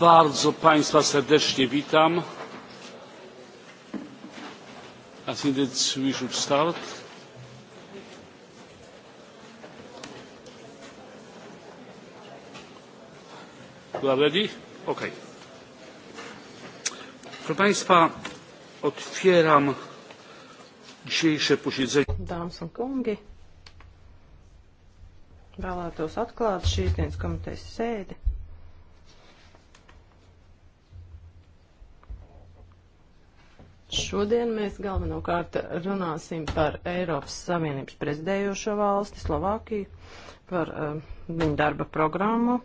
Bardzo Państwa serdecznie witam. I think that we should start. You are ready? Okay. Proszę Państwa, otwieram dzisiejsze posiedzenie. Dāmas un kungi, Vēlētos atklāt šīs dienas komitejas sēdi. Šodien mēs galvenokārt runāsim par Eiropas Savienības prezidējošo valsti, Slovākiju, par uh, viņu darba programmu.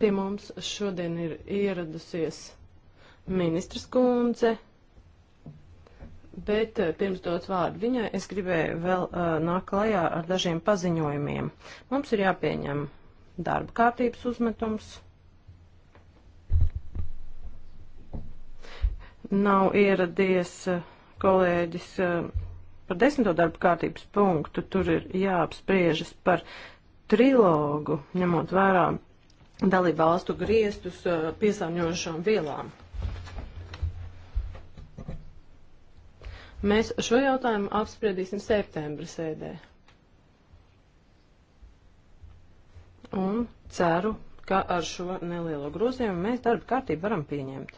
Pie mums šodien ir ieradusies ministrs kundze, Bet eh, pirms dot vārdu viņai, es gribēju vēl uh, nākt klajā ar dažiem paziņojumiem. Mums ir jāpieņem darba kārtības uzmetums. Nav ieradies eh, kolēģis uh, par desmito darba kārtības punktu. Tur ir jāapspriežas par trilogu, ņemot vērā dalību valstu griestus uh, piesārņojušām vielām. Mēs šo jautājumu apspriedīsim septembra sēdē. Un ceru, ka ar šo nelielo grozījumu mēs darba kārtību varam pieņemt.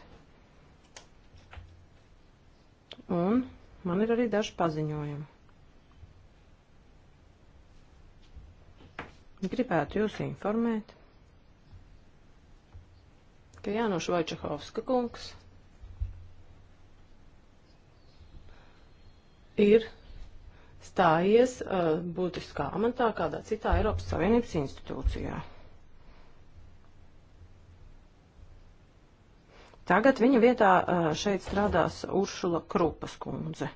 Un man ir arī daži paziņojumi. Gribētu jūs informēt, ka Jānoš Vojčahovska kungs ir stājies uh, būtiskā amatā kādā citā Eiropas Savienības institūcijā. Tagad viņa vietā uh, šeit strādās Uršula Krupas kundze.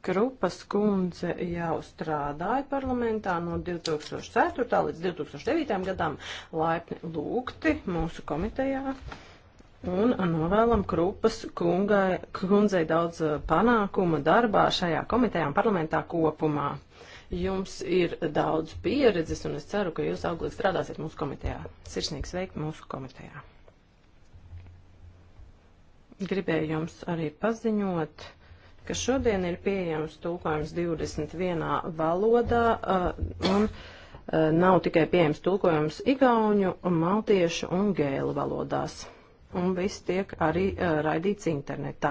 Krupas kundze jau strādāja parlamentā no 2004. līdz 2009. gadam laipni lūgti mūsu komitejā. Uh, Un novēlam Krupas kungai, kundzei daudz eh, panākuma darbā šajā komitejā un parlamentā kopumā. Jums ir daudz pieredzes un es ceru, ka jūs auglīgi strādāsiet mūsu komitejā. Sirsnīgs veikt mūsu komitejā. Gribēju jums arī paziņot ka šodien ir pieejams tulkojums 21 valodā eh, un eh, nav tikai pieejams tulkojums igauņu, maltiešu un gēlu valodās un viss tiek arī uh, raidīts internetā.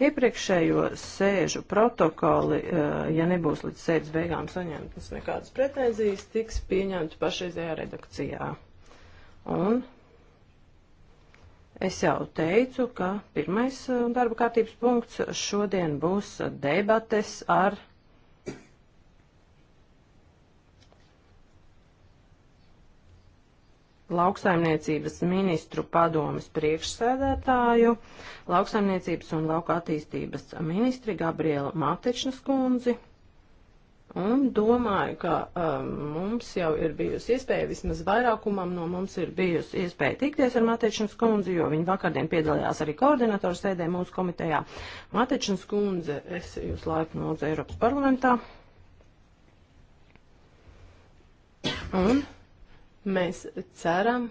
Iepriekšējo sēžu protokoli, uh, ja nebūs līdz sēdes beigām saņemtas nekādas pretenzijas, tiks pieņemti pašreizējā redakcijā. Un es jau teicu, ka pirmais eh, darba kārtības punkts šodien būs debates ar lauksaimniecības ministru padomas priekšsēdētāju, lauksaimniecības un lauka attīstības ministri Gabriela Matečnas kundzi. Un domāju, ka um, mums jau ir bijusi iespēja, vismaz vairākumam no mums ir bijusi iespēja tikties ar Matečnas kundzi, jo viņi vakardien piedalījās arī koordinatoru sēdē mūsu komitejā. Matečnas kundze, es jūs laipni lūdzu Eiropas parlamentā. Un Mēs ceram,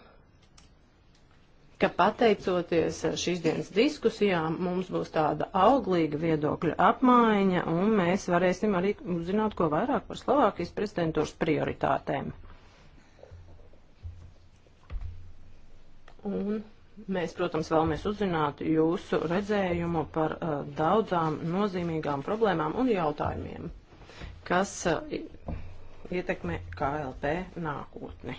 ka pateicoties šīs dienas diskusijām mums būs tāda auglīga viedokļa apmaiņa un mēs varēsim arī uzzināt, ko vairāk par Slovākijas prezidentūras prioritātēm. Un mēs, protams, vēlamies uzzināt jūsu redzējumu par uh, daudzām nozīmīgām problēmām un jautājumiem, kas uh, ietekmē KLP nākotni.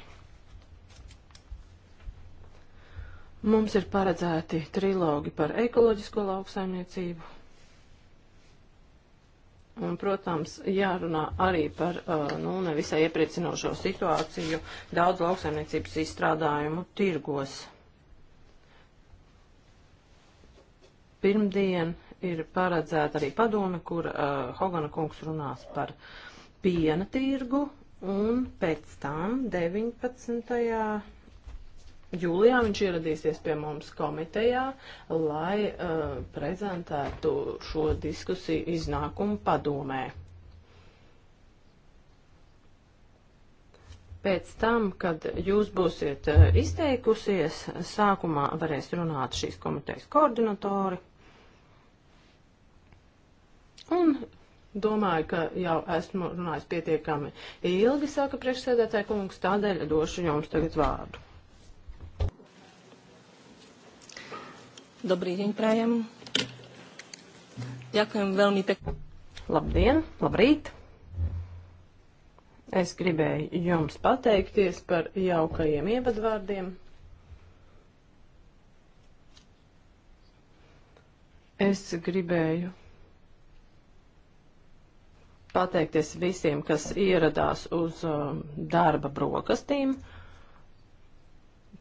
Mums ir paredzēti trilogi par ekoloģisko lauksaimniecību. Un, protams, jārunā arī par uh, nu, nevisai iepriecinošo situāciju daudz lauksaimniecības izstrādājumu tirgos. Pirmdien ir paredzēta arī padome, kur uh, Hogana kungs runās par piena tirgu, un pēc tam 19. Jūlijā viņš ieradīsies pie mums komitejā, lai uh, prezentētu šo diskusiju iznākumu padomē. Pēc tam, kad jūs būsiet uh, izteikusies, sākumā varēs runāt šīs komitejas koordinatori. Un Domāju, ka jau esmu runājis pietiekami ilgi, saka priekšsēdētāja kungs, tādēļ došu jums tagad vārdu. Dobrý deň, prajem. Ďakujem veľmi pekne. Labdien, labrīt. Es gribēju jums pateikties par jaukajiem ievadvārdiem. Es gribēju pateikties visiem, kas ieradās uz um, darba brokastīm. Uh,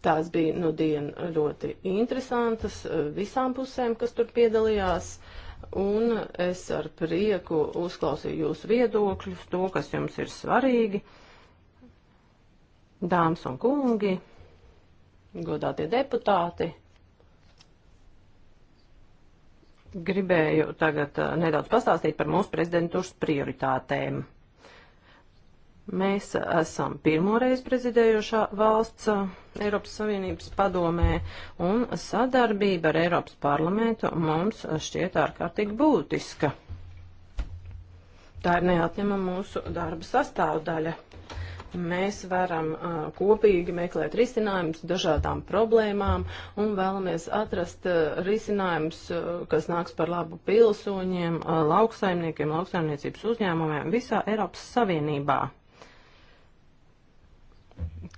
Tās bija nu dienu ļoti interesantas eh, visām pusēm, kas tur piedalījās, un es ar prieku uzklausīju jūsu viedokļus, to, kas jums ir svarīgi. Dāmas un kungi, godātie deputāti, gribēju tagad eh, nedaudz pastāstīt par mūsu prezidentūras prioritātēm. Mēs esam pirmoreiz prezidējošā valsts uh, Eiropas Savienības padomē, un sadarbība ar Eiropas parlamentu mums šķiet ārkārtīgi būtiska. Tā ir neatņemama mūsu darba sastāvdaļa mēs varam uh, kopīgi meklēt risinājumus dažādām problēmām un vēlamies atrast uh, risinājumus, uh, kas nāks par labu pilsoņiem, uh, lauksaimniekiem, lauksaimniecības uzņēmumiem visā Eiropas Savienībā.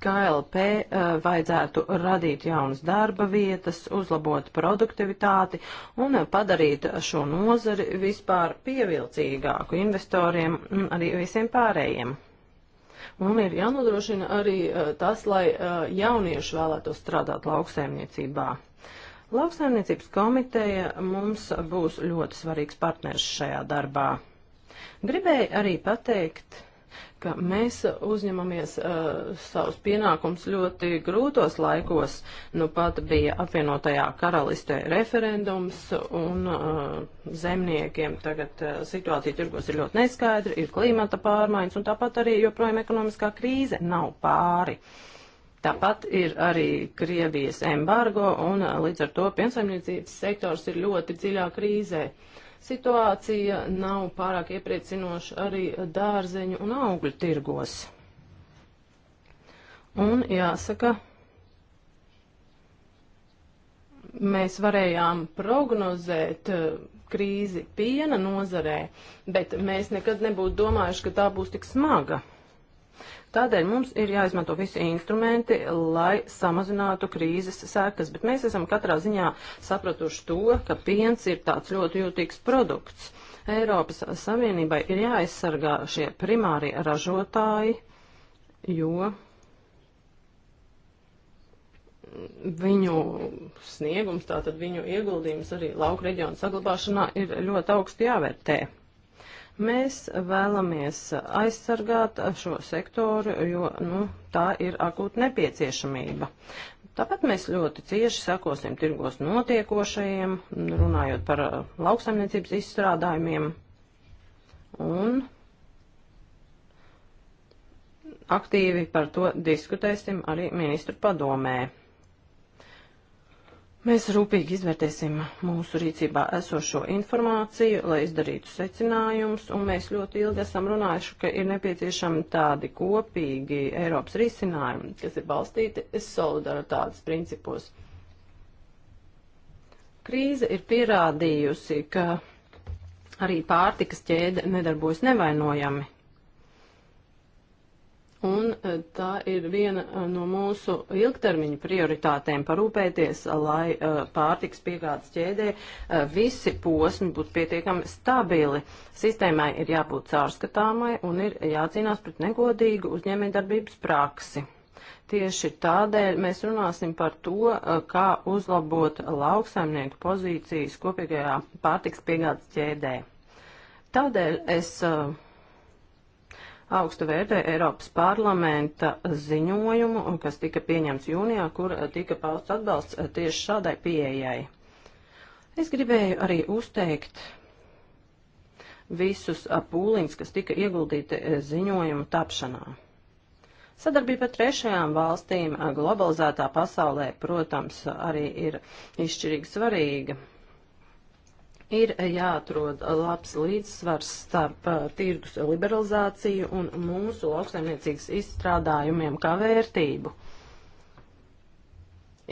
KLP eh, vajadzētu radīt jaunas darba vietas, uzlabot produktivitāti un eh, padarīt šo nozari vispār pievilcīgāku investoriem un arī visiem pārējiem. Un ir jānodrošina arī eh, tas, lai jaunieši vēlētos strādāt lauksaimniecībā. Lauksaimniecības komiteja mums būs ļoti svarīgs partners šajā darbā. Gribēju arī pateikt, ka mēs uzņemamies uh, savus pienākums ļoti grūtos laikos. Nu pat bija apvienotajā karalistē referendums un uh, zemniekiem tagad uh, situācija tirgos ir ļoti neskaidra, ir klimata pārmaiņas un tāpat arī joprojām ekonomiskā krīze nav pāri. Tāpat ir arī Krievijas embargo un uh, līdz ar to piensaimniecības sektors ir ļoti dziļā krīzē. Uh, Situācija nav pārāk iepriecinoša arī dārzeņu un augļu tirgos. Un jāsaka, mēs varējām prognozēt eh, krīzi piena nozarē, bet mēs nekad nebūtu domājuši, ka tā būs tik smaga. Tādēļ mums ir jāizmanto visi instrumenti, lai samazinātu krīzes sekas, bet mēs esam katrā ziņā sapratuši to, ka piens ir tāds ļoti jūtīgs produkts. Eiropas Savienībai ir jāaizsargā šie primārie ražotāji, jo viņu sniegums, tātad viņu ieguldījums arī lauka reģiona saglabāšanā ir ļoti augsti jāvērtē. Mēs vēlamies aizsargāt šo sektoru, jo nu, tā ir akūta nepieciešamība. Tāpat mēs ļoti cieši sakosim tirgos notiekošajiem, runājot par uh, lauksaimniecības izstrādājumiem un aktīvi par to diskutēsim arī ministru padomē. Mēs rūpīgi izvērtēsim mūsu rīcībā esošo informāciju, lai izdarītu secinājumus, un mēs ļoti ilgi esam runājuši, ka ir nepieciešami tādi kopīgi Eiropas risinājumi, kas ir balstīti solidaritātes principos. Krīze ir pierādījusi, ka arī pārtikas ķēde nedarbojas nevainojami, Un eh, tā ir viena eh, no mūsu ilgtermiņa prioritātēm parūpēties, lai eh, pārtiks piegādes ķēdē visi posmi būtu pietiekami stabili. Sistēmai ir jābūt cārskatāmai un ir jācīnās pret negodīgu uzņēmējdarbības praksi. Tieši tādēļ mēs runāsim par to, kā uzlabot lauksaimnieku pozīcijas kopīgajā pārtiks piegādes ķēdē. Tādēļ es uh, augstu vērtē Eiropas parlamenta ziņojumu, kas tika pieņemts jūnijā, kur tika pausts atbalsts eh, tieši šādai pieejai. Es gribēju arī uzteikt visus eh, pūliņus, kas tika ieguldīti eh, ziņojuma tapšanā. Sadarbība ar trešajām valstīm globalizētā pasaulē, protams, arī ir izšķirīgi svarīga ir jāatrod labs līdzsvars starp uh, tirgus liberalizāciju un mūsu lauksaimniecības izstrādājumiem kā vērtību.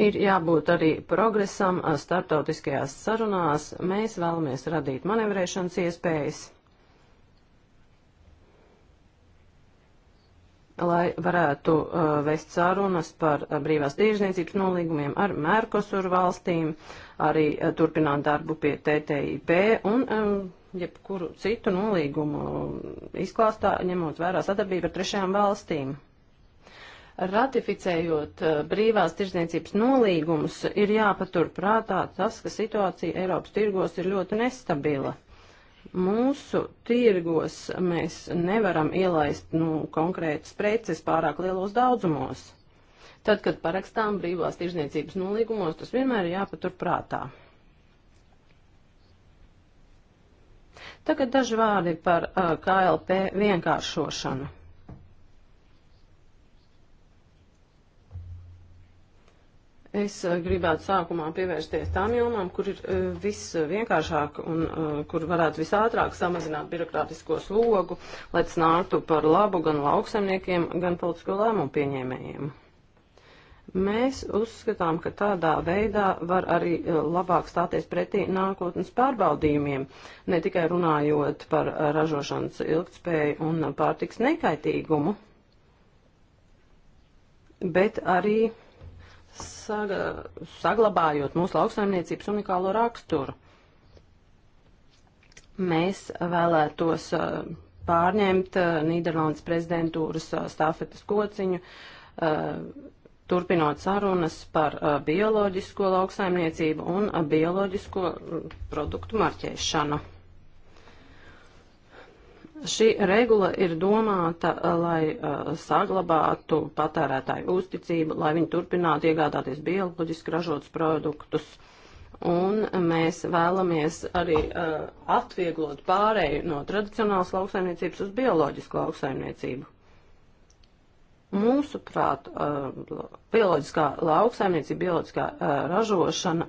Ir jābūt arī progresam starptautiskajās sarunās. Mēs vēlamies radīt manevrēšanas iespējas, lai varētu uh, vest sarunas par brīvās tīrzniecības nolīgumiem ar Mērkosur valstīm. Uh, arī e, turpināt darbu pie TTIP un e, jebkuru citu nolīgumu izklāstā, ņemot vērā sadarbību ar trešajām valstīm. Ratificējot e, brīvās tirdzniecības nolīgumus, ir jāpatur prātā tas, ka situācija Eiropas tirgos ir ļoti nestabila. Mūsu tirgos mēs nevaram ielaist nu, konkrētas preces pārāk lielos daudzumos. Tad, kad parakstām brīvās tirzniecības nolīgumos, tas vienmēr ir jāpatur prātā. Tagad daži vārdi par uh, KLP vienkāršošanu. Es gribētu sākumā pievērsties tām jomām, kur ir viss vienkāršāk un kur varētu visātrāk samazināt birokrātisko slogu, lai tas nāktu par labu gan lauksaimniekiem, gan politisko lēmumu pieņēmējiem. Mēs uzskatām, ka tādā veidā var arī eh, labāk stāties pretī nākotnes pārbaudījumiem, ne tikai runājot par eh, ražošanas ilgtspēju un pārtiks nekaitīgumu, bet arī saga, saglabājot mūsu lauksaimniecības unikālo raksturu. Mēs vēlētos eh, pārņemt Nīderlandes prezidentūras stāfetas kociņu turpinot sarunas par uh, bioloģisko lauksaimniecību un uh, bioloģisko mm, produktu marķēšanu. Šī regula ir domāta, uh, lai uh, saglabātu patērētāju uzticību, lai viņi turpinātu iegādāties bioloģiski ražotus produktus. Un mēs vēlamies arī uh, atvieglot pārēju no tradicionālas lauksaimniecības uz bioloģisku lauksaimniecību. Mūsuprāt, eh, bioloģiskā lauksaimniecība, bioloģiskā eh, ražošana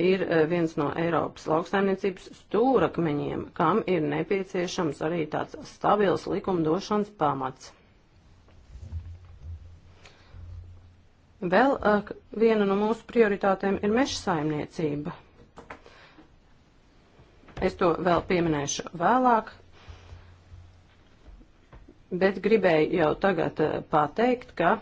ir eh, viens no Eiropas lauksaimniecības stūrakmeņiem, kam ir nepieciešams arī tāds stabils likumdošanas pamats. Vēl viena no mūsu prioritātēm ir meža saimniecība. Es to vēl pieminēšu vēlāk, Bet gribēju jau tagad eh, pateikt, ka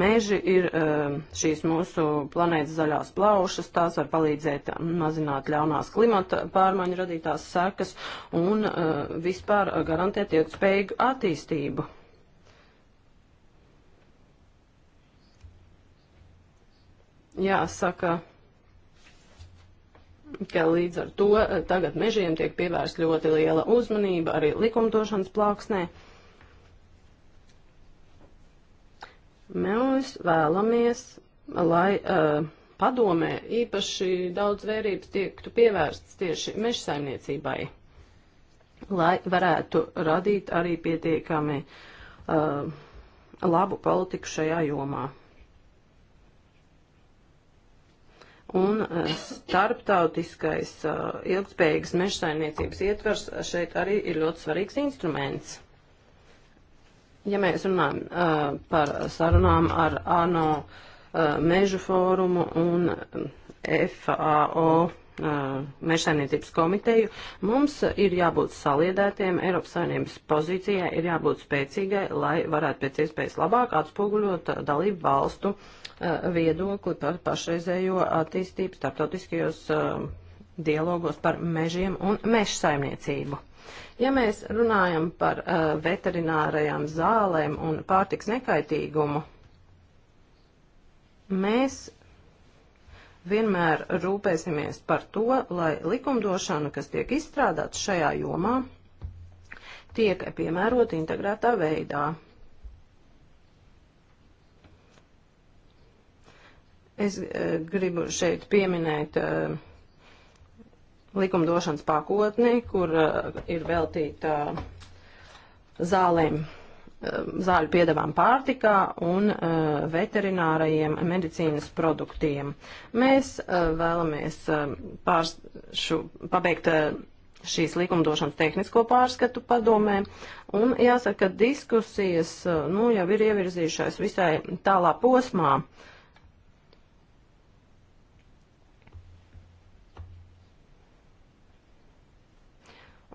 meži ir eh, šīs mūsu planētas zaļās plaušas, tās var palīdzēt mazināt ļaunās klimata pārmaiņu radītās sekas un eh, vispār garantēt ilgspējīgu attīstību. Jāsaka. Yeah, ka līdz ar to eh, tagad mežiem tiek pievērsta ļoti liela uzmanība arī likumdošanas plāksnē. Mēs vēlamies, lai uh, padomē īpaši daudz vērības tiektu pievērsts tieši mežsaimniecībai, lai varētu radīt arī pietiekami uh, labu politiku šajā jomā. un e, starptautiskais e, ilgspējīgas mežsaimniecības ietvers šeit arī ir ļoti svarīgs instruments. Ja mēs runājam e, par sarunām ar ANO mežu fórumu un FAO mežsaimniecības komiteju, mums ir jābūt saliedētiem, Eiropas saimniecības pozīcijai ir jābūt spēcīgai, lai varētu pēc iespējas labāk atspoguļot dalību valstu uh, Uh, viedokli par pašreizējo attīstību starptautiskajos uh, dialogos par mežiem un meža saimniecību. Ja mēs runājam par uh, veterinārajām zālēm un pārtiks nekaitīgumu, mēs vienmēr rūpēsimies par to, lai likumdošana, kas tiek izstrādāta šajā jomā, tiek piemērota integrētā veidā. Es uh, gribu šeit pieminēt uh, likumdošanas pakotni, kur uh, ir veltīta uh, zālēm, uh, zāļu piedevām pārtikā un uh, veterinārajiem medicīnas produktiem. Mēs uh, vēlamies uh, pārs, šu, pabeigt. Uh, šīs likumdošanas tehnisko pārskatu padomē. Un jāsaka, ka diskusijas nu, jau ir ievirzījušās visai tālā posmā. Uh,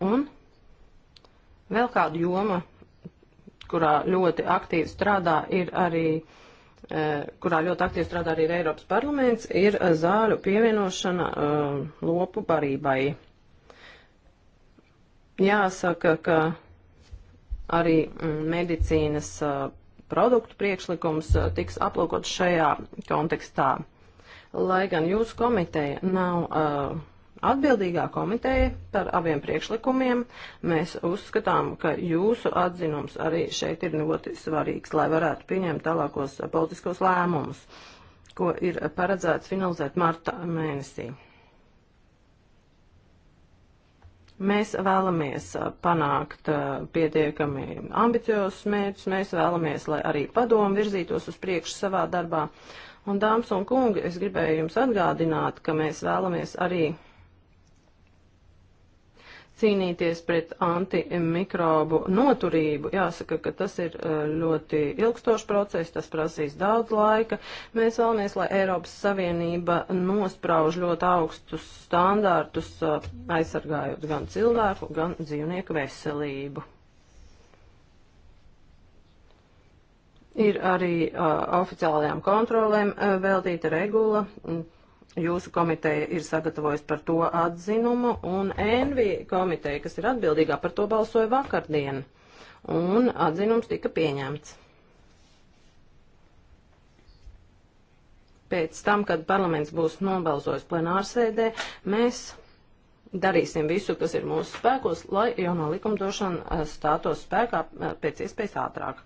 Un vēl kāda joma, kurā ļoti aktīvi strādā, ir arī eh, kurā ļoti aktīvi strādā arī Eiropas parlaments, ir eh, zāļu pievienošana eh, lopu barībai. Jāsaka, ka arī mm, medicīnas produktu priekšlikums tiks aplūkots šajā kontekstā. Lai gan jūsu komiteja nav uh, Atbildīgā komiteja par abiem priekšlikumiem mēs uzskatām, ka jūsu atzinums arī šeit ir ļoti svarīgs, lai varētu pieņemt tālākos politiskos lēmumus, ko ir paredzēts finalizēt marta mēnesī. Mēs vēlamies panākt pietiekami ambiciozus mērķus, mēs vēlamies, lai arī padomu virzītos uz priekšu savā darbā. Un, dāmas un kungi, es gribēju jums atgādināt, ka mēs vēlamies arī cīnīties pret antimikrobu noturību. Jāsaka, ka tas ir eh, ļoti ilgstošs process, tas prasīs daudz laika. Mēs vēlamies, lai Eiropas Savienība nosprauž ļoti augstus standārtus, eh, aizsargājot gan cilvēku, gan dzīvnieku veselību. Ir arī uh, oficiālajām kontrolēm uh, veltīta regula, Jūsu komiteja ir sagatavojusi par to atzinumu, un Envi komiteja, kas ir atbildīgā, par to balsoja vakardien, un atzinums tika pieņemts. Pēc tam, kad parlaments būs nobalsojis plenārsēdē, mēs darīsim visu, kas ir mūsu spēkos, lai jaunā likumdošana eh, stātos spēkā eh, pēc iespējas ātrāk.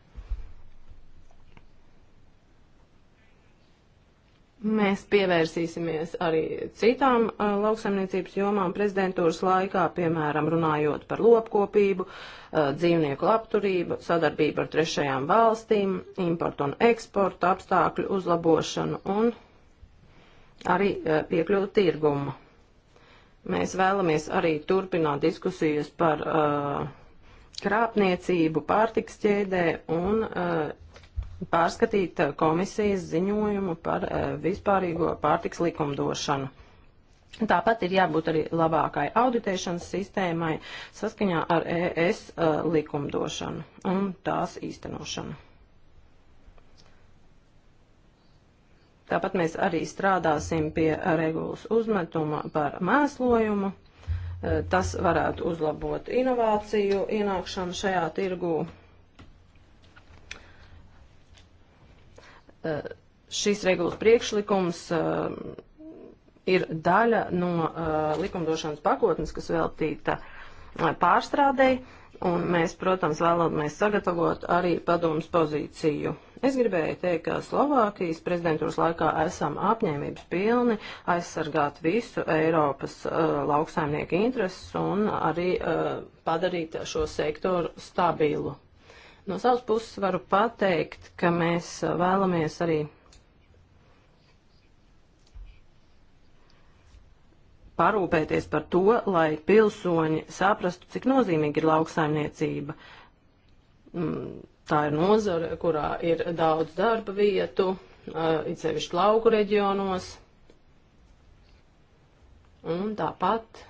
Mēs pievērsīsimies arī citām uh, lauksaimniecības jomām prezidentūras laikā, piemēram, runājot par lopkopību, uh, dzīvnieku labturību, sadarbību ar trešajām valstīm, importu un eksportu apstākļu uzlabošanu un arī uh, piekļuvu tirgumu. Mēs vēlamies arī turpināt diskusijas par uh, krāpniecību pārtiks ķēdē un uh, pārskatīt eh, komisijas ziņojumu par eh, vispārīgo pārtiks likumdošanu. Tāpat ir jābūt arī labākai auditēšanas sistēmai saskaņā ar ES eh, likumdošanu un tās īstenošanu. Tāpat mēs arī strādāsim pie regulas uzmetuma par mēslojumu. Tas varētu uzlabot inovāciju ienākšanu šajā tirgū Eh, šis regulas priekšlikums eh, ir daļa no eh, likumdošanas pakotnes, kas veltīta pārstrādei, un mēs, protams, vēlamies sagatavot arī padomus pozīciju. Es gribēju teikt, ka Slovākijas prezidentūras laikā esam apņēmības pilni aizsargāt visu Eiropas uh, lauksaimnieku intereses un arī uh, padarīt šo sektoru stabilu. No savas puses varu pateikt, ka mēs vēlamies arī parūpēties par to, lai pilsoņi saprastu, cik nozīmīgi ir lauksaimniecība. Mm, tā ir nozara, kurā ir daudz darba vietu, it sevišķi lauku reģionos. Un tāpat,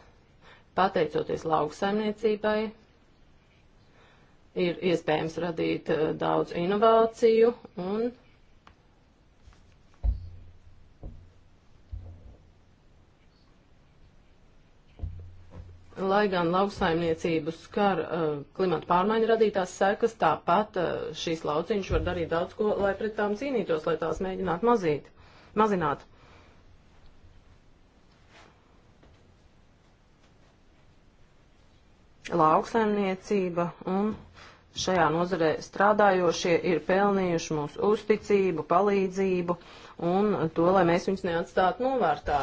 pateicoties lauksaimniecībai, ir iespējams radīt eh, daudz inovāciju un Lai gan lauksaimniecību skar uh, klimata pārmaiņu radītās sekas, tāpat uh, šīs lauciņš var darīt daudz ko, lai pret tām cīnītos, lai tās mēģinātu mazīt, mazināt. Lauksaimniecība un šajā nozarē strādājošie ir pelnījuši mūsu uzticību, palīdzību un to, lai mēs viņus neatstātu novārtā.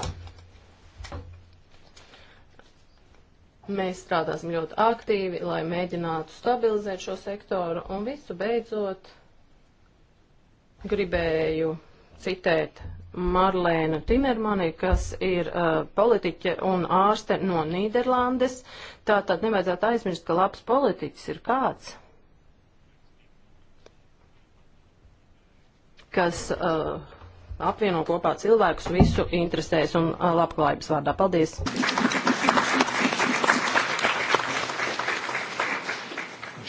Mēs strādāsim ļoti aktīvi, lai mēģinātu stabilizēt šo sektoru un visu beidzot gribēju citēt Marlēnu Timermani, kas ir uh, politiķe un ārste no Nīderlandes. Tātad nevajadzētu aizmirst, ka labs politiķis ir kāds, kas uh, apvieno kopā cilvēkus visu interesēs un uh, labklājības vārdā. Paldies!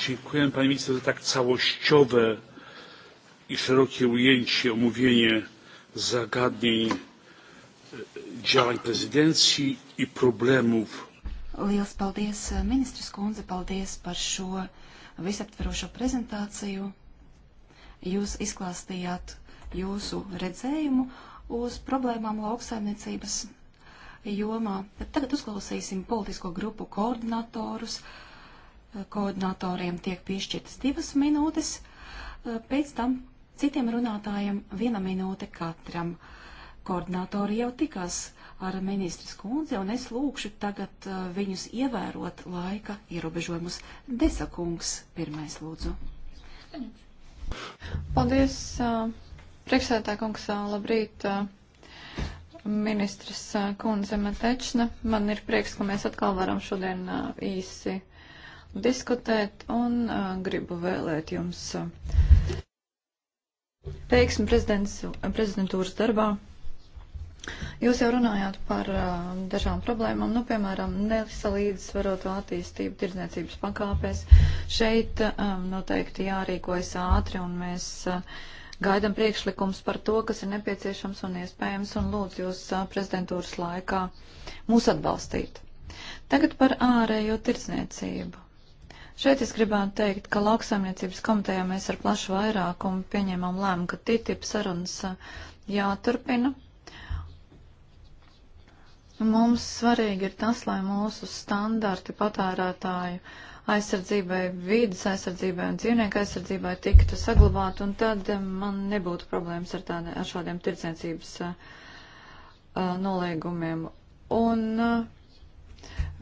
Dziękuję Pani Minister za tak całościowe i szerokie ujęcie, omówienie zagadnień e, działań prezydencji i problemów. Liels paldies, e, ministrs kundze, paldies par šo visaptverošo prezentāciju. Jūs izklāstījāt jūsu redzējumu uz problēmām lauksaimniecības jomā, bet tagad uzklausīsim politisko grupu koordinatorus. Koordinatoriem tiek piešķirtas divas minūtes, pēc tam citiem runātājiem viena minūte katram. Koordinatori jau tikās ar ministras kundzi, un es lūkšu tagad uh, viņus ievērot laika ierobežojumus. Desakungs pirmais lūdzu. Paņemšu. Paldies, priekšsētā kungs, labrīt, ministrs kundze Metečne. Man ir prieks, ka mēs atkal varam šodien īsi diskutēt un gribu vēlēt jums veiksmi prezidentūras darbā. Jūs jau runājāt par uh, dažām problēmām, nu, piemēram, nesalīdzsvaroto attīstību tirdzniecības pakāpēs. Šeit um, noteikti jārīkojas ātri, un mēs uh, gaidam priekšlikums par to, kas ir nepieciešams un iespējams, un lūdzu jūs uh, prezidentūras laikā mūs atbalstīt. Tagad par ārējo tirdzniecību. Šeit es gribētu teikt, ka lauksaimniecības komitejā mēs ar plašu vairākumu pieņēmām lēmumu, ka TTIP sarunas uh, jāturpina Mums svarīgi ir tas, lai mūsu standarti patērētāju aizsardzībai, vīdas aizsardzībai un dzīvnieku aizsardzībai tiktu saglabāti, un tad eh, man nebūtu problēmas ar, tādi, ar šādiem tirdzniecības eh, noliegumiem. Un uh,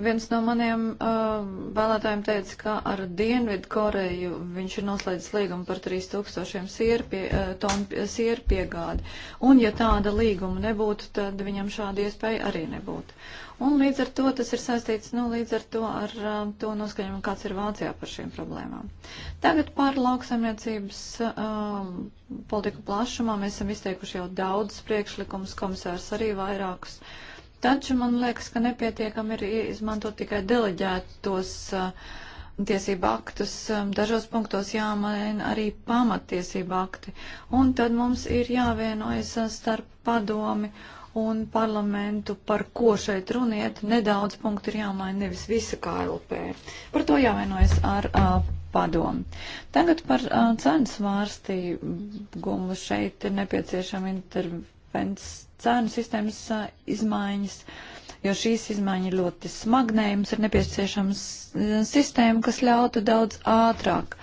Viens no maniem uh, vēlētājiem teica, ka ar Dienvidu Koreju viņš ir noslēdzis līgumu par 3000 sieru pie, uh, tonu sieru piegādi. Un ja tāda līguma nebūtu, tad viņam šāda iespēja arī nebūtu. Un līdz ar to tas ir saistīts, nu, līdz ar to ar uh, to noskaņojumu, kāds ir Vācijā par šīm problēmām. Tagad par lauksaimniecības uh, politiku plašumā mēs esam izteikuši jau daudz priekšlikumus, komisārs arī vairākus. Uh, Taču man liekas, ka nepietiekami ir izmantot tikai deleģētos uh, tiesību aktus. Um, dažos punktos jāmaina arī pamatiesību akti. Un tad mums ir jāvienojas uh, starp padomi un parlamentu, par ko šeit runiet. Nedaudz punktu ir jāmaina, nevis visa KLP. Par to jāvienojas ar uh, padomu. Tagad par uh, cenu svārstīgumu šeit ir nepieciešama intervences cēnu sistēmas uh, izmaiņas, jo šīs izmaiņas ir ļoti smagnējums, ir nepieciešams sistēma, kas ļautu daudz ātrāk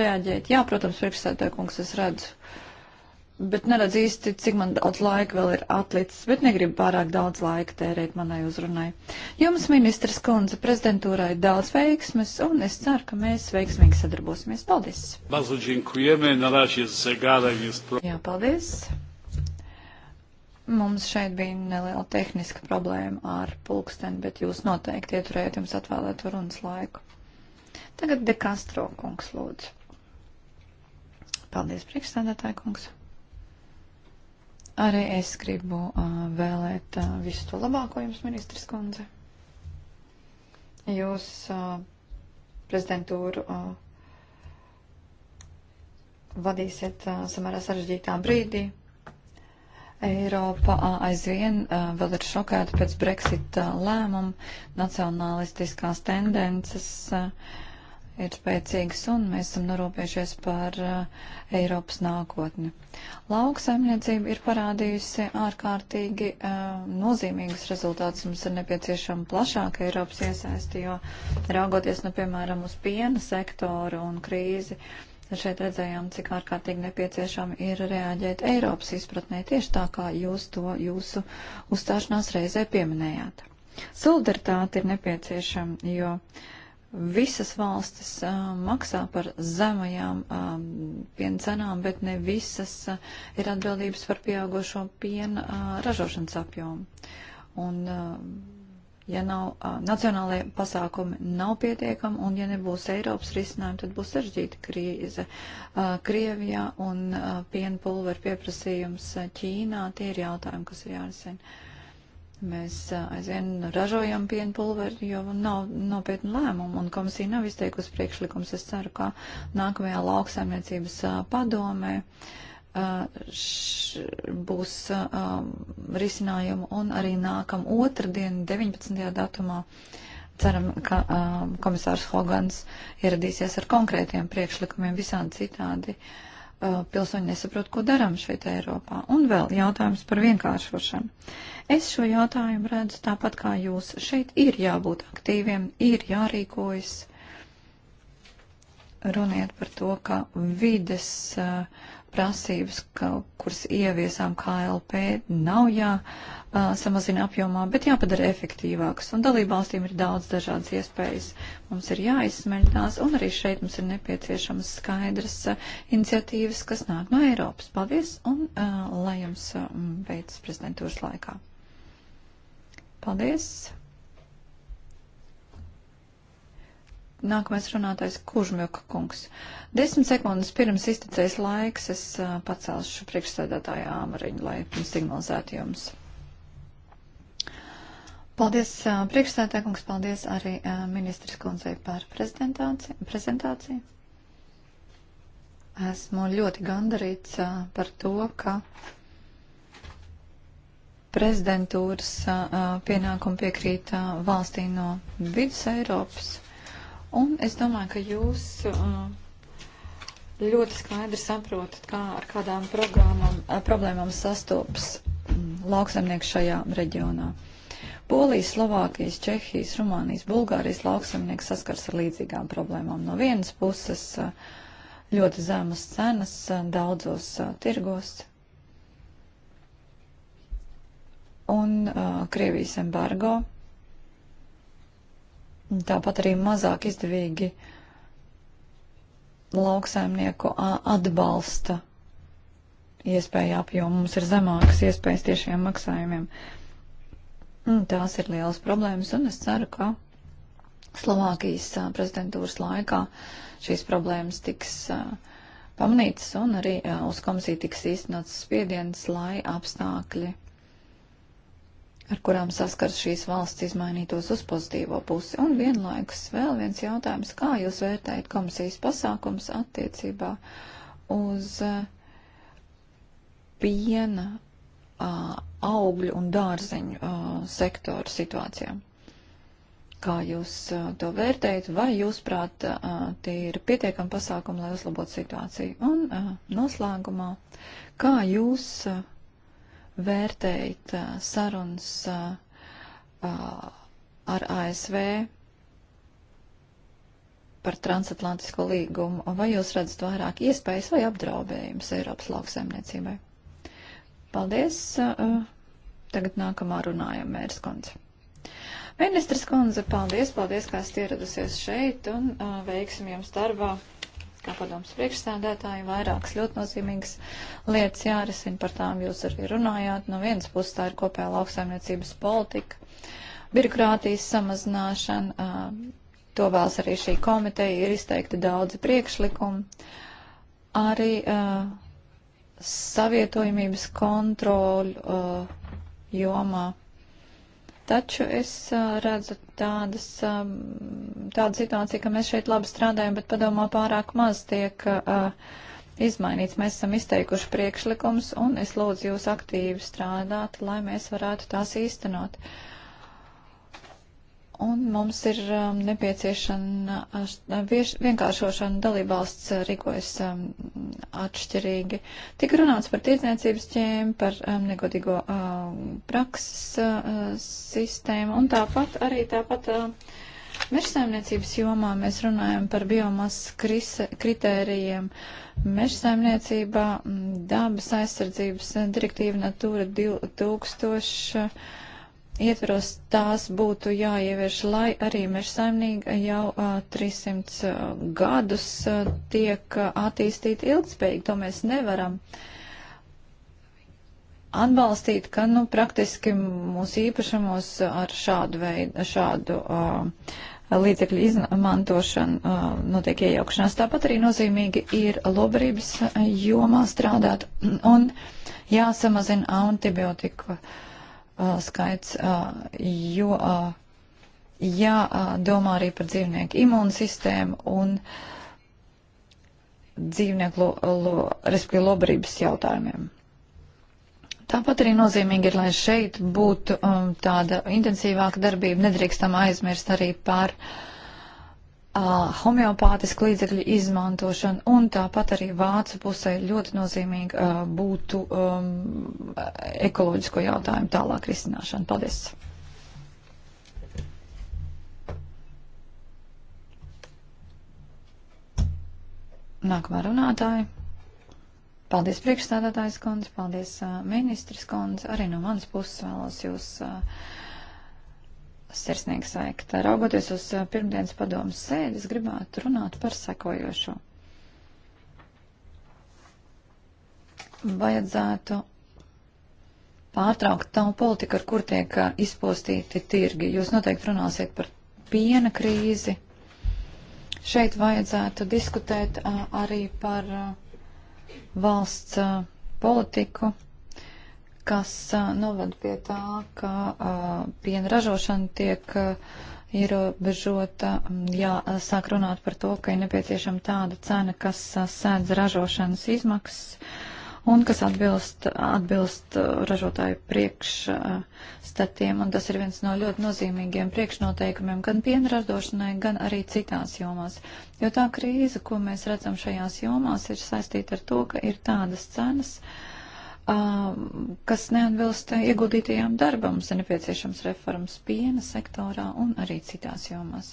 reaģēt. Jā, protams, priekšsētāja kungs es redzu, bet neredz īsti, cik man daudz laika vēl ir atlicis, bet negribu pārāk daudz laika tērēt manai uzrunai. Jums, ministrs kundze, prezidentūrai daudz veiksmes, un es ceru, ka mēs veiksmīgi sadarbosimies. Paldies! Jā, paldies! Mums šeit bija neliela tehniska problēma ar pulksteni, bet jūs noteikti ieturējat jums atvēlēto runas laiku. Tagad De Castro kungs lūdzu. Paldies, priekšstādātāja kungs. Arī es gribu uh, vēlēt uh, visu to labāko jums, ministrs kundze. Jūs uh, prezidentūru uh, vadīsiet uh, samērā sarežģītā brīdī. Mm Eiropa aizvien vēl ir šokēta pēc Brexit lēmuma, nacionalistiskās tendences ir spēcīgas un mēs esam norūpējušies par Eiropas nākotni. Lauksaimniecība ir parādījusi ārkārtīgi nozīmīgus rezultātus. Mums ir nepieciešama plašāka Eiropas iesaisti, jo raugoties, nu, piemēram, uz piena sektoru un krīzi, uh, Šeit redzējām, cik ārkārtīgi nepieciešami ir reaģēt Eiropas izpratnē tieši tā, kā jūs to jūsu uzstāšanās reizē pieminējāt. Solidaritāte ir nepieciešama, jo visas valstis uh, maksā par zemajām uh, piena cenām, bet ne visas uh, ir atbildības par pieaugošo piena uh, ražošanas apjomu. Un, uh, ja nav uh, nacionālajie pasākumi nav pietiekami un ja nebūs Eiropas risinājumi, tad būs sarežģīta krīze. Uh, Krievijā un uh, piena pulveru pieprasījums Ķīnā tie ir jautājumi, kas ir jārisina. Mēs uh, aizvien ražojam piena pulveri, jo nav nopietnu lēmumu, un komisija nav izteikusi priekšlikums. Es ceru, ka nākamajā lauksaimniecības uh, padomē uh, š, būs um, risinājumu un arī nākam otrdien, 19. datumā. Ceram, ka um, komisārs Hogans ieradīsies ar konkrētiem priekšlikumiem visādi citādi. Uh, pilsoņi nesaprot, ko daram šeit Eiropā. Un vēl jautājums par vienkāršošanu. Es šo jautājumu redzu tāpat kā jūs. Šeit ir jābūt aktīviem, ir jārīkojas. Runiet par to, ka vides. Uh, prasības, ka, kuras ieviesām KLP, nav jāsamazina apjomā, bet jāpadara efektīvākas. Un dalībvalstīm ir daudz dažādas iespējas. Mums ir jāizsmeļ tās, un arī šeit mums ir nepieciešamas skaidras a, iniciatīvas, kas nāk no Eiropas. Paldies, un a, lai jums veicas prezidentūras laikā. Paldies! Nākamais runātais Kužmjuka kungs. Desmit sekundes pirms izticēs laiks, es uh, pacelšu priekšsēdētāju āmariņu, lai signalizētu jums. Paldies uh, priekšsēdētāju kungs, paldies arī uh, ministras kundzei par prezentāciju. prezentāciju. Esmu ļoti gandarīts uh, par to, ka prezidentūras uh, pienākumu piekrīt uh, valstī no vidus Eiropas Un es domāju, ka jūs uh, ļoti skaidri saprotat, kā ar kādām uh, problēmām sastopas mm, lauksaimnieks šajā reģionā. Polijas, Slovākijas, Čehijas, Rumānijas, Bulgārijas lauksaimnieks saskars ar līdzīgām problēmām. No vienas puses uh, ļoti zemas cenas daudzos tirgos, un uh, Krievijas embargo Tāpat arī mazāk izdevīgi lauksaimnieku atbalsta iespēja apjoma. Mums ir zemākas iespējas tiešiem maksājumiem. Un tās ir lielas problēmas, un es ceru, ka Slovākijas prezidentūras laikā šīs problēmas tiks pamanītas un arī uz komisiju tiks īstenots spiediens, lai apstākļi ar kurām saskars šīs valsts izmainītos uz pozitīvo pusi. Un vienlaikus vēl viens jautājums, kā jūs vērtējat komisijas pasākums attiecībā uz eh, piena, augļu un dārzeņu sektoru situācijām? Kā jūs to vērtējat, vai jūs prāt tie ir pietiekami pasākumi, lai uzlabotu situāciju? Un noslēgumā, kā jūs vērtējat sarunas ar ASV par transatlantisko līgumu, vai jūs redzat vairāk iespējas vai apdraudējumus Eiropas lauksaimniecībai? Paldies! Tagad nākamā runājuma mērs kundze. Ministrs kundze, paldies, paldies, kā esat ieradusies šeit un uh, veiksim jums darbā kā padoms priekšstādētāji, vairākas ļoti nozīmīgas lietas jārisina, par tām jūs arī runājāt. No vienas puses tā ir kopējā lauksaimniecības politika, birokrātijas samazināšana, to vēlas arī šī komiteja, ir izteikti daudzi priekšlikumi. Arī uh, savietojumības kontroļu uh, jomā Taču es redzu tādas, tādu situāciju, ka mēs šeit labi strādājam, bet padomā pārāk maz tiek uh, izmainīts. Mēs esam izteikuši priekšlikums un es lūdzu jūs aktīvi strādāt, lai mēs varētu tās īstenot. Uh, Un mums ir um, nepieciešama uh, vienkāršošana dalībvalsts uh, rīkojas um, atšķirīgi. Tik runāts par tirdzniecības ķēmu, par um, negodīgo um, prakses uh, sistēmu un tāpat arī tāpat. Uh, Mežsaimniecības jomā mēs runājam par biomasas kritērijiem. Mežsaimniecībā mm, dabas aizsardzības direktīva Natūra 2000 ietveros tās būtu jāievieš, lai arī mežsaimnīga jau a, 300 a, gadus a, tiek attīstīta ilgspējīgi. To mēs nevaram atbalstīt, ka nu, praktiski mūsu īpašumos ar šādu veidu, šādu uh, līdzekļu izmantošana notiek iejaukšanās. Tāpat arī nozīmīgi ir lobarības jomā strādāt un jāsamazina antibiotiku uh, uh, skaits, uh, jo uh, jādomā uh, arī par dzīvnieku imūnsistēmu un dzīvnieku, lo, lo, respektīvi, lobarības jautājumiem. Tāpat arī nozīmīgi ir, lai šeit būtu um, tāda intensīvāka darbība. Nedrīkstam aizmirst arī par uh, uh, homeopātisku līdzekļu izmantošanu, un tāpat arī vācu pusē ļoti nozīmīgi uh, būtu um, ekoloģisko jautājumu tālāk risināšana. Paldies! Nākamā runātāja. Paldies priekšstādātājs kundze, paldies uh, ministrs kundze. Arī no manas puses vēlos jūs uh, sirsnīgi sveikt. Raugoties uz eh, pirmdienas padomas sēdi, es gribētu runāt par sekojošo. Vajadzētu pārtraukt tavu politiku, ar kur tiek eh, izpostīti tirgi. Jūs noteikti runāsiet par piena krīzi. Šeit vajadzētu diskutēt eh, arī par valsts politiku kas noved pie tā, ka piena ražošana tiek ierobežota. Jā, sāk runāt par to, ka ir nepieciešama tāda cena, kas sēdz ražošanas izmaksas un kas atbilst, atbilst ražotāju priekšstatiem, un tas ir viens no ļoti nozīmīgiem priekšnoteikumiem gan piena ražošanai, gan arī citās jomās. Jo tā krīze, ko mēs redzam šajās jomās, ir saistīta ar to, ka ir tādas cenas, uh, Um, kas neatbilst ieguldītajām darbam. Mums ir nepieciešams reformas piena sektorā un arī citās jomās.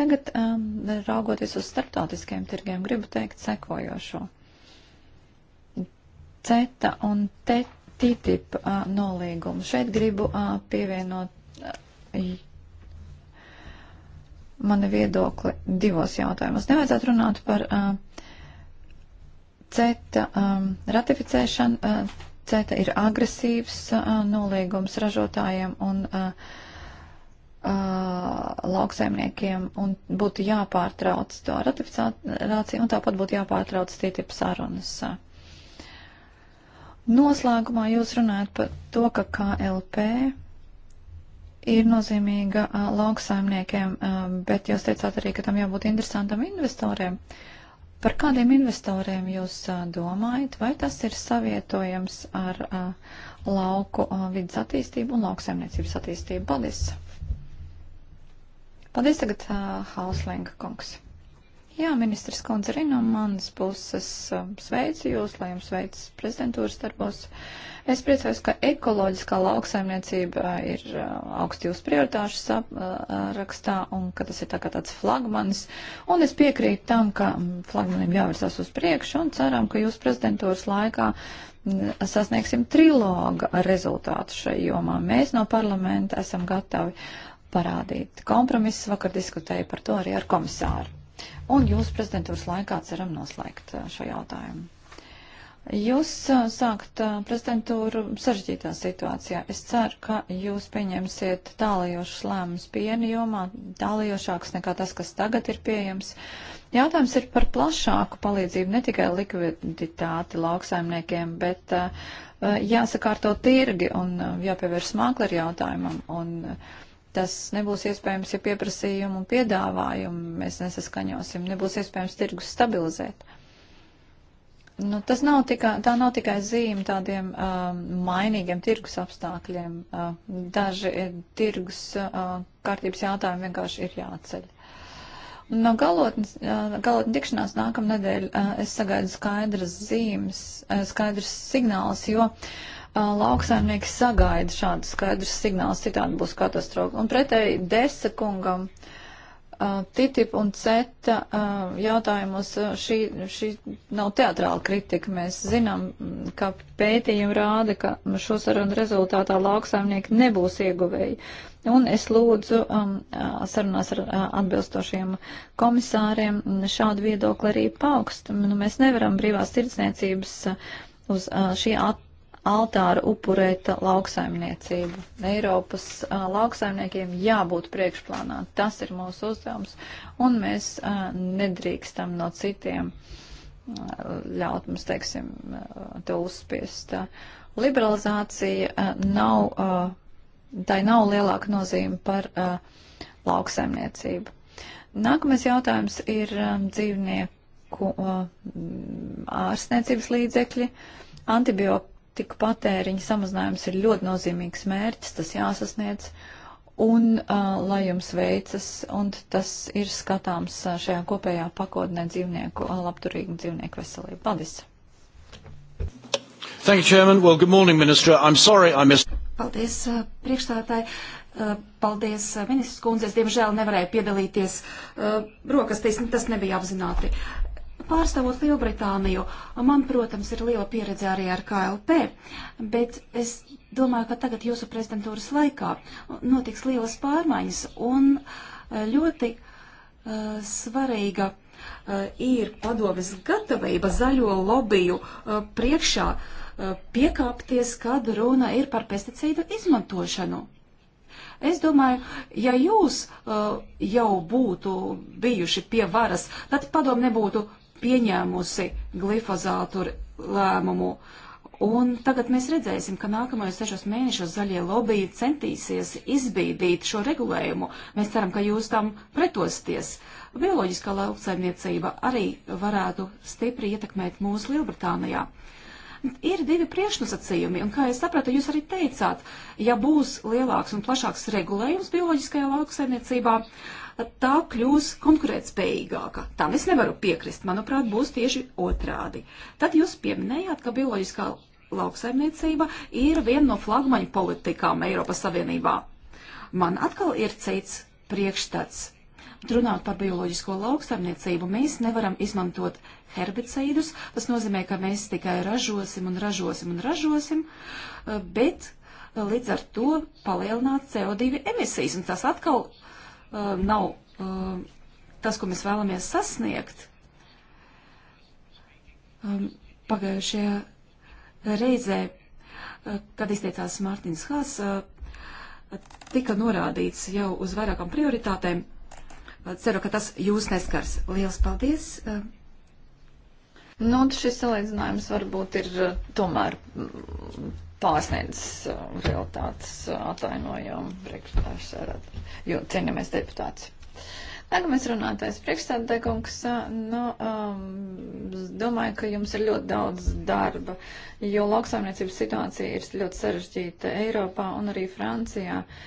Tagad, um, raugoties uz starptautiskiem tirgiem, gribu teikt sekojošo. CETA un TTIP uh, nolīgumu. Šeit gribu uh, pievienot uh, mani viedokli divos jautājumos. Nevajadzētu runāt par uh, CETA um, ratificēšana. Uh, CETA ir agresīvs uh, nolīgums ražotājiem un uh, Uh, lauksaimniekiem un būtu jāpārtrauc to ratifikāciju un tāpat būtu jāpārtrauc TTIP sarunas. Noslēgumā jūs runājat par to, ka KLP ir nozīmīga uh, lauksaimniekiem, uh, bet jūs teicāt arī, ka tam jābūt interesantam investoriem. Uh, Par kādiem investoriem jūs domājat, vai tas ir savietojams ar lauku vidas attīstību un lauksaimniecības attīstību? Paldies! Paldies tagad Hauslinga kungs. Jā, ministrs kundze, arī no manas puses sveicu jūs, lai jums veicas prezidentūras darbos. Uh, Es priecājos, ka ekoloģiskā lauksaimniecība ir uh, augsti jūsu prioritāšu sarakstā uh, un ka tas ir tā kā tāds flagmanis. Un es piekrītu tam, ka mm, flagmanim jāvirsās uz priekšu un ceram, ka jūs prezidentūras laikā mm, sasniegsim triloga rezultātu šai jomā. Mēs no parlamenta esam gatavi parādīt kompromisus. Vakar diskutēju par to arī ar komisāru. Un jūsu prezidentūras laikā ceram noslēgt uh, šo jautājumu. Jūs sākat prezidentūru sarežģītā situācijā. Es ceru, ka jūs pieņemsiet tālajošas lēmumus piena jomā, tālajošāks nekā tas, kas tagad ir pieejams. Jautājums ir par plašāku palīdzību, ne tikai likviditāti lauksaimniekiem, bet uh, jāsakārto tirgi un jāpievērš mākleri jautājumam. Un tas nebūs iespējams, ja pieprasījumu un piedāvājumu mēs nesaskaņosim, nebūs iespējams tirgus stabilizēt. Nu, tas nav tikai, tā nav tikai zīme tādiem uh, mainīgiem tirgus apstākļiem. Uh, daži eh, tirgus uh, kārtības jautājumi vienkārši ir jāceļ. No galotnes, uh, galotnes tikšanās nākamnedēļ uh, es sagaidu skaidras zīmes, uh, skaidrs signāls, jo uh, lauksaimnieki sagaida šādus skaidrus signālus, citādi būs katastrofa. Un pretēji desa kungam. Uh, Uh, TTIP un CETA uh, jautājumos uh, šī, šī nav teatrāla kritika. Mēs zinām, mm, ka pētījumi rāda, ka šo sarunu rezultātā lauksaimnieki nebūs ieguvēji. Un es lūdzu um, sarunās ar atbilstošiem komisāriem šādu viedokli arī paukst. Nu, mēs nevaram brīvās tirdzniecības uz šī attīstību altāra upurēt lauksaimniecību. Eiropas uh, lauksaimniekiem jābūt priekšplānā. Tas ir mūsu uzdevums, un mēs uh, nedrīkstam no citiem uh, ļaut mums, teiksim, uh, to uzspiest. Uh, liberalizācija uh, nav, uh, tai nav lielāka nozīme par uh, lauksaimniecību. Nākamais jautājums ir um, dzīvnieku uh, ārstniecības līdzekļi, antibiotika pārtika patēriņa samazinājums ir ļoti nozīmīgs mērķis, tas jāsasniedz. Un uh, lai jums veicas, un tas ir skatāms šajā kopējā pakotnē dzīvnieku, labturīgu dzīvnieku veselību. Paldies! Thank you, Chairman. Well, good morning, Minister. I'm sorry I missed. Paldies, priekšstādātāji. Paldies, ministrs kundzes. Diemžēl nevarēju piedalīties rokas, tas nebija apzināti. Pārstāvot Lielbritāniju, man, protams, ir liela pieredze arī ar KLP, bet es domāju, ka tagad jūsu prezidentūras laikā notiks lielas pārmaiņas un eh, ļoti uh, svarīga uh, ir padomis gatavība zaļo lobiju uh, priekšā uh, piekāpties, kad runa ir par pesticīdu izmantošanu. Es domāju, ja jūs uh, jau būtu bijuši pie varas, tad padomu nebūtu pieņēmusi glifozātu lēmumu. Un tagad mēs redzēsim, ka nākamajos sešos mēnešos zaļie lobby centīsies izbīdīt šo regulējumu. Mēs ceram, ka jūs tam pretosties. Bioloģiskā lauksaimniecība arī varētu stipri ietekmēt mūsu Lielbritānijā. Uh, Ir divi priekšnosacījumi, un kā es sapratu, jūs arī teicāt, ja būs lielāks un plašāks regulējums bioloģiskajā lauksaimniecībā, tā kļūs konkurētspējīgāka. Tam es nevaru piekrist, manuprāt, būs tieši otrādi. Tad jūs pieminējāt, ka bioloģiskā lauksaimniecība ir viena no flagmaņu politikām Eiropas Savienībā. Man atkal ir cits priekšstats Runāt par bioloģisko lauksaimniecību, mēs nevaram izmantot herbicīdus. Tas nozīmē, ka mēs tikai ražosim un ražosim un ražosim, eh, bet eh, līdz ar to palielināt CO2 emisijas. Un tas atkal uh, nav uh, tas, ko mēs vēlamies sasniegt. Um, pagājušajā reizē, uh, kad izteicās Mārtiņš Hās, uh, tika norādīts jau uz vairākām prioritātēm, Ceru, ka tas jūs neskars. Lielas paldies! Nu, šis salīdzinājums varbūt ir eh, tomēr mm, pārsniedzis eh, realitātes eh, atainojumu priekšstādājus, jo cienamies deputāts. Nākamais runātais priekšstādājums, nu, um, domāju, ka jums ir ļoti daudz darba, jo lauksaimniecības situācija ir ļoti sarežģīta Eiropā un arī Francijā. Uh,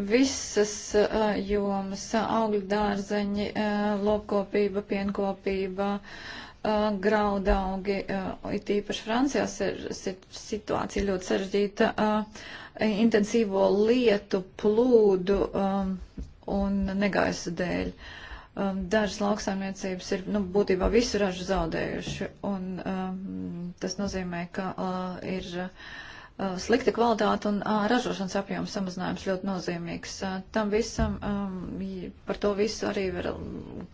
visas uh, jomas - augļu dārzeņi, uh, lopkopība, pienkopība, uh, graudaugi. It īpaši Francijā situācija ļoti sarežģīta intensīvo lietu plūdu um, un negaisa dēļ. Um, dažas lauksaimniecības ir nu, būtībā visu ražu zaudējuši, un um, tas nozīmē, ka uh, ir uh, Uh, slikta kvalitāte un uh, ražošanas apjoma samazinājums ļoti nozīmīgs. Uh, tam visam, um, par to visu arī var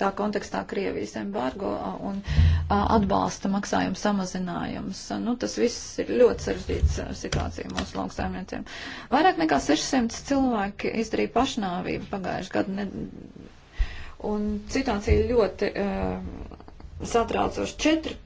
tā kontekstā Krievijas embargo uh, un uh, atbalsta maksājuma samazinājums. Uh, nu, tas viss ir ļoti sarežģīts uh, situācija mūsu lauksaimniecēm. Vairāk nekā 600 cilvēki izdarīja pašnāvību pagājušajā gadu. Ne... Un situācija ļoti uh, satraucoša.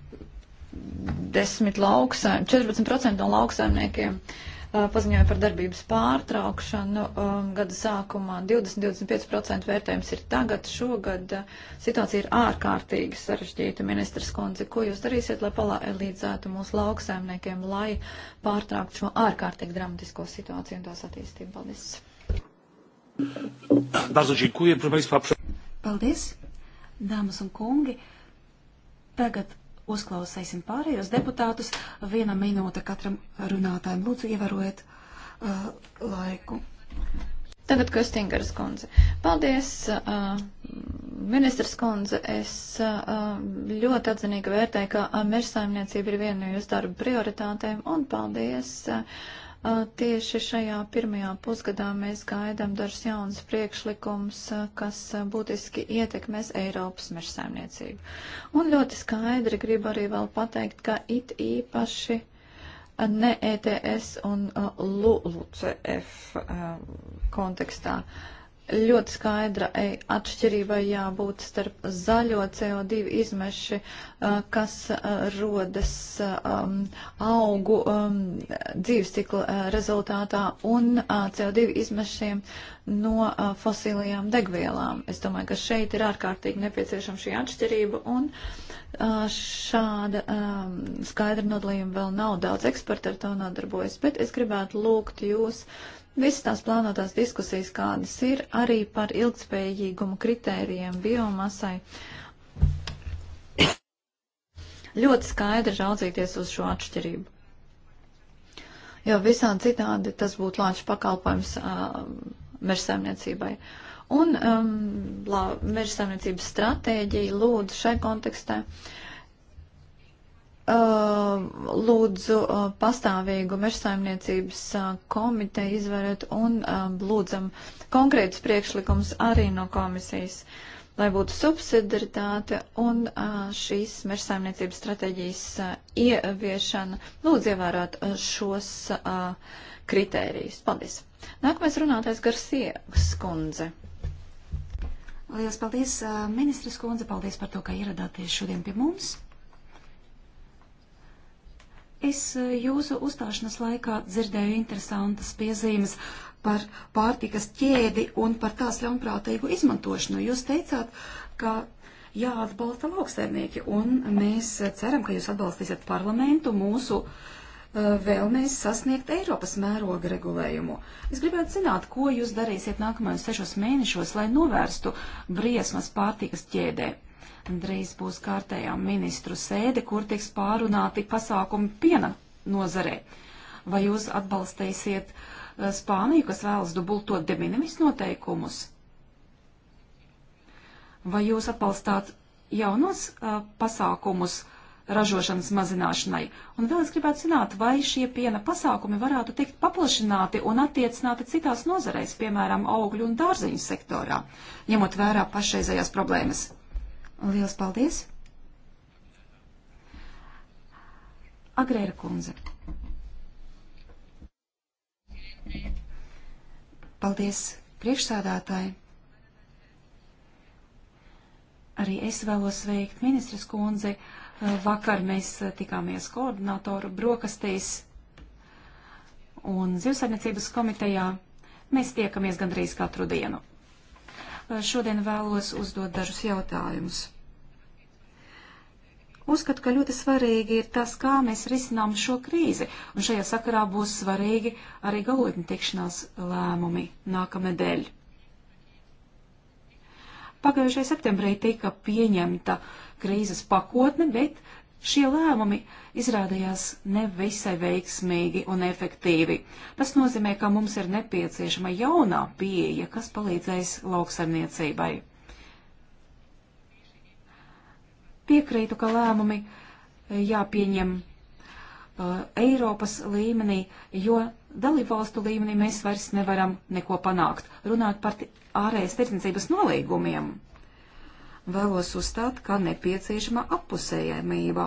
40 lauksaim, 14% no lauksaimniekiem uh, paziņoja par darbības pārtraukšanu um, gada sākumā. 20-25% vērtējums ir tagad. Šogad uh, situācija ir ārkārtīgi sarežģīta. Ministrs Konci, ko jūs darīsiet, lai palīdzētu mūsu lauksaimniekiem, lai pārtrauktu šo ārkārtīgi dramatisko situāciju un tās attīstību? Paldies! Bardzo dziękuję, proszę Państwa. Paldies, dāmas un kungi. Tagad uzklausīsim pārējos deputātus. Viena minūte katram runātājam. Lūdzu, ievērojiet uh, laiku. Tagad Kristīngars kundze. Paldies, uh, ministrs kundze. Es uh, ļoti atzinīgi vērtēju, ka uh, mežsaimniecība ir viena no jūsu darba prioritātēm un paldies. Uh, Tieši šajā pirmajā pusgadā mēs gaidām dažus jaunus priekšlikumus, kas būtiski ietekmēs Eiropas mežsaimniecību. Un ļoti skaidri gribu arī vēl pateikt, ka it īpaši ne ETS un LULUCF kontekstā uh, ļoti skaidra atšķirība jābūt starp zaļo CO2 izmeši, kas rodas um, augu um, dzīves cikla rezultātā un CO2 izmešiem no fosilijām degvielām. Es domāju, ka šeit ir ārkārtīgi nepieciešama šī atšķirība un šāda skaidra nodalījuma vēl nav daudz eksperti ar to nodarbojas, bet es gribētu lūgt jūs Visas tās plānotās diskusijas, kādas ir, arī par ilgspējīgumu kritērijiem biomasai, ļoti skaidri raudzīties uz šo atšķirību. Jo visādi citādi tas būtu lāču pakalpojums uh, mežsaimniecībai. Un um, mežsaimniecības stratēģija lūdzu šai kontekstā uh, Um, lūdzu uh, pastāvīgu mežsaimniecības uh, komiteju izvarēt un um, lūdzam konkrētus priekšlikums arī no komisijas, lai būtu subsidaritāte un uh, šīs mežsaimniecības stratēģijas ieviešana. Lūdzu ievērot šos kritērijus. Paldies. Nākamais runātais Garsieks kundze. Lielas paldies, ministras kundze, paldies par to, ka ieradāties šodien pie mums. Es eh, jūsu uzstāšanās laikā dzirdēju interesantas piezīmes par pārtikas ķēdi un par tās ļaunprātīgu izmantošanu. Jūs teicāt, ka jāatbalsta lauksaimnieki, un mēs eh, ceram, ka jūs atbalstīsiet parlamentu mūsu eh, vēlmēs sasniegt Eiropas mēroga regulējumu. Es gribētu zināt, ko jūs darīsiet nākamajos sešos mēnešos, lai novērstu briesmas pārtikas ķēdē. Drīz būs kārtējā ministru sēde, kur tiks pārunāti pasākumi piena nozarē. Vai jūs atbalstīsiet eh, Spāniju, kas vēlas dubultot de minimis noteikumus? Vai jūs atbalstāt jaunos uh, pasākumus ražošanas mazināšanai? Un vēl es gribētu zināt, vai šie piena pasākumi varētu tikt paplašināti un attiecināti citās nozareis, piemēram, augļu un dārziņu sektorā, ņemot vērā pašreizējās problēmas. Lielas paldies! Agrēra kundze. Paldies priekšsādātāji. Arī es vēlos sveikt ministras kundzi. Vakar mēs tikāmies koordinatoru brokastīs un zivsaimniecības komitejā. Mēs tiekamies gandrīz katru dienu šodien vēlos uzdot dažus jautājumus. Uzskatu, ka ļoti svarīgi ir tas, kā mēs risinām šo krīzi, un šajā sakarā būs svarīgi arī galotni tikšanās lēmumi nākamnedēļ. Pagājušajā septembrī tika pieņemta krīzes pakotne, bet Šie lēmumi izrādījās nevisai veiksmīgi un efektīvi. Tas nozīmē, ka mums ir nepieciešama jaunā pieeja, kas palīdzēs lauksaimniecībai. Piekrītu, ka lēmumi jāpieņem uh, Eiropas līmenī, jo dalībvalstu līmenī mēs vairs nevaram neko panākt. Runāt par ārējas tirdzniecības nolīgumiem vēlos uzstāt, ka nepieciešama appusējamība.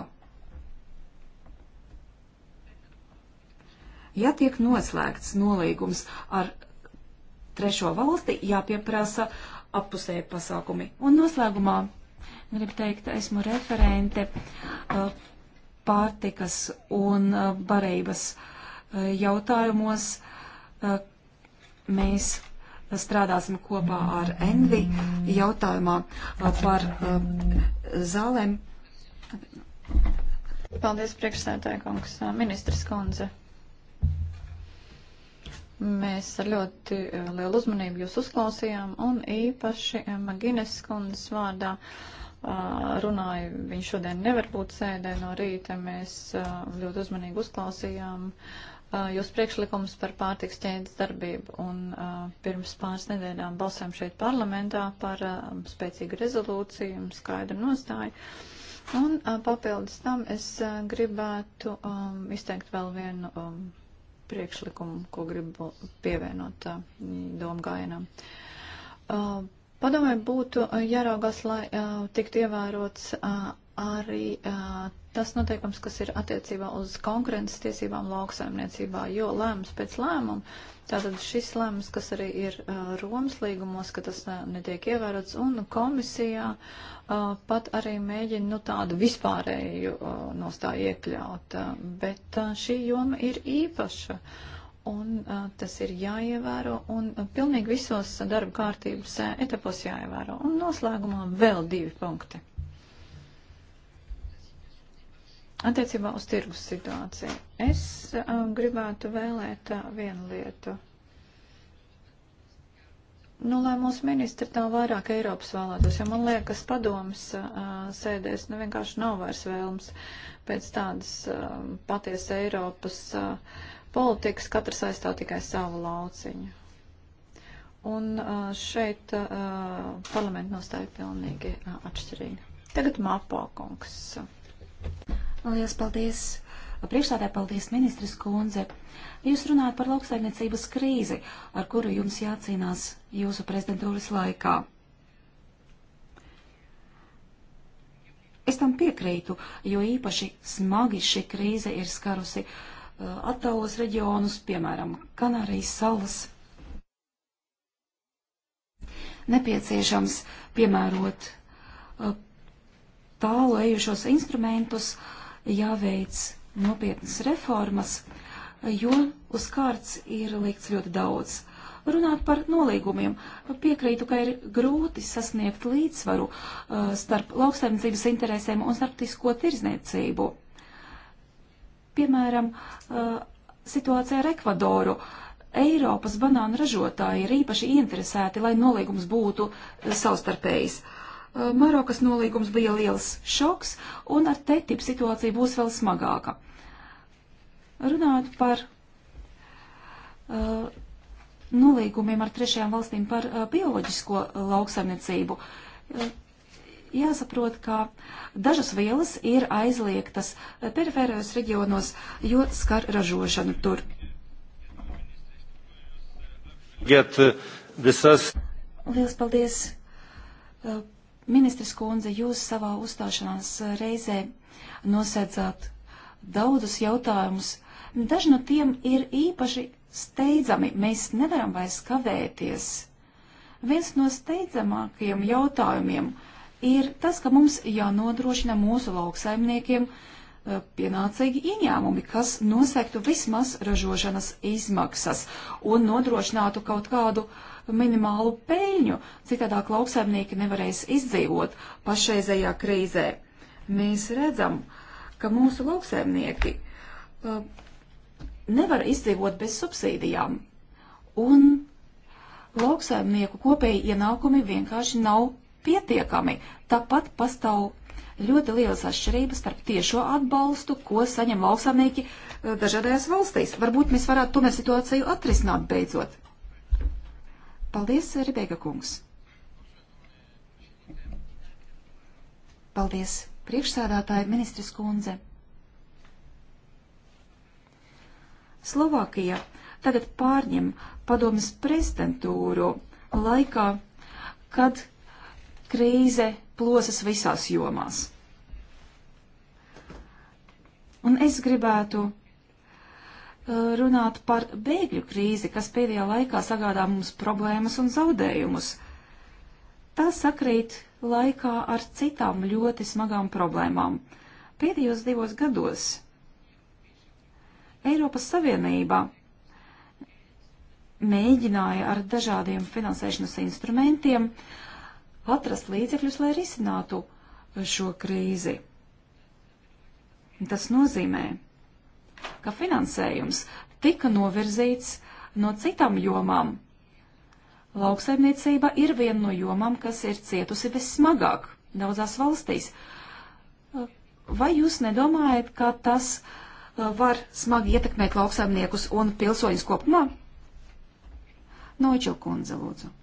Ja tiek noslēgts nolīgums ar trešo valsti, jāpieprasa appusēja pasākumi. Un noslēgumā gribu teikt, esmu referente uh, pārtikas un uh, barības uh, jautājumos. Mēs strādāsim kopā ar Envi jautājumā par zālēm. Paldies, priekšsētāja kungs, ministrs kundze. Mēs ar ļoti lielu uzmanību jūs uzklausījām un īpaši Magines kundzes vārdā runāju. Viņš šodien nevar būt sēdē no rīta. Mēs ļoti uzmanīgi uzklausījām uh, Uh, jūs priekšlikums par pārtiks ķēdes darbību un uh, pirms pāris nedēļām balsojam šeit parlamentā par um, spēcīgu rezolūciju un skaidru nostāju. Un uh, papildus tam es gribētu um, izteikt vēl vienu um, priekšlikumu, ko gribu pievienot uh, domgājienam. Uh, Padomē būtu jāraugās, lai uh, tiktu ievērots uh, arī uh, tas noteikums, kas ir attiecībā uz konkurences tiesībām lauksaimniecībā, jo lēmums pēc lēmuma, tātad šis lēmums, kas arī ir uh, Romas līgumos, ka tas uh, netiek ievērots, un komisijā uh, pat arī mēģina nu, tādu vispārēju uh, nostāju iekļaut, uh, bet uh, šī joma ir īpaša. Un uh, tas ir jāievēro, un uh, pilnīgi visos darba kārtības uh, etapos jāievēro. Un noslēgumā vēl divi punkti. Attiecībā uz tirgus situāciju. Es um, gribētu vēlēt uh, vienu lietu. Nu, lai mūsu ministri tā vairāk Eiropas vēlētos, jo man liekas, padomas uh, sēdēs, nu vienkārši nav vairs vēlms pēc tādas uh, patiesas Eiropas uh, politikas, katrs aizstāv tikai savu lauciņu. Un uh, šeit uh, parlamenta nostāja pilnīgi uh, atšķirīga. Tagad Mapo kungs. Lielas paldies! Priekšstādē paldies, ministres kundze! Jūs runājat par lauksaimniecības krīzi, ar kuru jums jācīnās jūsu prezidentūras laikā. Es tam piekrītu, jo īpaši smagi šī krīze ir skarusi attālos reģionus, piemēram, Kanārijas salas. Nepieciešams piemērot tālu ejušos instrumentus, uh, jāveic nopietnas reformas, jo uz kārts ir liekts ļoti daudz. Runāt par nolīgumiem. Piekrītu, ka ir grūti sasniegt līdzsvaru uh, starp lauksaimniecības interesēm un starptisko tirzniecību. Piemēram, uh, situācija ar Ekvadoru. Eiropas banānu ražotāji ir īpaši interesēti, lai nolīgums būtu uh, savstarpējs. Uh, Uh, Marokas nolīgums bija liels šoks, un ar TTIP situācija būs vēl smagāka. Runājot par uh, nolīgumiem ar trešajām valstīm par uh, bioloģisko lauksaimniecību, uh, jāsaprot, ka dažas vielas ir aizliegtas periferijos reģionos, jo skar ražošanu tur. Get, uh, visas... Liels paldies! Uh, Ministres kundze, jūs savā uzstāšanās reizē nosēdzāt daudzus jautājumus. Daži no tiem ir īpaši steidzami. Mēs nevaram vairs kavēties. Viens no steidzamākajiem jautājumiem ir tas, ka mums jānodrošina mūsu lauksaimniekiem eh, pienācīgi ieņēmumi, kas nosektu vismaz ražošanas izmaksas un nodrošinātu kaut kādu uh, minimālu peļņu, citādāk lauksaimnieki nevarēs izdzīvot pašreizējā krīzē. Mēs redzam, ka mūsu lauksaimnieki uh, nevar izdzīvot bez subsīdijām, un lauksaimnieku kopēji ienākumi vienkārši nav pietiekami. Tāpat pastāv ļoti lielas atšķirības starp tiešo atbalstu, ko saņem lauksaimnieki uh, dažādajās valstīs. Varbūt mēs varētu tomēr situāciju atrisināt beidzot. Paldies, Rebeka kungs! Paldies, priekšsēdātāja ministres kundze! Slovākija tagad pārņem padomas prezidentūru laikā, kad krīze plosas visās jomās. Un es gribētu runāt par bēgļu krīzi, kas pēdējā laikā sagādā mums problēmas un zaudējumus. Tas sakrīt laikā ar citām ļoti smagām problēmām. Pēdējos divos gados Eiropas Savienība mēģināja ar dažādiem finansēšanas instrumentiem atrast līdzekļus, lai risinātu šo krīzi. Tas nozīmē, ka finansējums tika novirzīts no citām jomām. Lauksaimniecība ir viena no jomām, kas ir cietusi vissmagāk daudzās valstīs. Vai jūs nedomājat, ka tas uh, var smagi ietekmēt lauksaimniekus un pilsoņus kopumā? Noķilkundze, lūdzu.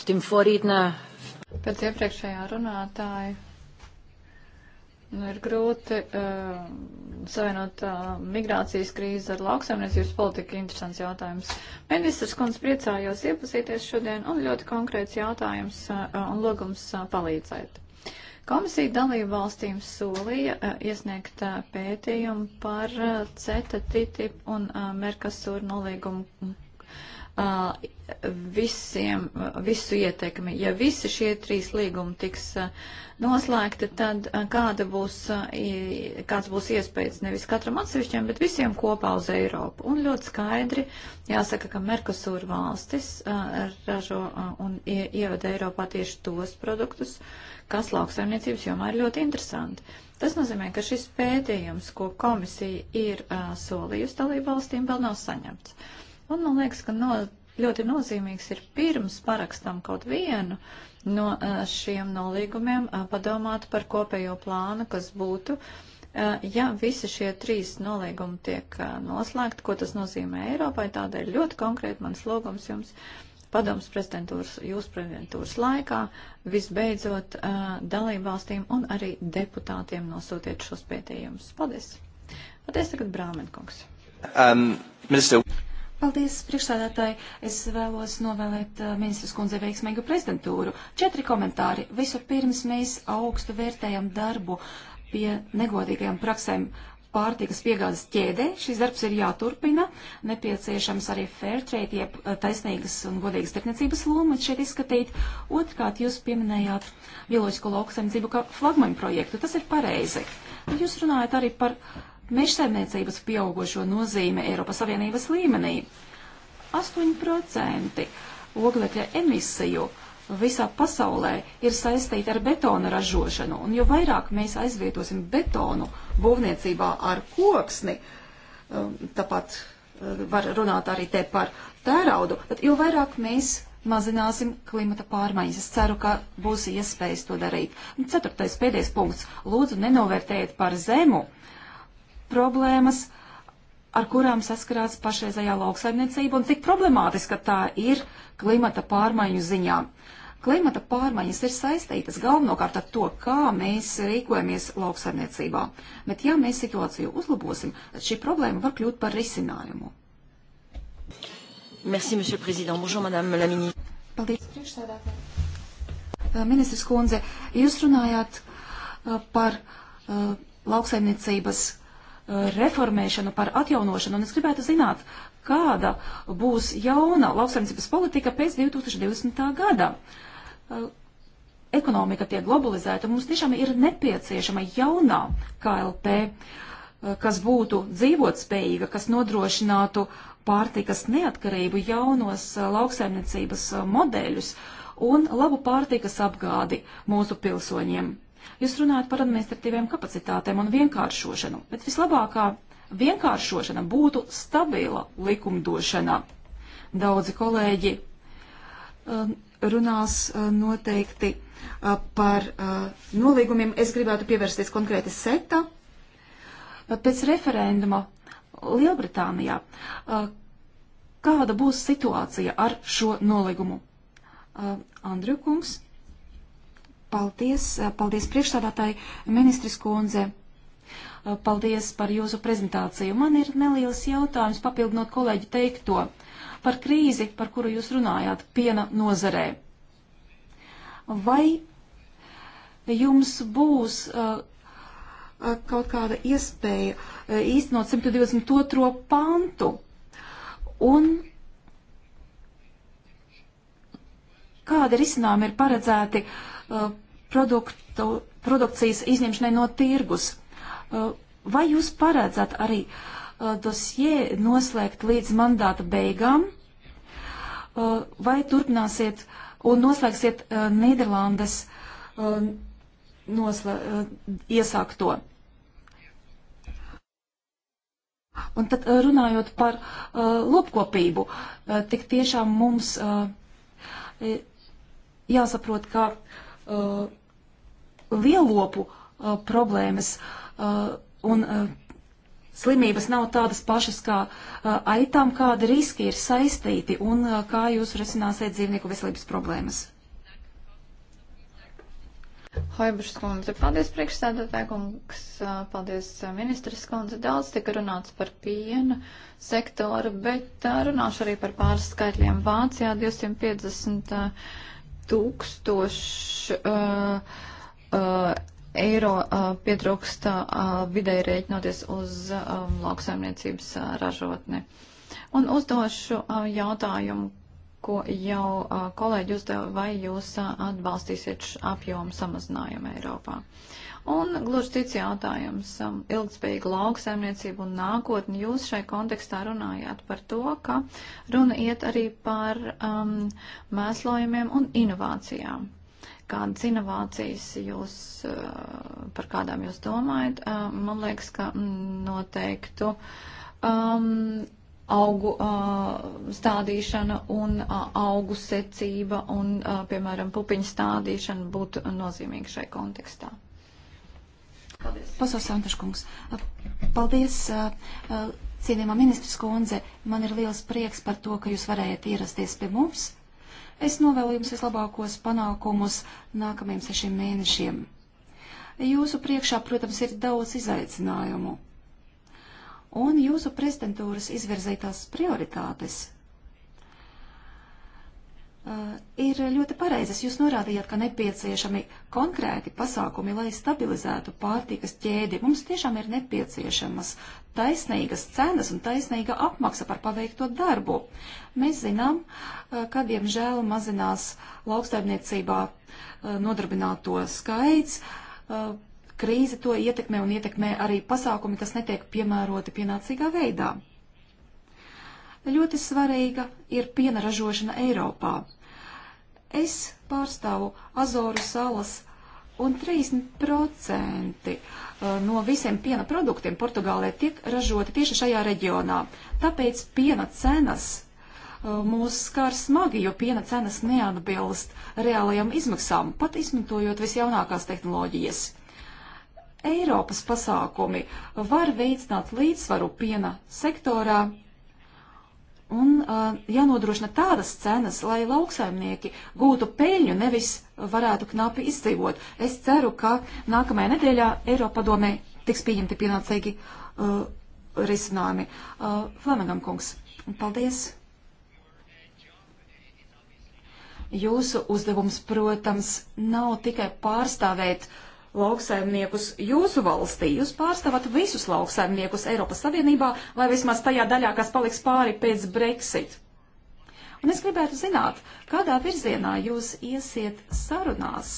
Pēc iepriekšējā runātāja Nu, ir grūti uh, savienot uh, migrācijas krīzi ar lauksaimniecības politiku. Interesants jautājums. Ministrs kundz priecājos iepazīties šodien un ļoti konkrēts jautājums uh, un logums uh, palīdzēt. Komisija dalību valstīm solīja uh, iesniegt uh, pētījumu par uh, CETA, TTIP un uh, Merkasūra nolīgumu. Uh, visiem, visu ietekmi. Ja visi šie trīs līgumi tiks noslēgti, tad kāda būs, kāds būs iespējas nevis katram atsevišķiem, bet visiem kopā uz Eiropu. Un ļoti skaidri jāsaka, ka Merkosūra valstis ražo un ievada Eiropā tieši tos produktus, kas lauksaimniecības jomā ir ļoti interesanti. Tas nozīmē, ka šis pētījums, ko komisija ir solījusi dalību valstīm, vēl nav saņemts. Un man liekas, ka no, ļoti nozīmīgs ir pirms parakstam kaut vienu no šiem nolīgumiem padomāt par kopējo plānu, kas būtu, ja visi šie trīs nolīgumi tiek noslēgti, ko tas nozīmē Eiropai, tādēļ ļoti konkrēti mans logums jums padomas prezidentūras, jūsu prezidentūras laikā, visbeidzot dalībvalstīm un arī deputātiem nosūtiet šos pētījumus. Paldies! Paldies tagad Brāmenkungs. Um, minister... Paldies, priekšsādātāji. Es vēlos novēlēt uh, ministras kundze veiksmīgu prezidentūru. Četri komentāri. Vispirms mēs augstu vērtējam darbu pie negodīgajām praksēm pārtikas piegādes ķēdē. Šis darbs ir jāturpina. Nepieciešams arī fair trade, jeb eh, taisnīgas un godīgas tirdzniecības loma šeit izskatīt. Otrkārt, jūs pieminējāt bioloģisko lauksaimniecību kā flagmaņu projektu. Tas ir pareizi. Jūs runājat arī par uh, mežsaimniecības pieaugušo nozīme Eiropas Savienības līmenī. 8% oglekļa emisiju visā pasaulē ir saistīta ar betona ražošanu, un jo vairāk mēs aizvietosim betonu būvniecībā ar koksni, um, tāpat uh, var runāt arī te par tēraudu, tad jo vairāk mēs mazināsim klimata pārmaiņas. Es ceru, ka būs iespējas to darīt. Un ceturtais, pēdējais punkts. Lūdzu, nenovērtējiet par zemu problēmas, ar kurām saskarās pašreizējā lauksaimniecība un cik problemātiska tā ir klimata pārmaiņu ziņā. Klimata pārmaiņas ir saistītas galvenokārt ar to, kā mēs rīkojamies lauksaimniecībā, bet ja mēs situāciju uzlabosim, tad šī problēma var kļūt par risinājumu. Merci, monsieur le président. Bonjour, madame la ministre. Paldies, priekšsēdētāji. Ministrs Kunze, jūs runājāt uh, par uh, lauksaimniecības reformēšanu, par atjaunošanu, un es gribētu zināt, kāda būs jauna lauksaimniecības politika pēc 2020. gada. Eh, ekonomika tiek globalizēta, mums tiešām ir nepieciešama jaunā KLP, eh, kas būtu dzīvotspējīga, kas nodrošinātu pārtikas neatkarību, jaunos eh, lauksaimniecības modeļus un labu pārtikas apgādi mūsu pilsoņiem. Jūs runājat par administratīviem kapacitātēm un vienkāršošanu, bet vislabākā vienkāršošana būtu stabila likumdošana. Daudzi kolēģi um, runās uh, noteikti uh, par uh, nolīgumiem. Es gribētu pievērsties konkrēti SETA. Pēc referenduma Lielbritānijā kāda būs situācija ar šo nolīgumu? Andriu kungs. Paldies, eh, paldies priekšstādātāji, ministris kundze. Eh, paldies par jūsu prezentāciju. Man ir neliels jautājums papildinot kolēģi teikto par krīzi, par kuru jūs runājāt, piena nozarē. Vai jums būs uh, kaut kāda iespēja uh, īstenot 122. pantu? Un kādi risinājumi ir paredzēti uh, Uh, produktu, produkcijas izņemšanai no tirgus. Uh, vai jūs paredzat arī uh, dosie noslēgt līdz mandāta beigām, vai turpināsiet un noslēgsiet Nīderlandes noslē, iesākto? Un tad runājot par uh, lopkopību, uh, tik tiešām mums uh, jāsaprot, ka uh, uh, lielopu uh, problēmas uh, un uh, slimības nav tādas pašas kā uh, aitām, kāda riski ir saistīti un uh, kā jūs risināsiet dzīvnieku veselības problēmas. Hoibušas kundze, paldies priekšsēdētāji kungs, uh, paldies uh, ministras kundze. Daudz tika runāts par piena sektoru, bet uh, runāšu arī par pāris skaitļiem. Vācijā 250 tūkstoši uh, uh, eiro uh, pietrūkst uh, vidēji rēķinoties uz uh, lauksaimniecības uh, ražotni. Un uzdošu uh, jautājumu, ko jau uh, kolēģi uzdeva, vai jūs uh, atbalstīsiet apjomu samazinājumu Eiropā. Uh, Un gluži cits jautājums um, - ilgspējīga lauksaimniecība un nākotni. Jūs šai kontekstā runājāt par to, ka runa iet arī par um, mēslojumiem un inovācijām. Kādas inovācijas jūs, uh, par kādām jūs domājat? Uh, man liekas, ka mm, noteiktu. Um, augu uh, stādīšana un uh, augu secība un, uh, piemēram, pupiņu stādīšana būtu nozīmīga šai kontekstā. Paldies. Pasaus Santaškungs. Paldies, cienījumā ministrs Konze. Man ir liels prieks par to, ka jūs varējat ierasties pie mums. Es novēlu jums vislabākos panākumus nākamajiem sešiem mēnešiem. Jūsu priekšā, protams, ir daudz izaicinājumu. Un jūsu prezidentūras izvirzītās prioritātes Uh, ir ļoti pareizas. Jūs norādījāt, ka nepieciešami konkrēti pasākumi, lai stabilizētu pārtikas ķēdi. Mums tiešām ir nepieciešamas taisnīgas cenas un taisnīga apmaksa par paveikto darbu. Mēs zinām, uh, ka diemžēl mazinās lauksaimniecībā uh, nodarbināto skaits. Krīze to ietekmē un ietekmē arī pasākumi, kas netiek piemēroti pienācīgā veidā. Ļoti svarīga ir piena ražošana Eiropā. Es pārstāvu Azoru salas un 30% uh, no visiem piena produktiem Portugālē tiek ražoti tieši šajā reģionā. Tāpēc piena cenas uh, mūs skar smagi, jo piena cenas neatbilst reālajām izmaksām, pat izmantojot visjaunākās tehnoloģijas. Eiropas pasākumi var veicināt līdzsvaru piena sektorā, Un uh, jānodrošina tādas cenas, lai lauksaimnieki gūtu peļņu, nevis varētu knapi izdzīvot. Es ceru, ka nākamajā nedēļā Eiropadomē tiks pieņemti pienācīgi uh, risinājumi. Uh, Flanagam kungs, paldies! Jūsu uzdevums, protams, nav tikai pārstāvēt uh, lauksaimniekus jūsu valstī. Jūs pārstāvat visus lauksaimniekus Eiropas Savienībā, vai vismaz tajā daļā, kas paliks pāri pēc Brexit. Un es gribētu zināt, kādā virzienā jūs iesiet sarunās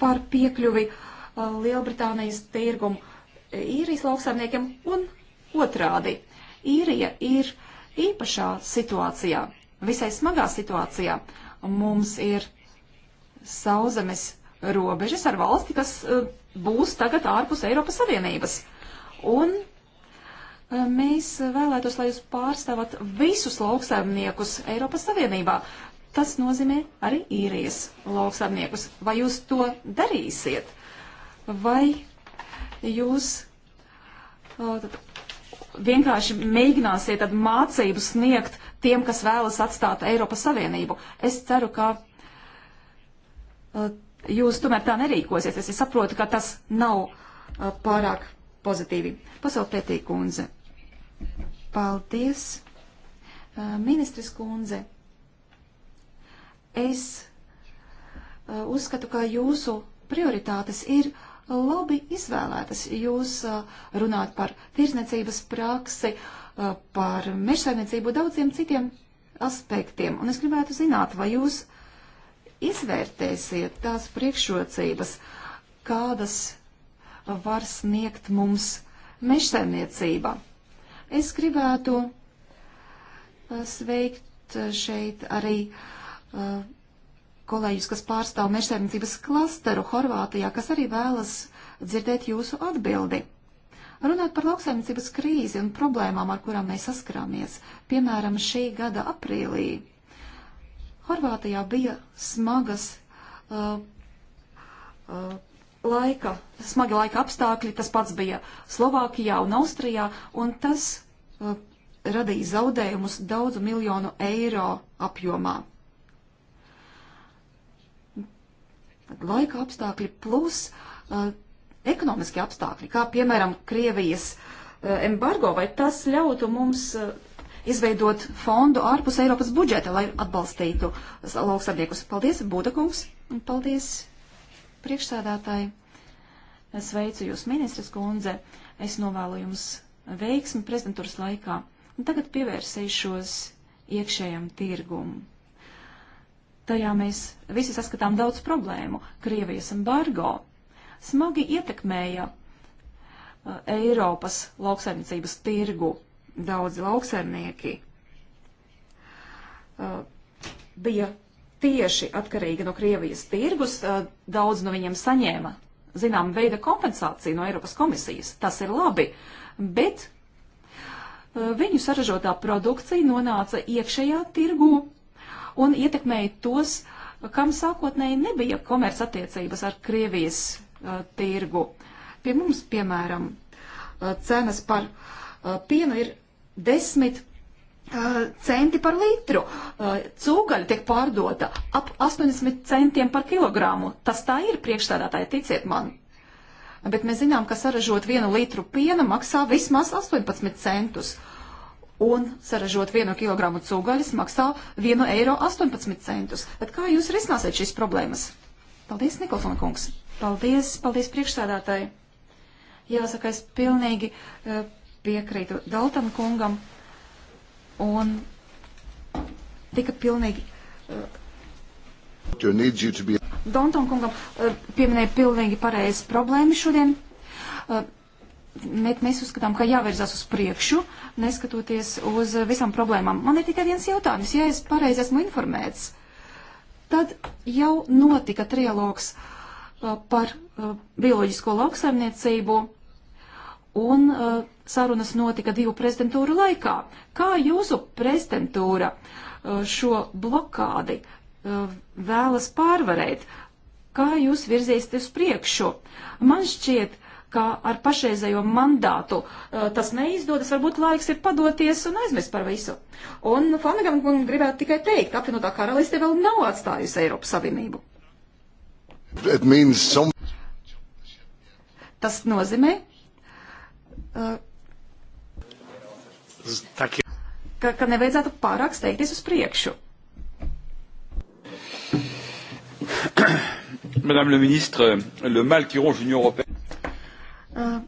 par piekļuvi uh, Lielbritānijas tirgumu īrijas lauksaimniekiem un otrādi. Īrija ir īpašā situācijā, visai smagā situācijā. Mums ir sauzemes robežas ar valsti, kas e, būs tagad ārpus Eiropas Savienības. Un e, mēs vēlētos, lai jūs pārstāvat visus lauksaimniekus Eiropas Savienībā. Tas nozīmē arī īrijas lauksaimniekus. Vai jūs to darīsiet? Vai jūs e, tad, vienkārši mēģināsiet tad mācību sniegt tiem, kas vēlas atstāt Eiropas Savienību? Es ceru, ka jūs tomēr tā nerīkosiet. Es saprotu, ka tas nav pārāk pozitīvi. Pasaulpētī kundze. Paldies. Ministres kundze. Es uzskatu, ka jūsu prioritātes ir labi izvēlētas. Jūs runājat par tirsniecības praksi, par mežsaimniecību daudziem citiem aspektiem. Un es gribētu zināt, vai jūs izvērtēsiet tās priekšrocības, kādas var sniegt mums mežsaimniecība. Es gribētu uh, sveikt šeit arī uh, kolēģus, kas pārstāv mežsaimniecības klasteru Horvātijā, kas arī vēlas dzirdēt jūsu atbildi. Runāt par lauksaimniecības krīzi un problēmām, ar kurām mēs saskarāmies, piemēram, šī gada aprīlī Horvātijā bija smagas uh, uh, laika, smagi laika apstākļi, tas pats bija Slovākijā un Austrijā, un tas uh, radīja zaudējumus daudzu miljonu eiro apjomā. Laika apstākļi plus uh, ekonomiski apstākļi, kā piemēram Krievijas uh, embargo, vai tas ļautu mums uh, izveidot fondu ārpus Eiropas budžeta, lai atbalstītu lauksaimniekus. Paldies, Būdakungs, un paldies priekšsādātāji. Es sveicu jūs, ministres kundze. Es novēlu jums veiksmi prezidentūras laikā. Un tagad pievērsīšos iekšējam tirgumam. Tajā mēs visi saskatām daudz problēmu. Krievijas embargo smagi ietekmēja uh, Eiropas lauksaimniecības tirgu daudzi lauksaimnieki uh, bija tieši atkarīgi no Krievijas tirgus, uh, daudz no viņiem saņēma zinām veida kompensāciju no Eiropas komisijas. Tas ir labi, bet uh, viņu saražotā produkcija nonāca iekšējā tirgū un ietekmēja tos, kam sākotnēji nebija komerc attiecības ar Krievijas tirgu. Pie mums, piemēram, cenas par pienu ir 10 centi par litru. Cūgaļa tiek pārdota ap 80 centiem par kilogramu. Tas tā ir priekšstādātāji, ticiet man. Bet mēs zinām, ka saražot vienu litru piena maksā vismaz 18 centus. Un saražot vienu kilogramu cūgaļas maksā 1 eiro 18 centus. Tad kā jūs risināsiet šīs problēmas? Paldies, Nikolson kungs. Paldies, paldies priekšstādātāji. Jāsaka, es pilnīgi. Uh, piekrītu Daltam kungam un tika pilnīgi. Be... Daltam kungam eh, pieminēja pilnīgi pareizi problēmu šodien. Bet eh, mēs uzskatām, ka jāvirzās uz priekšu, neskatoties uz visām problēmām. Man ir tikai viens jautājums, ja es pareizi esmu informēts. Tad jau notika trialogs eh, par bioloģisko lauksaimniecību un uh, sarunas notika divu prezidentūru laikā. Kā jūsu prezidentūra uh, šo blokādi uh, vēlas pārvarēt? Kā jūs virzīsieties priekšu? Man šķiet, ka ar pašreizējo mandātu uh, tas neizdodas, varbūt laiks ir padoties un aizmirst par visu. Un Flanagam gribētu tikai teikt, ka apvienotā karaliste vēl nav atstājusi Eiropas Savienību. Some... Tas nozīmē, ka, ka nevajadzētu pārāk steigties uz priekšu. Madame le ministre, le mal qui ronge l'Union européenne. Uh,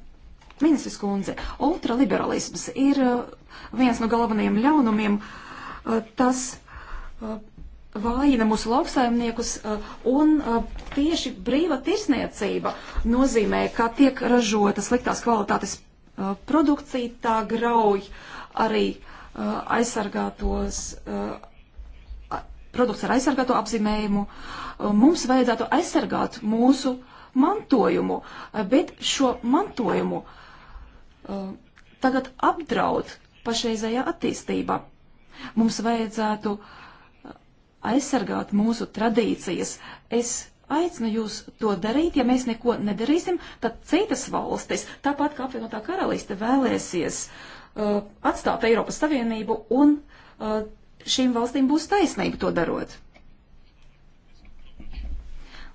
ministrs kundze, ultraliberalisms ir uh, viens no galvenajiem ļaunumiem. Uh, tas uh, vājina mūsu lauksaimniekus, uh, un uh, tieši brīva tirsniecība nozīmē, ka tiek ražota sliktās kvalitātes Uh, produkcija, tā grauj arī uh, aizsargātos, uh, produkts ar aizsargāto apzīmējumu. Mums vajadzētu aizsargāt mūsu mantojumu, bet šo mantojumu tagad apdraud pašreizējā attīstība. Mums vajadzētu aizsargāt mūsu tradīcijas. Es aicinu jūs to darīt. Ja mēs neko nedarīsim, tad citas valstis, tāpat kā apvienotā karaliste, vēlēsies uh, atstāt Eiropas Savienību, un uh, šīm valstīm būs taisnība to darot.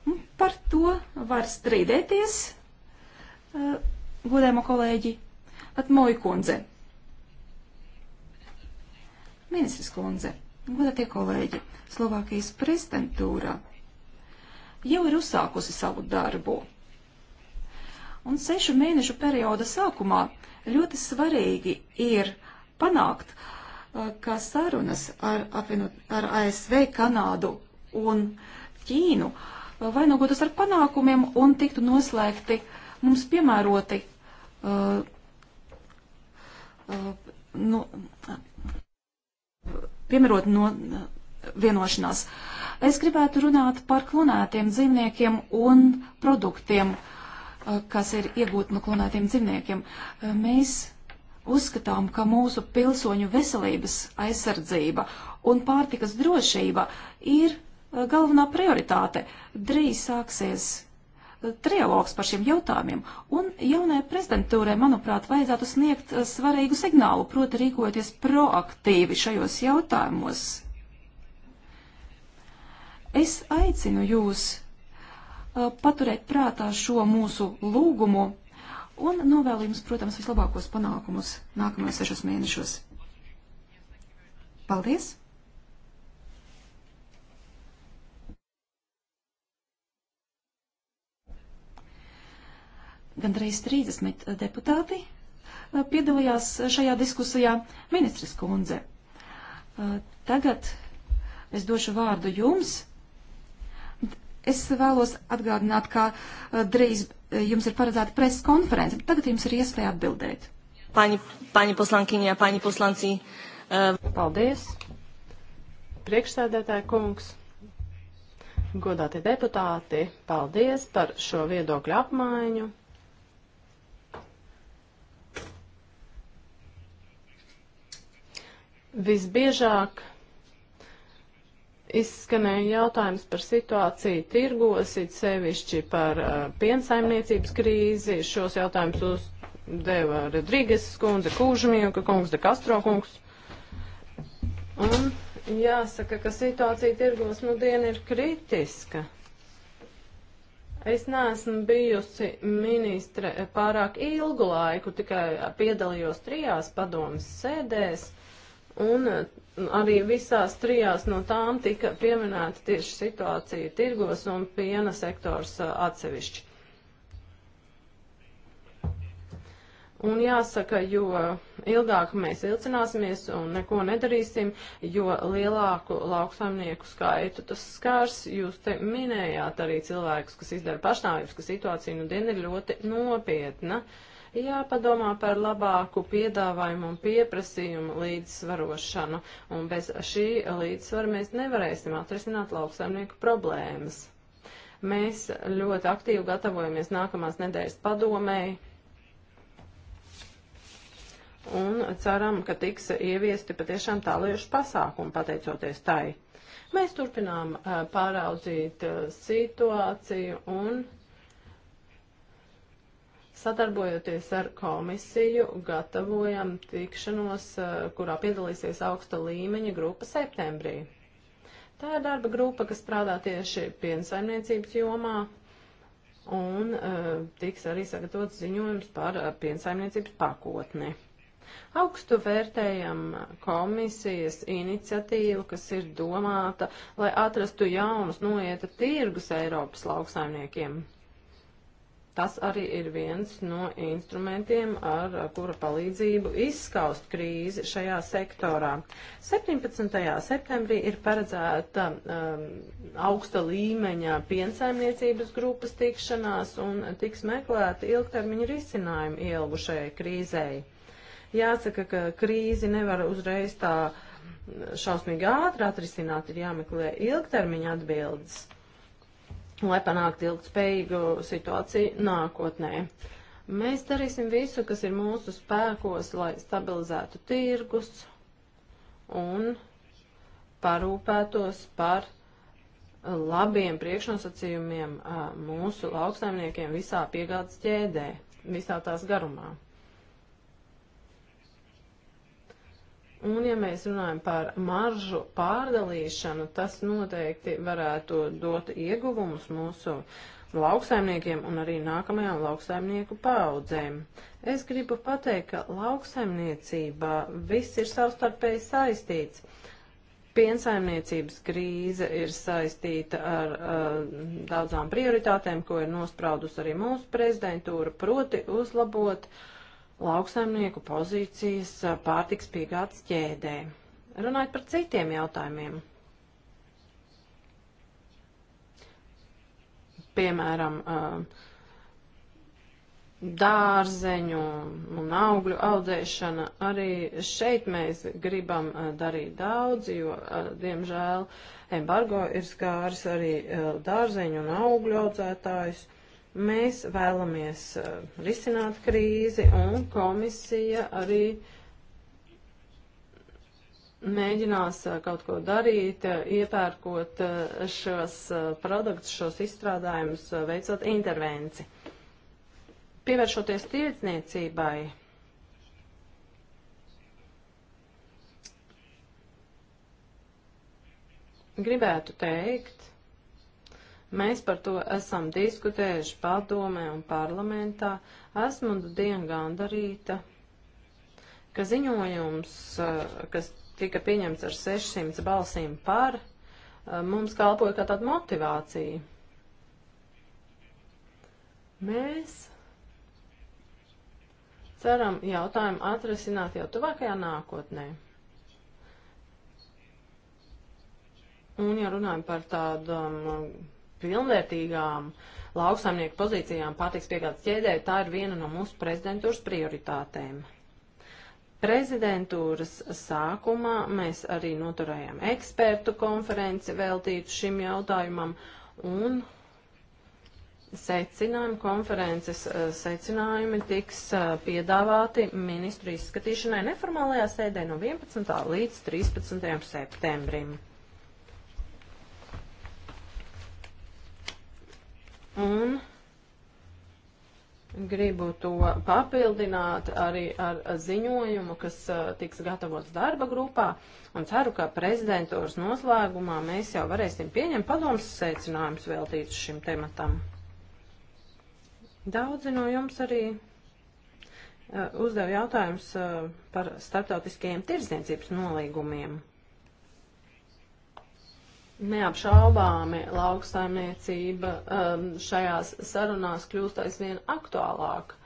Un par to var strīdēties, uh, godēmo kolēģi, atmoju kundze. Ministrs kundze, godatie kolēģi, Slovākijas prezidentūrā jau ir uzsākusi savu darbu. Un sešu mēnešu perioda sākumā ļoti svarīgi ir panākt, uh, ka sarunas ar, apvienot, ar ASV, Kanādu un Ķīnu uh, vainagotas ar panākumiem un tiktu noslēgti mums piemēroti uh, uh, no, nu, piemērot no, vienošanās. Es gribētu runāt par klonētiem dzīvniekiem un produktiem, eh, kas ir iegūti no klonētiem dzīvniekiem. Eh, mēs uzskatām, ka mūsu pilsoņu veselības aizsardzība un pārtikas drošība ir eh, galvenā prioritāte. Drīz sāksies trialogs par šiem jautājumiem, un jaunajai prezidentūrai, manuprāt, vajadzētu sniegt svarīgu signālu, proti rīkoties proaktīvi šajos jautājumos Es aicinu jūs uh, paturēt prātā šo mūsu lūgumu un novēlu jums, protams, vislabākos panākumus nākamajos sešos mēnešos. Paldies! Gandrīz 30 deputāti uh, piedalījās šajā diskusijā ministres kundze. Uh, tagad es došu vārdu jums Es vēlos atgādināt, ka eh, drīz eh, jums ir paredzēta preses konference. Tagad jums ir iespēja atbildēt. Paņi, paņi poslankiņā, paņi poslancī. Uh... Eh, paldies. Priekšsēdētāja kungs, godātie deputāti, paldies par šo viedokļu apmaiņu. Visbiežāk Izskanēja jautājums par situāciju tirgos, it sevišķi par uh, piensaimniecības krīzi. Šos jautājumus uzdeva Rodrīgas skundze, Kūžmīka kungs, De Castro kungs. Un jāsaka, ka situācija tirgos nu diena ir kritiska. Es neesmu bijusi ministre pārāk ilgu laiku, tikai piedalījos trijās padomas sēdēs. Uh, Un uh, arī visās trijās no tām tika pieminēta tieši situācija tirgos un piena sektors uh, atsevišķi. Un jāsaka, jo ilgāk mēs vilcināsimies un neko nedarīsim, jo lielāku lauksaimnieku skaitu tas skars. Jūs te minējāt arī cilvēkus, kas izdara pašnāvības, ka situācija nu dien ir ļoti nopietna. Uh, Jāpadomā par labāku piedāvājumu un pieprasījumu līdzsvarošanu, un bez šī līdzsvara mēs nevarēsim atrisināt lauksaimnieku problēmas. Mēs ļoti aktīvi gatavojamies nākamās nedēļas padomēji, un ceram, ka tiks ieviesti patiešām tālieši pasākumi pateicoties tai. Mēs turpinām pāraudzīt situāciju un Sadarbojoties ar komisiju, gatavojam tikšanos, eh, kurā piedalīsies augsta līmeņa grupa septembrī. Tā ir darba grupa, kas strādā tieši piensaimniecības jomā, un eh, tiks arī sagatavots ziņojums par eh, piensaimniecības pakotni. Augstu vērtējam komisijas iniciatīvu, kas ir domāta, lai atrastu jaunus noieta tirgus Eiropas lauksaimniekiem. Tas arī ir viens no instrumentiem, ar kura palīdzību izskaust krīzi šajā sektorā. 17. septembrī ir paredzēta um, augsta līmeņa piensaimniecības grupas tikšanās un tiks meklēti ilgtermiņa risinājumi ielgušajai krīzei. Jāsaka, ka krīzi nevar uzreiz tā šausmīgi ātri atrisināt, ir jāmeklē ilgtermiņa atbildes lai panāktu ilgspējīgu situāciju nākotnē. Mēs darīsim visu, kas ir mūsu spēkos, lai stabilizētu tirgus un parūpētos par labiem priekšnosacījumiem mūsu lauksaimniekiem visā piegādes ķēdē, visā tās garumā. Un, ja mēs runājam par maržu pārdalīšanu, tas noteikti varētu dot ieguvumus mūsu lauksaimniekiem un arī nākamajām lauksaimnieku paudzēm. Es gribu pateikt, ka lauksaimniecībā viss ir savstarpēji saistīts. Piensaimniecības krīze ir saistīta ar uh, daudzām prioritātēm, ko ir nospraudus arī mūsu prezidentūra, proti uzlabot uh, lauksaimnieku pozīcijas pārtiks piegādes ķēdē. Runājot par citiem jautājumiem. Piemēram, dārzeņu un augļu audzēšana. Arī šeit mēs gribam darīt daudz, jo, diemžēl, embargo ir skāris arī dārzeņu un augļu audzētājus. Mēs vēlamies uh, risināt krīzi un komisija arī mēģinās uh, kaut ko darīt, uh, iepērkot šos produktus, šos izstrādājumus, veicot intervenci. Pievēršoties tirdzniecībai, gribētu teikt, Mēs par to esam diskutējuši padomē un parlamentā. Esmu nu dienu gandarīta, ka ziņojums, eh, kas tika pieņemts ar 600 balsīm par, eh, mums kalpoja kā tāda motivācija. Mēs ceram jautājumu atrasināt jau tuvākajā nākotnē. Un ja runājam par tādām um, pilnvērtīgām lauksaimnieku pozīcijām pārtiks piegādes ķēdē, tā ir viena no mūsu prezidentūras prioritātēm. Prezidentūras sākumā mēs arī noturējām ekspertu konferenci veltītu šim jautājumam un secinājumi, konferences eh, secinājumi tiks eh, piedāvāti ministru izskatīšanai neformālajā sēdē no 11. līdz 13. septembrim. Un gribu to papildināt arī ar ziņojumu, kas uh, tiks gatavots darba grupā. Un ceru, ka prezidentūras noslēgumā mēs jau varēsim pieņemt padomus secinājumus veltītus šim tematam. Daudzi no jums arī uh, uzdev jautājums uh, par starptautiskajiem tirdzniecības nolīgumiem. Neapšaubāmi lauksaimniecība um, šajās sarunās kļūst aizvien aktuālāka.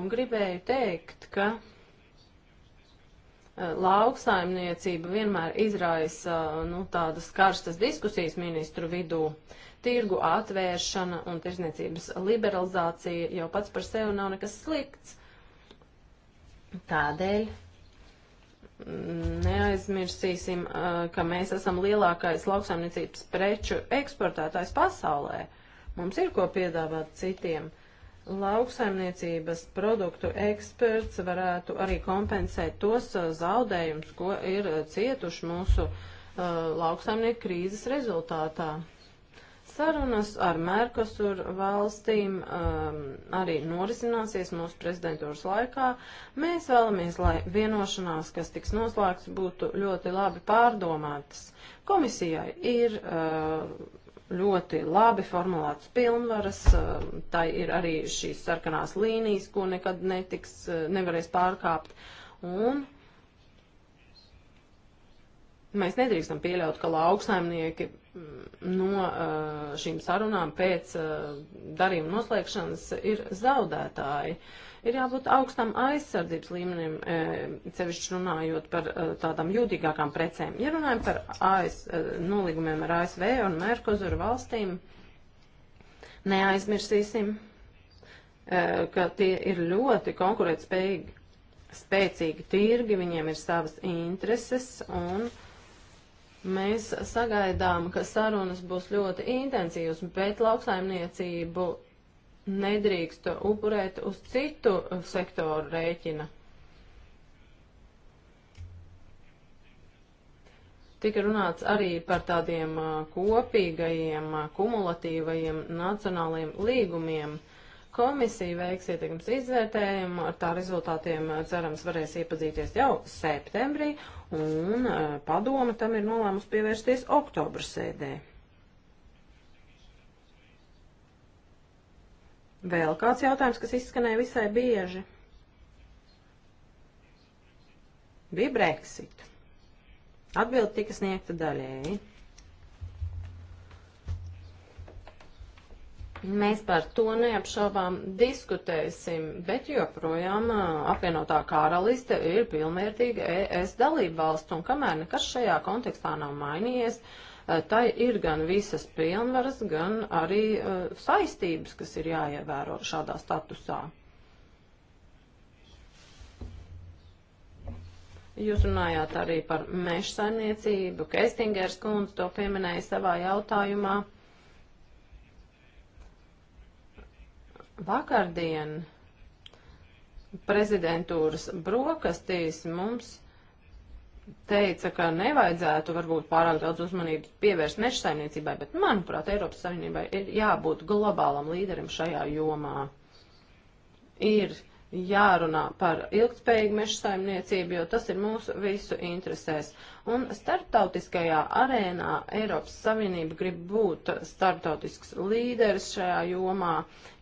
Un gribēju teikt, ka uh, lauksaimniecība vienmēr izraisa nu, tādas karstas diskusijas ministru vidū. Tirgu atvēršana un tirzniecības liberalizācija jau pats par sevi nav nekas slikts. Tādēļ neaizmirsīsim, ka mēs esam lielākais lauksaimniecības preču eksportētājs pasaulē. Mums ir ko piedāvāt citiem. Lauksaimniecības produktu eksperts varētu arī kompensēt tos zaudējumus, ko ir cietuši mūsu uh, lauksaimnieku krīzes rezultātā. Sarunas ar Merkosur valstīm um, arī norisināsies mūsu prezidentūras laikā. Mēs vēlamies, lai vienošanās, kas tiks noslēgts, būtu ļoti labi pārdomātas. Komisijai ir uh, ļoti labi formulētas pilnvaras, uh, tai ir arī šīs sarkanās līnijas, ko nekad netiks, uh, nevarēs pārkāpt. Un uh, Mēs nedrīkstam pieļaut, ka lauksaimnieki mm, no šīm sarunām pēc darījuma noslēgšanas ir zaudētāji. Ir jābūt augstam aizsardzības līmenim, cevišķi runājot par tādām jūtīgākām precēm. Ja runājam par AS, nolīgumiem ar ASV un Merkozuru valstīm, neaizmirsīsim, ka tie ir ļoti konkurētspējīgi, spēcīgi tirgi, viņiem ir savas intereses un uh, Mēs sagaidām, ka sarunas būs ļoti intensīvas, bet lauksaimniecību nedrīkst upurēt uz citu uh, sektoru rēķina. Tika runāts arī par tādiem uh, kopīgajiem, uh, kumulatīvajiem nacionāliem līgumiem. Komisija veiks ietekmes izvērtējumu, ar tā rezultātiem eh, cerams varēs iepazīties jau septembrī, un eh, padoma tam ir nolēmusi pievērsties oktobra sēdē. Vēl kāds jautājums, kas izskanēja visai bieži? Bija Brexit. Atbildi tika sniegta daļēji. Mēs par to neapšaubām diskutēsim, bet joprojām apvienotā karaliste ir pilnvērtīga ES dalība valsts, un kamēr nekas šajā kontekstā nav mainījies, tai ir gan visas pilnvaras, gan arī uh, saistības, kas ir jāievēro šādā statusā. Jūs runājāt arī par mežsainiecību, Kestingers kundze to pieminēja savā jautājumā. Uh, Vakardien prezidentūras brokastīs mums teica, ka nevajadzētu varbūt pārāk daudz uzmanības pievērst meža saimniecībai, bet manuprāt, Eiropas Savienībai ir jābūt globālam līderim šajā jomā. Ir jārunā par ilgspējīgu meža saimniecību, jo tas ir mūsu visu interesēs. Un starptautiskajā arēnā Eiropas Savienība grib būt starptautisks līderis šajā jomā,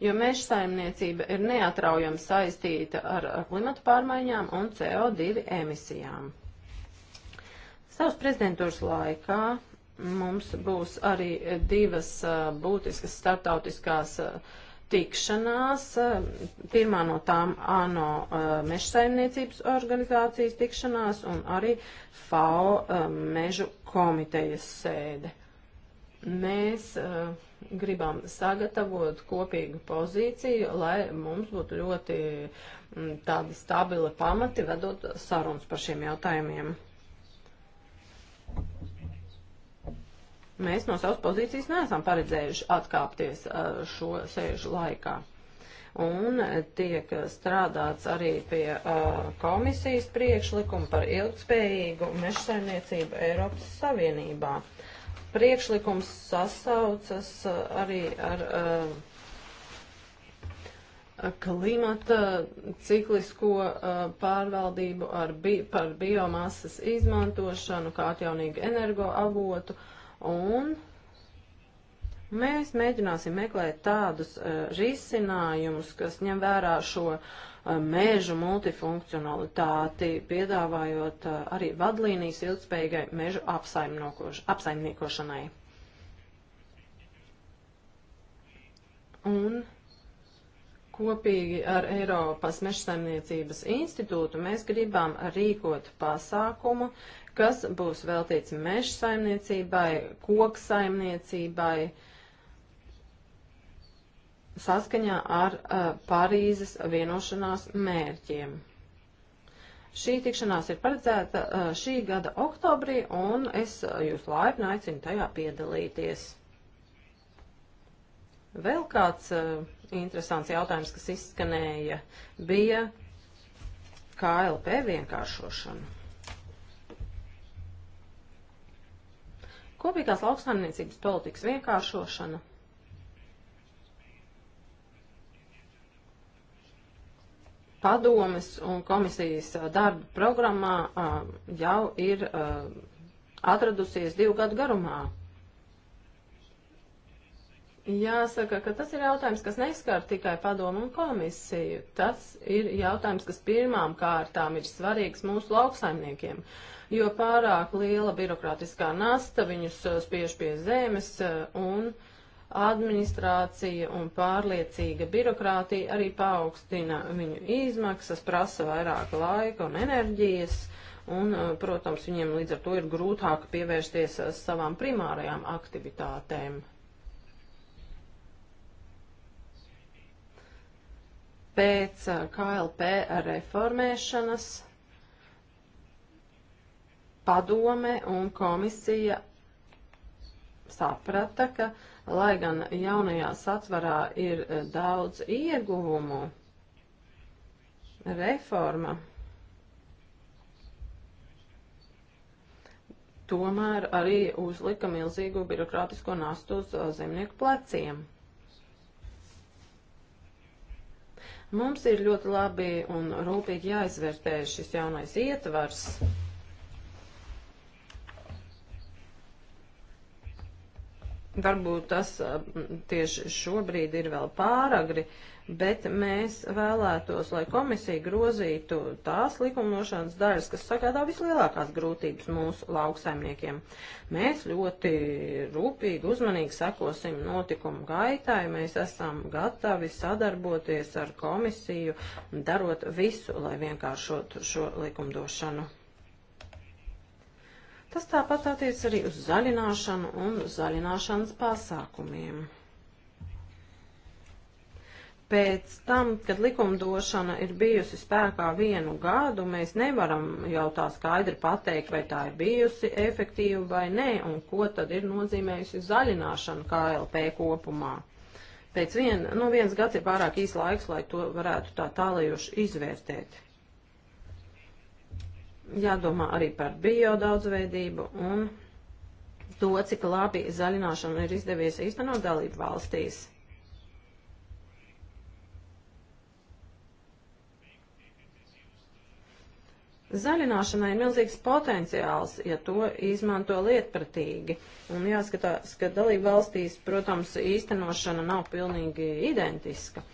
jo meža saimniecība ir neatraujami saistīta ar klimatu pārmaiņām un CO2 emisijām. Savas prezidentūras laikā mums būs arī divas uh, būtiskas starptautiskās uh, tikšanās, eh, pirmā no tām ANO eh, mežsaimniecības organizācijas tikšanās un arī FAO eh, mežu komitejas sēde. Mēs gribam sagatavot kopīgu pozīciju, lai mums būtu ļoti mm, tādi stabili pamati vedot sarunas par šiem jautājumiem. Mēs no savas pozīcijas neesam paredzējuši atkāpties šo sēžu laikā un tiek strādāts arī pie uh, komisijas priekšlikuma par ilgspējīgu mežsaimniecību Eiropas Savienībā. Priekšlikums sasaucas uh, arī ar uh, klimata ciklisko pārvaldību, ar bi par biomasas izmantošanu kā atjaunīgu energoavotu. avotu un mēs mēģināsim meklēt tādus uh, risinājumus, kas ņem vērā šo uh, e, mēžu multifunkcionalitāti, piedāvājot uh, arī vadlīnijas ilgspējīgai mēžu apsaimniekošanai. Un kopīgi ar Eiropas mežsaimniecības institūtu mēs gribam rīkot pasākumu, kas būs veltīts meža saimniecībai, koku saimniecībai, saskaņā ar uh, Parīzes vienošanās mērķiem. Šī tikšanās ir paredzēta uh, šī gada oktobrī, un es uh, jūs laipni aicinu tajā piedalīties. Vēl kāds uh, interesants jautājums, kas izskanēja, bija KLP vienkāršošana. Kopīgās lauksaimniecības politikas vienkāršošana. Padomes un komisijas darba programmā jau ir atradusies divu gadu garumā. Jāsaka, ka tas ir jautājums, kas neskar tikai padomu un komisiju. Tas ir jautājums, kas pirmām kārtām ir svarīgs mūsu lauksaimniekiem, jo pārāk liela birokrātiskā nasta viņus uh, spiež pie zemes uh, un administrācija un pārliecīga birokrātija arī paaugstina viņu izmaksas, prasa vairāk laika un enerģijas, un, uh, protams, viņiem līdz ar to ir grūtāk pievērsties savām primārajām aktivitātēm. pēc KLP reformēšanas padome un komisija saprata, ka, lai gan jaunajā satvarā ir daudz ieguvumu, reforma tomēr arī uzlika milzīgu birokrātisko nastu uz zemnieku pleciem. Mums ir ļoti labi un rūpīgi jāizvērtē šis jaunais ietvars. Varbūt tas eh, tieši šobrīd ir vēl pāragri, uh, bet mēs vēlētos, lai komisija grozītu tās likumdošanas daļas, kas sagādā vislielākās grūtības mūsu lauksaimniekiem. Mēs ļoti rūpīgi, uzmanīgi sekosim notikumu gaitai, mēs esam gatavi sadarboties ar komisiju, darot visu, lai vienkāršotu šo likumdošanu. Tas tāpat attiec arī uz zaļināšanu un zaļināšanas pasākumiem. Pēc tam, kad likumdošana ir bijusi spēkā vienu gadu, mēs nevaram jau tā skaidri pateikt, vai tā ir bijusi efektīva vai nē, un ko tad ir nozīmējusi zaļināšana KLP kopumā. Pēc vien, nu viens gads ir pārāk īs laiks, lai to varētu tā tālajoši izvērtēt jādomā arī par biodaudzveidību un to, cik labi zaļināšanu ir izdevies īstenot dalību valstīs. Zaļināšanai ir milzīgs potenciāls, ja to izmanto lietpratīgi. Un jāskatās, ka dalība valstīs, protams, īstenošana nav pilnīgi identiska.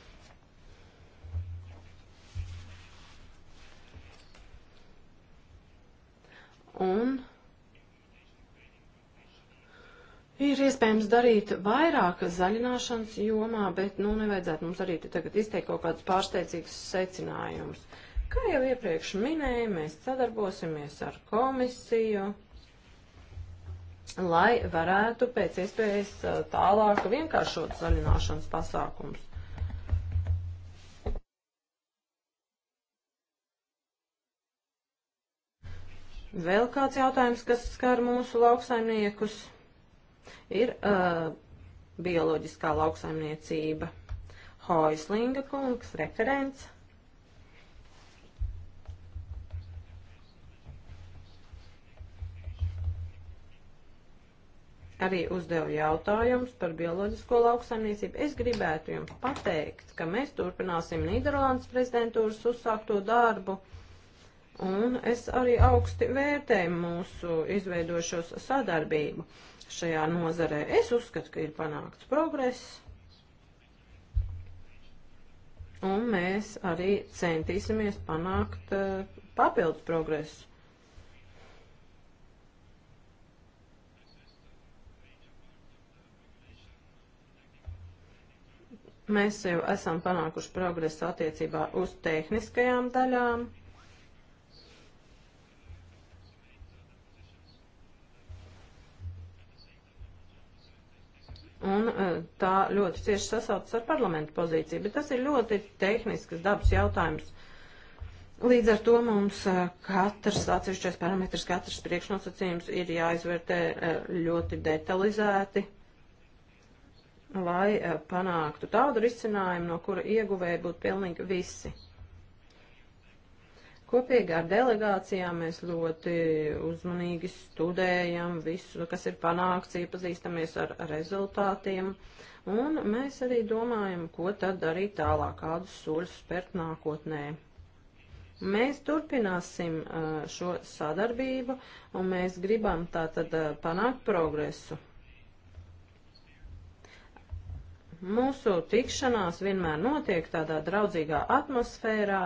Un Ir iespējams darīt vairāk zaļināšanas jomā, bet nu, nevajadzētu mums arī tagad izteikt kaut kādus pārsteidzīgus secinājumus. Kā jau iepriekš minēju, mēs sadarbosimies ar komisiju, lai varētu pēc iespējas tālāk vienkāršot zaļināšanas pasākums. Vēl kāds jautājums, kas skar mūsu lauksaimniekus, ir uh, bioloģiskā lauksaimniecība. Hoislinga kungs, referents. arī uzdeva jautājumus par bioloģisko lauksaimniecību. Es gribētu jums pateikt, ka mēs turpināsim Nīderlandes prezidentūras uzsākto darbu, un es arī augsti vērtēju mūsu izveidošos sadarbību šajā nozarē. Es uzskatu, ka ir panākts progress, un mēs arī centīsimies panākt uh, papildus progresu. Mēs jau esam panākuši progresu attiecībā uz tehniskajām daļām. Un e, tā ļoti cieši sasaucas ar parlamentu pozīciju, bet tas ir ļoti tehnisks dabas jautājums. Līdz ar to mums e, katrs atsevišķais parametrs, katrs priekšnosacījums ir jāizvērtē e, ļoti detalizēti lai e, panāktu tādu risinājumu, no kura ieguvēji būtu pilnīgi visi. Kopīgi ar delegācijām mēs ļoti uzmanīgi studējam visu, kas ir panākts, iepazīstamies ar rezultātiem, un mēs arī domājam, ko tad darīt tālāk, kādus soļus spērt nākotnē. Mēs turpināsim e, šo sadarbību, un mēs gribam tātad e, panākt progresu. Mūsu tikšanās vienmēr notiek tādā draudzīgā atmosfērā.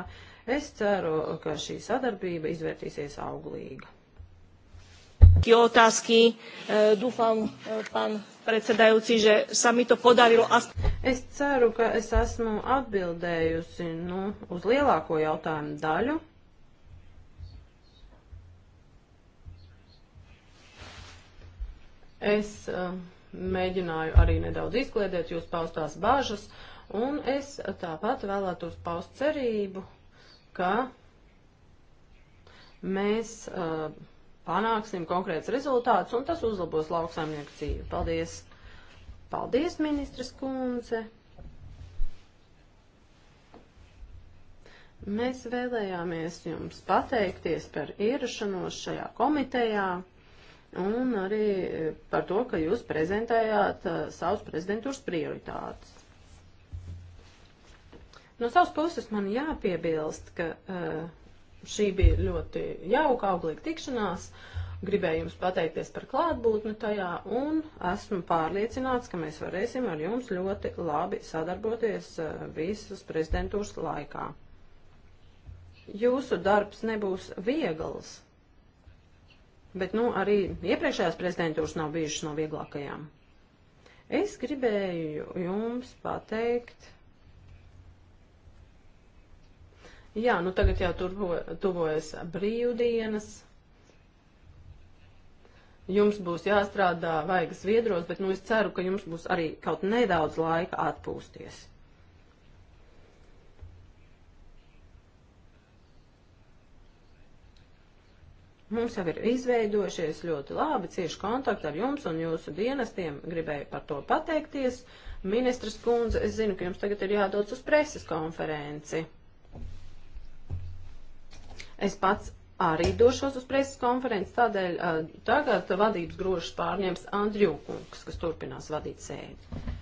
Es ceru, ka šī sadarbība izvērtīsies auglīga. Otázky. E, dúfam, e, pán predsedajúci, že sa mi to podarilo. Es ceru, ka es esmu atbildējusi nu, uz lielāko jautājumu daļu. Es uh, mēģināju arī nedaudz izkliedēt jūs paustās bažas, un es tāpat vēlētos paust cerību, ka mēs uh, panāksim konkrēts rezultāts, un tas uzlabos lauksaimnieku dzīvi. Paldies! Paldies, ministras kundze! Mēs vēlējāmies jums pateikties par ierašanos šajā komitejā un arī eh, par to, ka jūs prezentējāt uh, eh, savus prezidentūras prioritātes. No savas puses man jāpiebilst, ka uh, šī bija ļoti jauka, auglīga tikšanās. Gribēju jums pateikties par klātbūtni tajā un esmu pārliecināts, ka mēs varēsim ar jums ļoti labi sadarboties uh, visas prezidentūras laikā. Jūsu darbs nebūs viegls, bet nu, arī iepriekšējās prezidentūras nav bijušas no vieglākajām. Es gribēju jums pateikt. Jā, nu tagad jau turbo, tuvojas brīvdienas. Jums būs jāstrādā vaigas viedros, bet nu es ceru, ka jums būs arī kaut nedaudz laika atpūsties. Mums jau ir izveidojušies ļoti labi cieši kontakti ar jums un jūsu dienestiem. Gribēju par to pateikties. Ministras kundze, es zinu, ka jums tagad ir jādodas uz preses konferenci. Es pats arī došos uz preses konferenci, tādēļ uh, tagad vadības grožus pārņems Andriju Kungs, kas turpinās vadīt sēdi.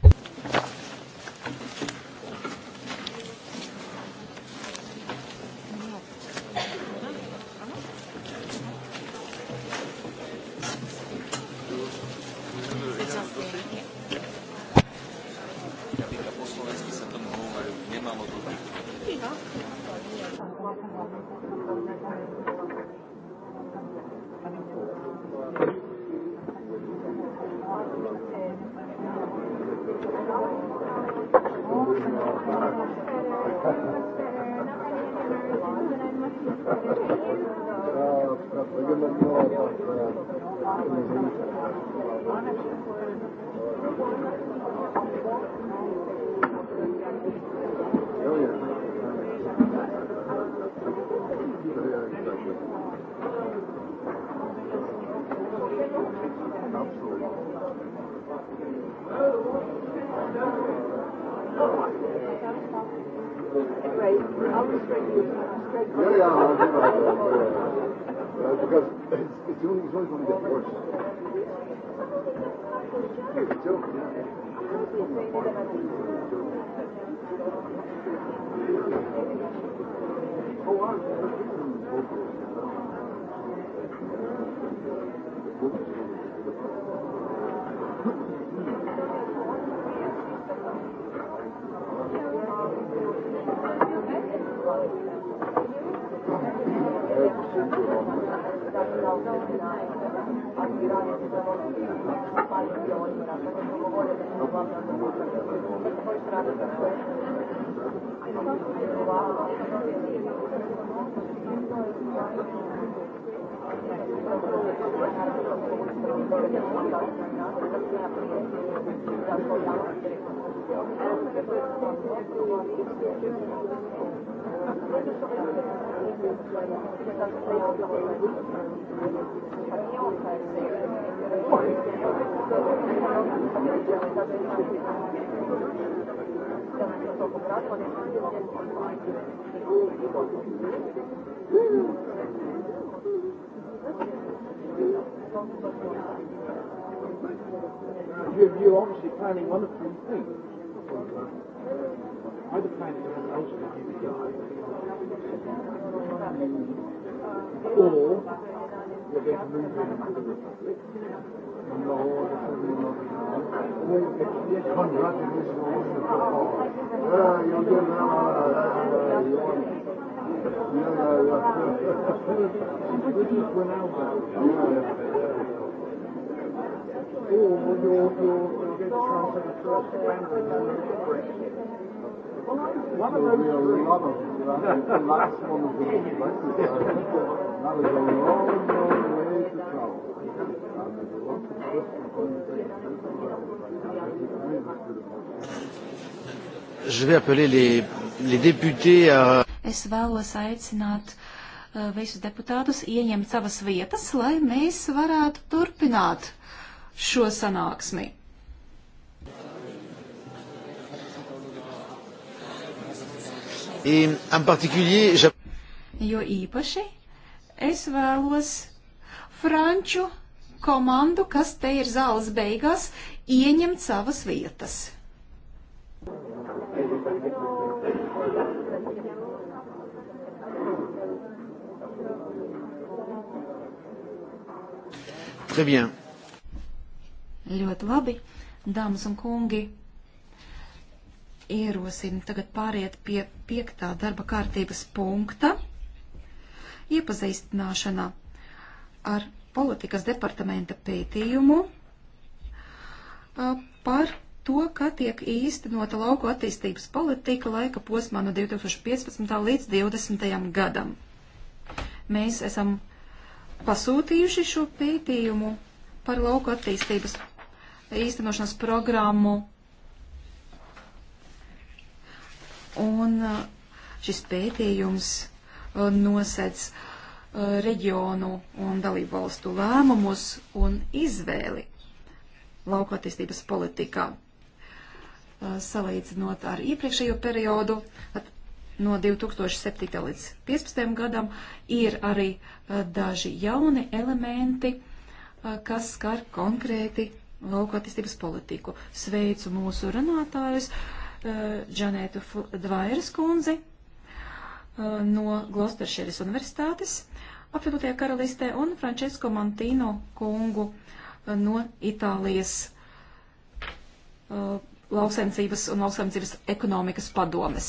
You, you're obviously planning wonderful things. Or we're going to move in to the Republic. No, it's congratulations on the football. Yeah, you'll get it out. Or you'll get a chance at the first round of the Brexit. One of those three. One of them. The last one was the most blessed. That was a long, long way to travel. And there's a lot of Je vais appeler les, les députés à. Es vēlos aicināt uh, visus deputātus ieņemt savas vietas, lai mēs varētu turpināt šo sanāksmi. Jo īpaši es vēlos franču komandu, kas te ir zāles beigās, ieņemt savas vietas. Très bien. Ļoti labi, dāmas un kungi ierosinu tagad pāriet pie piektā darba kārtības punkta - iepazīstināšana ar politikas departamenta pētījumu par to, kā tiek īstenota lauku attīstības politika laika posmā no 2015. līdz 2020. gadam. Mēs esam pasūtījuši šo pētījumu par lauku attīstības īstenošanas programmu Un uh, šis pētījums uh, nosedz uh, reģionu un dalību valstu lēmumus un izvēli lauka attīstības politikā. Salīdzinot ar iepriekšējo periodu, no 2007. līdz 2015. gadam, ir arī daži jauni elementi, kas skar konkrēti lauka attīstības politiku. Sveicu mūsu runātājus. Uh, Eh, Džanētu Dvairas kundzi eh, no Glosteršeres universitātes apvienotajā karalistē un Francesco Mantino kungu eh, no Itālijas lauksaimniecības un lauksaimniecības ekonomikas padomes.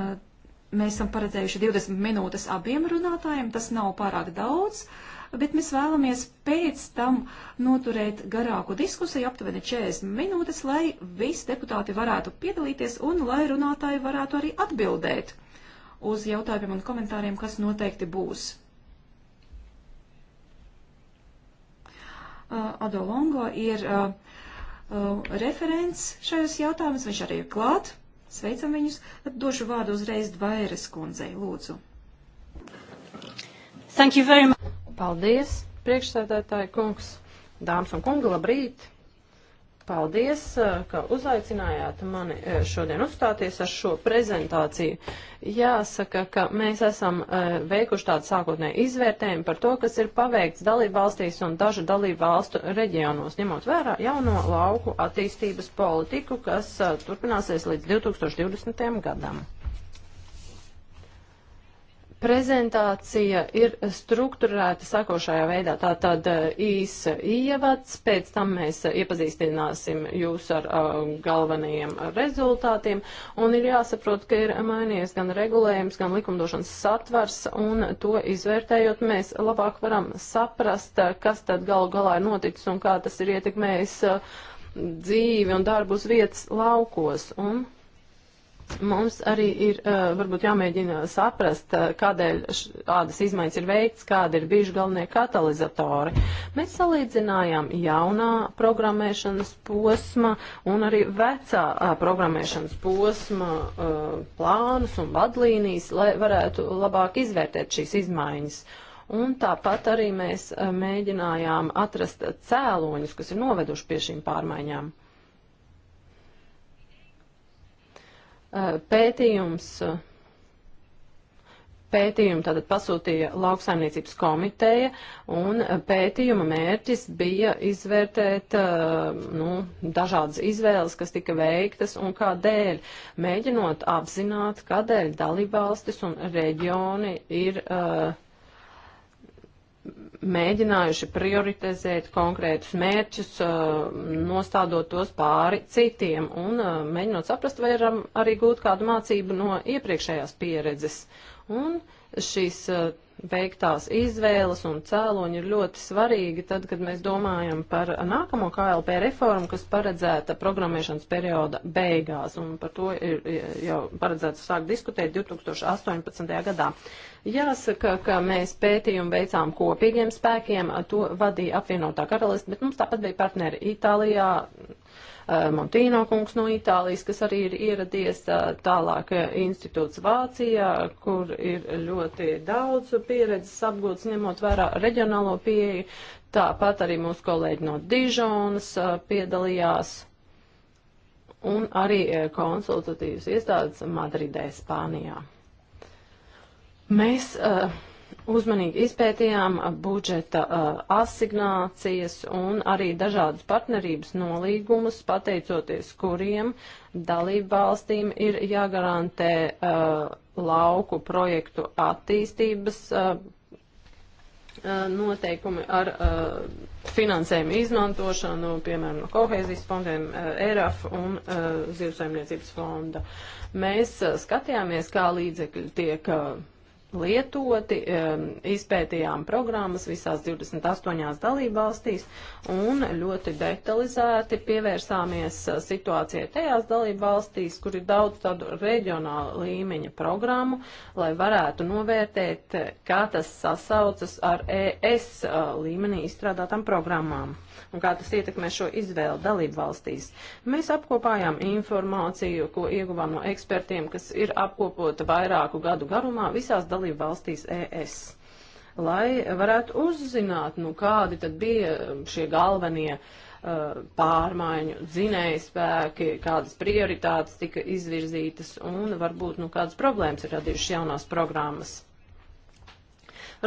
Mēs esam paredzējuši 20 minūtes abiem runātājiem, tas nav pārāk daudz. Uh, bet mēs vēlamies pēc tam noturēt garāku diskusiju, aptuveni 40 minūtes, lai visi deputāti varētu piedalīties un lai runātāji varētu arī atbildēt uz jautājumiem un komentāriem, kas noteikti būs. Uh, Ado Longo ir uh, uh, referents šajos jautājumus, viņš arī ir klāt. Sveicam viņus. Tad došu vārdu uzreiz Dvairas kundzei, lūdzu. Thank you very much. Paldies, priekšsēdētāji kungs, dāmas un kungi, labrīt! Paldies, eh, ka uzaicinājāt mani eh, šodien uzstāties ar šo prezentāciju. Jāsaka, ka mēs esam eh, veikuši tādu sākotnēju izvērtējumu par to, kas ir paveikts dalību valstīs un dažu dalību valstu reģionos, ņemot vērā jauno lauku attīstības politiku, kas turpināsies līdz 2020. gadam. Prezentācija ir strukturēta sakošajā veidā. Tā tad eh, īsa ievads, pēc tam mēs iepazīstināsim jūs ar uh, galvenajiem rezultātiem. Un ir jāsaprot, ka ir mainījies gan regulējums, gan likumdošanas satvers, un to izvērtējot mēs labāk varam saprast, eh, kas tad galu galā ir noticis un kā tas ir ietekmējis uh, dzīvi un darbus vietas laukos. Un Mums arī ir uh, varbūt jāmēģina saprast, uh, kādēļ tādas izmaiņas ir veikts, kādi ir bijuši galvenie katalizatori. Mēs salīdzinājām jaunā programmēšanas posma un arī vecā uh, programmēšanas posma uh, plānus un vadlīnijas, lai varētu labāk izvērtēt šīs izmaiņas. Un tāpat arī mēs uh, mēģinājām atrast cēloņus, kas ir noveduši pie šīm pārmaiņām. Uh, Eh, pētījums. Eh, Pētījumu tātad pasūtīja lauksaimniecības komiteja, un eh, pētījuma mērķis bija izvērtēt nu, dažādas izvēles, kas tika veiktas un kādēļ, mēģinot apzināt, kādēļ dalībvalstis un reģioni ir uh, mēģinājuši prioritizēt konkrētus mērķus, uh, nostādot tos pāri citiem un uh, mēģinot saprast, vai varam arī gūt kādu mācību no iepriekšējās pieredzes. Un šīs uh, veiktās izvēles un cēloņi ir ļoti svarīgi tad, kad mēs domājam par nākamo KLP reformu, kas paredzēta programmēšanas perioda beigās, un par to ir jau paredzēts sākt diskutēt 2018. gadā. Jāsaka, ka mēs pētījumu veicām kopīgiem spēkiem, to vadīja apvienotā karalista, bet mums tāpat bija partneri Itālijā, Eh, Montīno kungs no Itālijas, kas arī ir ieradies eh, tālāk eh, institūts Vācijā, kur ir ļoti daudz pieredzes apgūts, ņemot vērā reģionālo pieeju. Tāpat arī mūsu kolēģi no Dižonas piedalījās un arī konsultatīvas iestādes Madridē, Spānijā. Mēs uh, uzmanīgi izpētījām budžeta uh, asignācijas un arī dažādus partnerības nolīgumus, pateicoties kuriem dalību valstīm ir jāgarantē uh, lauku projektu attīstības uh, uh noteikumi ar uh, finansējumu izmantošanu, piemēram, no kohēzijas fondiem, uh, ERAF un zivsaimniecības fonda. Mēs skatījāmies, kā līdzekļi tiek lietoti, izpētījām programmas visās 28 dalībvalstīs un ļoti detalizēti pievērsāmies eh, situācijai tajās dalībvalstīs, kur ir daudz tādu reģionālu līmeņa programmu, lai varētu novērtēt, eh, kā tas sasaucas ar ES eh, līmenī izstrādātām programmām un kā tas ietekmē šo izvēlu dalībvalstīs. Mēs apkopājām informāciju, ko ieguvām no ekspertiem, kas ir apkopota vairāku gadu garumā visās dalībvalstīs dalību valstīs ES, lai varētu uzzināt, nu, kādi tad bija šie galvenie uh, pārmaiņu dzinējspēki, kādas prioritātes tika izvirzītas un varbūt, nu, kādas problēmas ir radījušas jaunās programmas.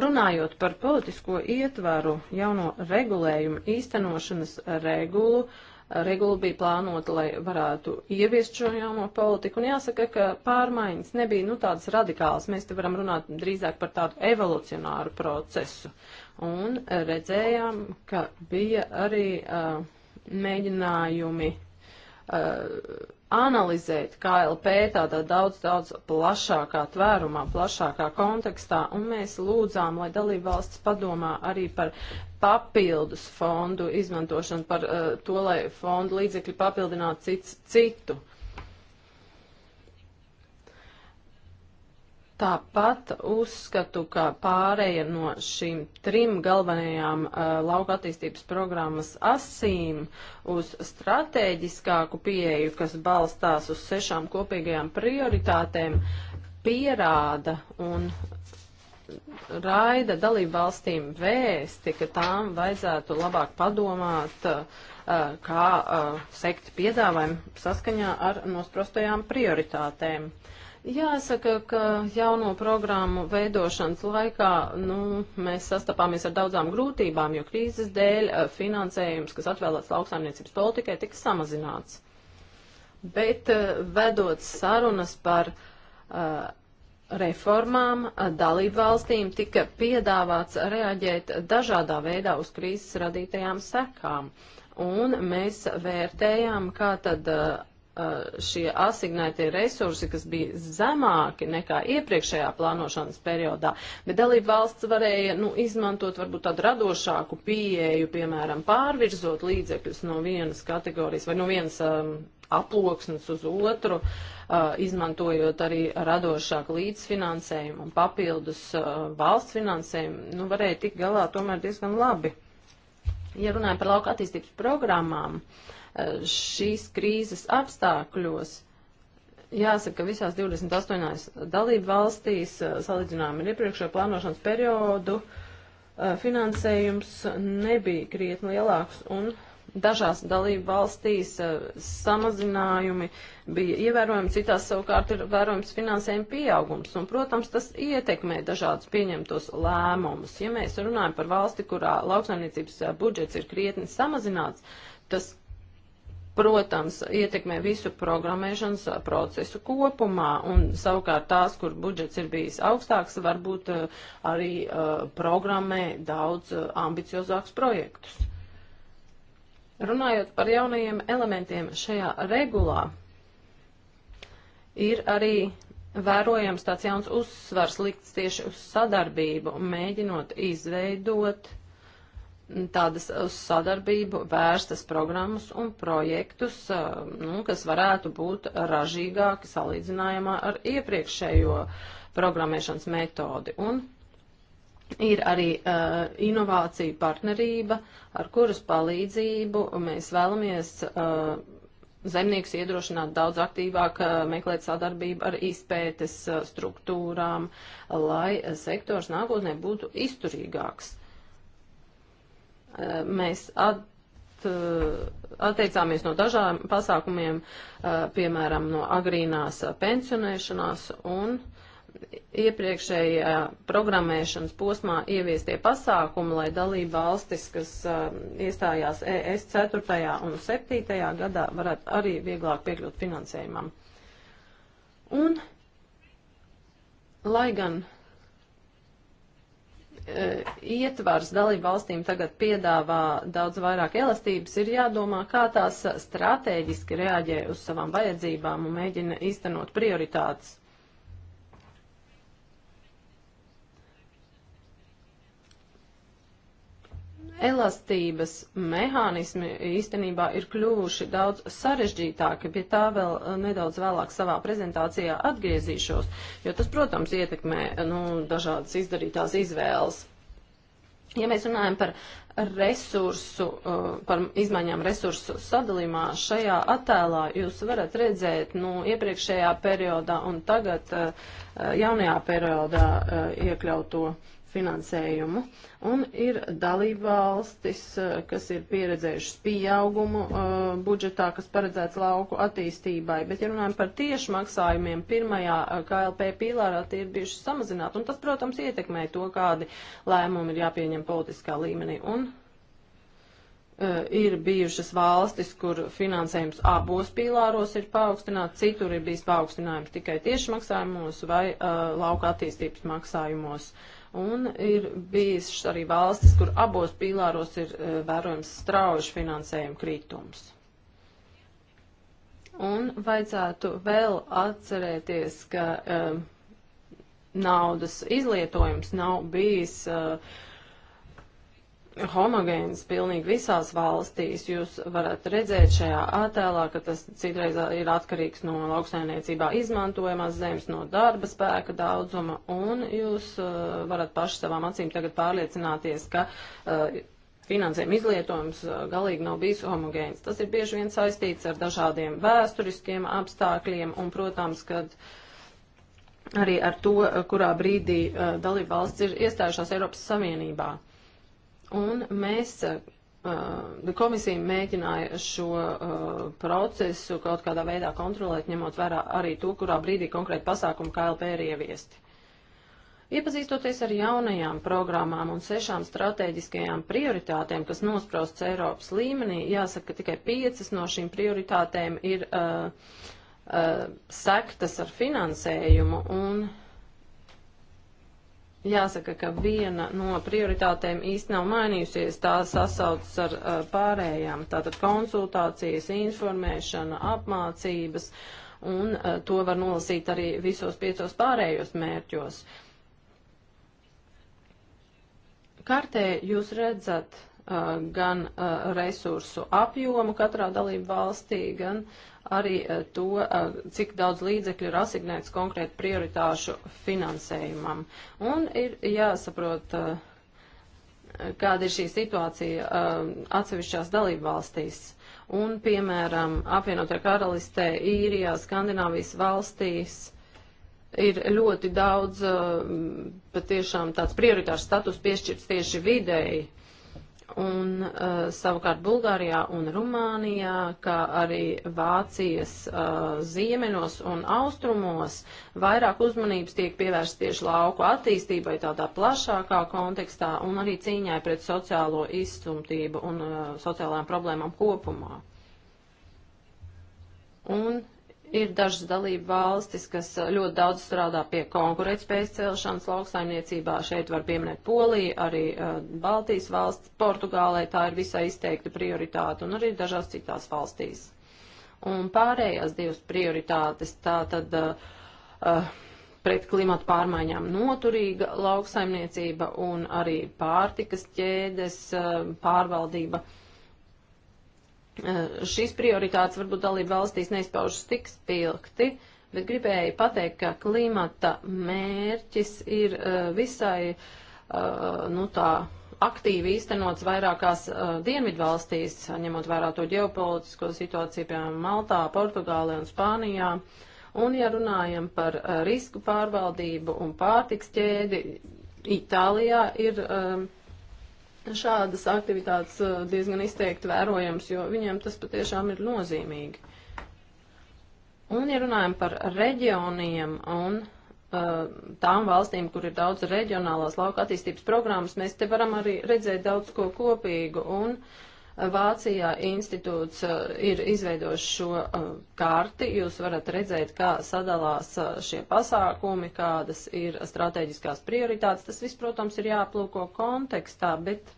Runājot par politisko ietvaru jauno regulējumu īstenošanas regulu, uh, regula bija plānota, lai varētu ieviest šo jauno politiku. Un jāsaka, ka pārmaiņas nebija nu, tādas radikālas. Mēs te varam runāt drīzāk par tādu evolucionāru procesu. Un redzējām, ka bija arī uh, mēģinājumi uh, analizēt KLP tādā daudz, daudz plašākā tvērumā, plašākā kontekstā, un mēs lūdzām, lai dalībvalsts padomā arī par papildus fondu izmantošanu, par uh, to, lai fondu līdzekļi papildinātu cits citu. Uh, Tāpat uzskatu, ka pārēja no šīm trim galvenajām uh, lauka attīstības programmas asīm uz strateģiskāku pieeju, kas balstās uz sešām kopīgajām prioritātēm, pierāda un raida dalību valstīm vēsti, ka tām vajadzētu labāk padomāt, uh, kā uh, sekt piedāvājumu saskaņā ar nosprostajām prioritātēm. Uh, Jāsaka, ka jauno programmu veidošanas laikā nu, mēs sastapāmies ar daudzām grūtībām, jo krīzes dēļ eh, finansējums, kas atvēlēts lauksaimniecības politikai, tika samazināts. Bet eh, vedot sarunas par uh, reformām, dalību valstīm tika piedāvāts reaģēt dažādā veidā uz krīzes radītajām sekām. Un mēs vērtējām, kā tad uh, šie asignētie resursi, kas bija zemāki nekā iepriekšējā plānošanas periodā, bet dalība valsts varēja nu, izmantot varbūt tādu radošāku pieeju, piemēram, pārvirzot līdzekļus no vienas kategorijas vai no vienas um, aploksnes uz otru, uh, izmantojot arī radošāku līdzfinansējumu un papildus uh, valsts finansējumu, nu, varēja tikt galā tomēr diezgan labi. Ja runājam par lauka attīstības programmām, uh, šīs krīzes apstākļos. Jāsaka, ka visās 28 dalību valstīs eh, salīdzinām ar iepriekšējo plānošanas periodu eh, finansējums nebija krietni lielāks un dažās dalību valstīs eh, samazinājumi bija ievērojami, citās savukārt ir vērojams finansējuma pieaugums. Un, protams, tas ietekmē dažādus pieņemtos lēmumus. Ja mēs runājam par valsti, kurā lauksaimniecības budžets ir krietni samazināts, tas protams, ietekmē visu programmēšanas procesu kopumā, un savukārt tās, kur budžets ir bijis augstāks, varbūt eh, arī uh, programmē daudz eh, ambiciozāks projektus. Runājot par jaunajiem elementiem šajā regulā, ir arī vērojams tāds jauns uzsvars likts tieši uz sadarbību, mēģinot izveidot uh, tādas uz uh, sadarbību vērstas programmas un projektus, uh, nu, kas varētu būt ražīgāki salīdzinājumā ar iepriekšējo programmēšanas metodi. Un ir arī uh, inovācija partnerība, ar kuras palīdzību mēs vēlamies uh, zemniekus iedrošināt daudz aktīvāk uh, meklēt sadarbību ar izpētes struktūrām, lai sektors nākotnē būtu izturīgāks mēs at, atteicāmies no dažām pasākumiem, piemēram, no agrīnās pensionēšanās un iepriekšējā programmēšanas posmā ieviestie pasākumi, lai dalība valstis, kas iestājās ES 4. un 7. gadā, varētu arī vieglāk piekļūt finansējumam. Un, lai gan E, ietvars dalību valstīm tagad piedāvā daudz vairāk elastības, ir jādomā, kā tās strateģiski reaģē uz savām vajadzībām un mēģina iztenot prioritātes. elastības mehānismi īstenībā ir kļuvuši daudz sarežģītāki, pie tā vēl eh, nedaudz vēlāk savā prezentācijā atgriezīšos, jo tas, protams, ietekmē nu, dažādas izdarītās izvēles. Ja mēs runājam par resursu, eh, par izmaiņām resursu sadalījumā, šajā attēlā jūs varat redzēt, nu, iepriekšējā periodā un tagad eh, jaunajā periodā iekļauto finansējumu. Un ir dalībvalstis, eh, kas ir pieredzējušas pieaugumu uh, budžetā, kas paredzēts lauku attīstībai. Bet, ja runājam par tieši maksājumiem, pirmajā eh, KLP pīlārā tie ir bijuši samazināti. Un tas, protams, ietekmē to, kādi lēmumi ir jāpieņem politiskā līmenī. Un ir bijušas valstis, kur finansējums abos pīlāros ir paaugstināts, citur ir bijis paaugstinājums tikai tieši maksājumos vai uh, lauka attīstības maksājumos. Uh, Un ir bijušas arī valstis, kur abos pīlāros ir e, vērojams strauji finansējuma krītums. Un vajadzētu vēl atcerēties, ka um, naudas izlietojums nav bijis uh, homogēns pilnīgi visās valstīs. Jūs varat redzēt šajā attēlā, ka tas citreiz ir atkarīgs no lauksainiecībā izmantojamās zemes, no darba spēka daudzuma, un jūs uh, varat paši savām acīm tagad pārliecināties, ka uh, finansējuma izlietojums uh, galīgi nav bijis homogēns. Tas ir bieži vien saistīts ar dažādiem vēsturiskiem apstākļiem un, protams, kad arī ar to, kurā brīdī uh, dalība valsts ir iestājušās Eiropas Savienībā. Un mēs nu, komisija mēģināja šo uh, procesu kaut kādā veidā kontrolēt, ņemot vērā arī to, kurā brīdī konkrēti pasākumi KLP ir ieviesti. Iepazīstoties ar jaunajām programmām un sešām strateģiskajām prioritātēm, kas nospraustas Eiropas līmenī, jāsaka, ka tikai piecas no šīm prioritātēm ir uh, uh, sektas ar finansējumu un uh, Jāsaka, ka viena no prioritātēm īsti nav mainījusies, tā sasaucas ar uh, pārējām, tātad konsultācijas, informēšana, apmācības, un uh, to var nolasīt arī visos piecos pārējos mērķos. Kartē jūs redzat uh, gan e, resursu apjomu katrā dalību valstī, gan uh, arī eh, to, eh, cik daudz līdzekļu ir asignēts konkrēti prioritāšu finansējumam. Un ir jāsaprot, eh, kāda ir šī situācija atsevišķās dalībvalstīs. Un, piemēram, apvienotā karalistē, īrijā, Skandināvijas valstīs ir ļoti daudz patiešām tāds prioritārs status piešķirts tieši videi. Uh, un uh, savukārt Bulgārijā un Rumānijā, kā arī Vācijas uh, ziemeņos un austrumos, vairāk uzmanības tiek pievērsta tieši lauku attīstībai tādā plašākā kontekstā un arī cīņai pret sociālo izstumtību un uh, sociālām problēmām kopumā. Un Ir dažas dalība valstis, kas ļoti daudz strādā pie konkurētspējas celšanas lauksaimniecībā. Šeit var pieminēt Poliju, arī uh, Baltijas valsts, Portugālē tā ir visai izteikta prioritāte un arī dažās citās valstīs. Un pārējās divas prioritātes, tā tad uh, pret klimatu pārmaiņām noturīga lauksaimniecība un arī pārtikas ķēdes uh, pārvaldība. Uh, Eh, šīs prioritātes varbūt dalība valstīs neizpaužas tik spilgti, bet gribēju pateikt, ka klimata mērķis ir eh, visai, eh, nu tā, aktīvi īstenots vairākās dienvidvalstīs, ņemot vērā to ģeopolitisko situāciju, piemēram, Maltā, Portugālē un Spānijā. Un, ja runājam par risku pārvaldību un pārtiks ķēdi, Itālijā ir uh, šādas aktivitātes uh, diezgan izteikti vērojams, jo viņiem tas patiešām ir nozīmīgi. Un, ja runājam par reģioniem un uh, tām valstīm, kur ir daudz reģionālās lauka attīstības programmas, mēs te varam arī redzēt daudz ko kopīgu. Un uh, Vācijā institūts uh, ir izveidojis šo uh, karti. Jūs varat redzēt, kā sadalās uh, šie pasākumi, kādas ir strateģiskās prioritātes. Tas viss, protams, ir jāplūko kontekstā, bet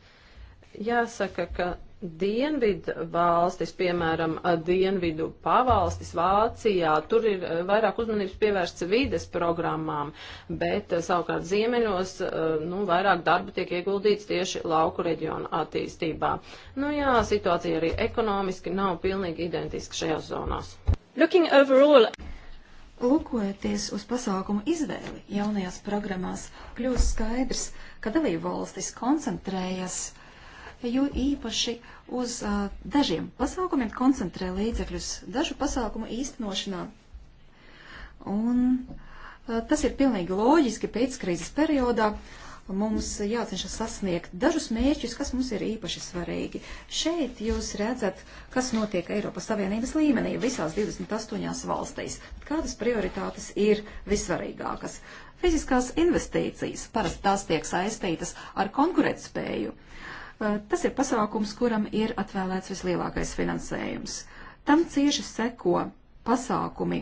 jāsaka, ka Dienvidu valstis, piemēram, Dienvidu pavalstis Vācijā, tur ir eh, vairāk uzmanības pievērsts vides programmām, bet eh, savukārt ziemeļos, eh, nu, vairāk darba tiek ieguldīts tieši lauku reģionu attīstībā. Nu jā, situācija arī ekonomiski nav pilnīgi identiska šajās zonās. Looking overall. Lūkojoties uz pasākumu izvēli jaunajās programmās, kļūst skaidrs, ka dalību valstis koncentrējas uh, jo īpaši uz uh, dažiem pasākumiem koncentrē līdzekļus dažu pasākumu īstenošanā. Un uh, tas ir pilnīgi loģiski pēc krīzes periodā. Mums jācenšas sasniegt dažus mērķus, kas mums ir īpaši svarīgi. Šeit jūs redzat, kas notiek Eiropas Savienības līmenī visās 28 valstīs. Kādas prioritātes ir vissvarīgākas? Fiziskās investīcijas parasti tās tiek saistītas ar konkurētspēju. Uh, Eh, tas ir pasākums, kuram ir atvēlēts vislielākais finansējums. Tam cieši seko pasākumi,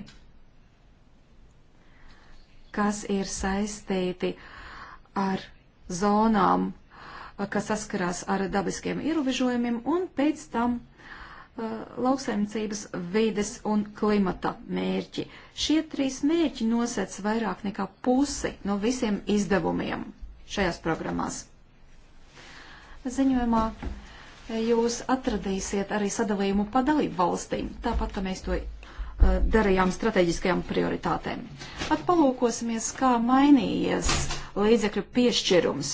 kas ir saistīti ar zonām, eh, kas saskarās ar dabiskiem ierobežojumiem, un pēc tam eh, lauksaimniecības, vides un klimata mērķi. Šie trīs mērķi nosēc vairāk nekā pusi no visiem izdevumiem šajās programmās ziņojumā e, jūs atradīsiet arī sadalījumu pa dalību valstīm, tāpat kā mēs to e, darījām strateģiskajām prioritātēm. Atpalūkosimies, kā mainījies līdzekļu piešķirums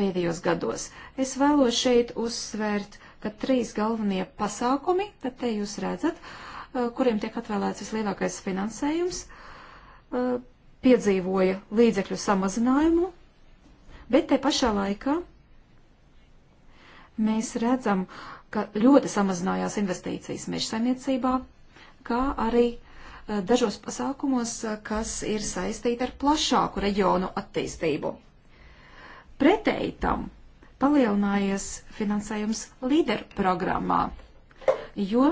pēdējos gados. Es vēlos šeit uzsvērt, ka trīs galvenie pasākumi, tad te jūs redzat, e, kuriem tiek atvēlēts vislielākais finansējums, piedzīvoja līdzekļu samazinājumu, bet te pašā laikā mēs redzam, ka ļoti samazinājās investīcijas mežsaimniecībā, kā arī eh, dažos pasākumos, eh, kas ir saistīti ar plašāku reģionu attīstību. Pretēji tam palielinājies finansējums līderu programmā, jo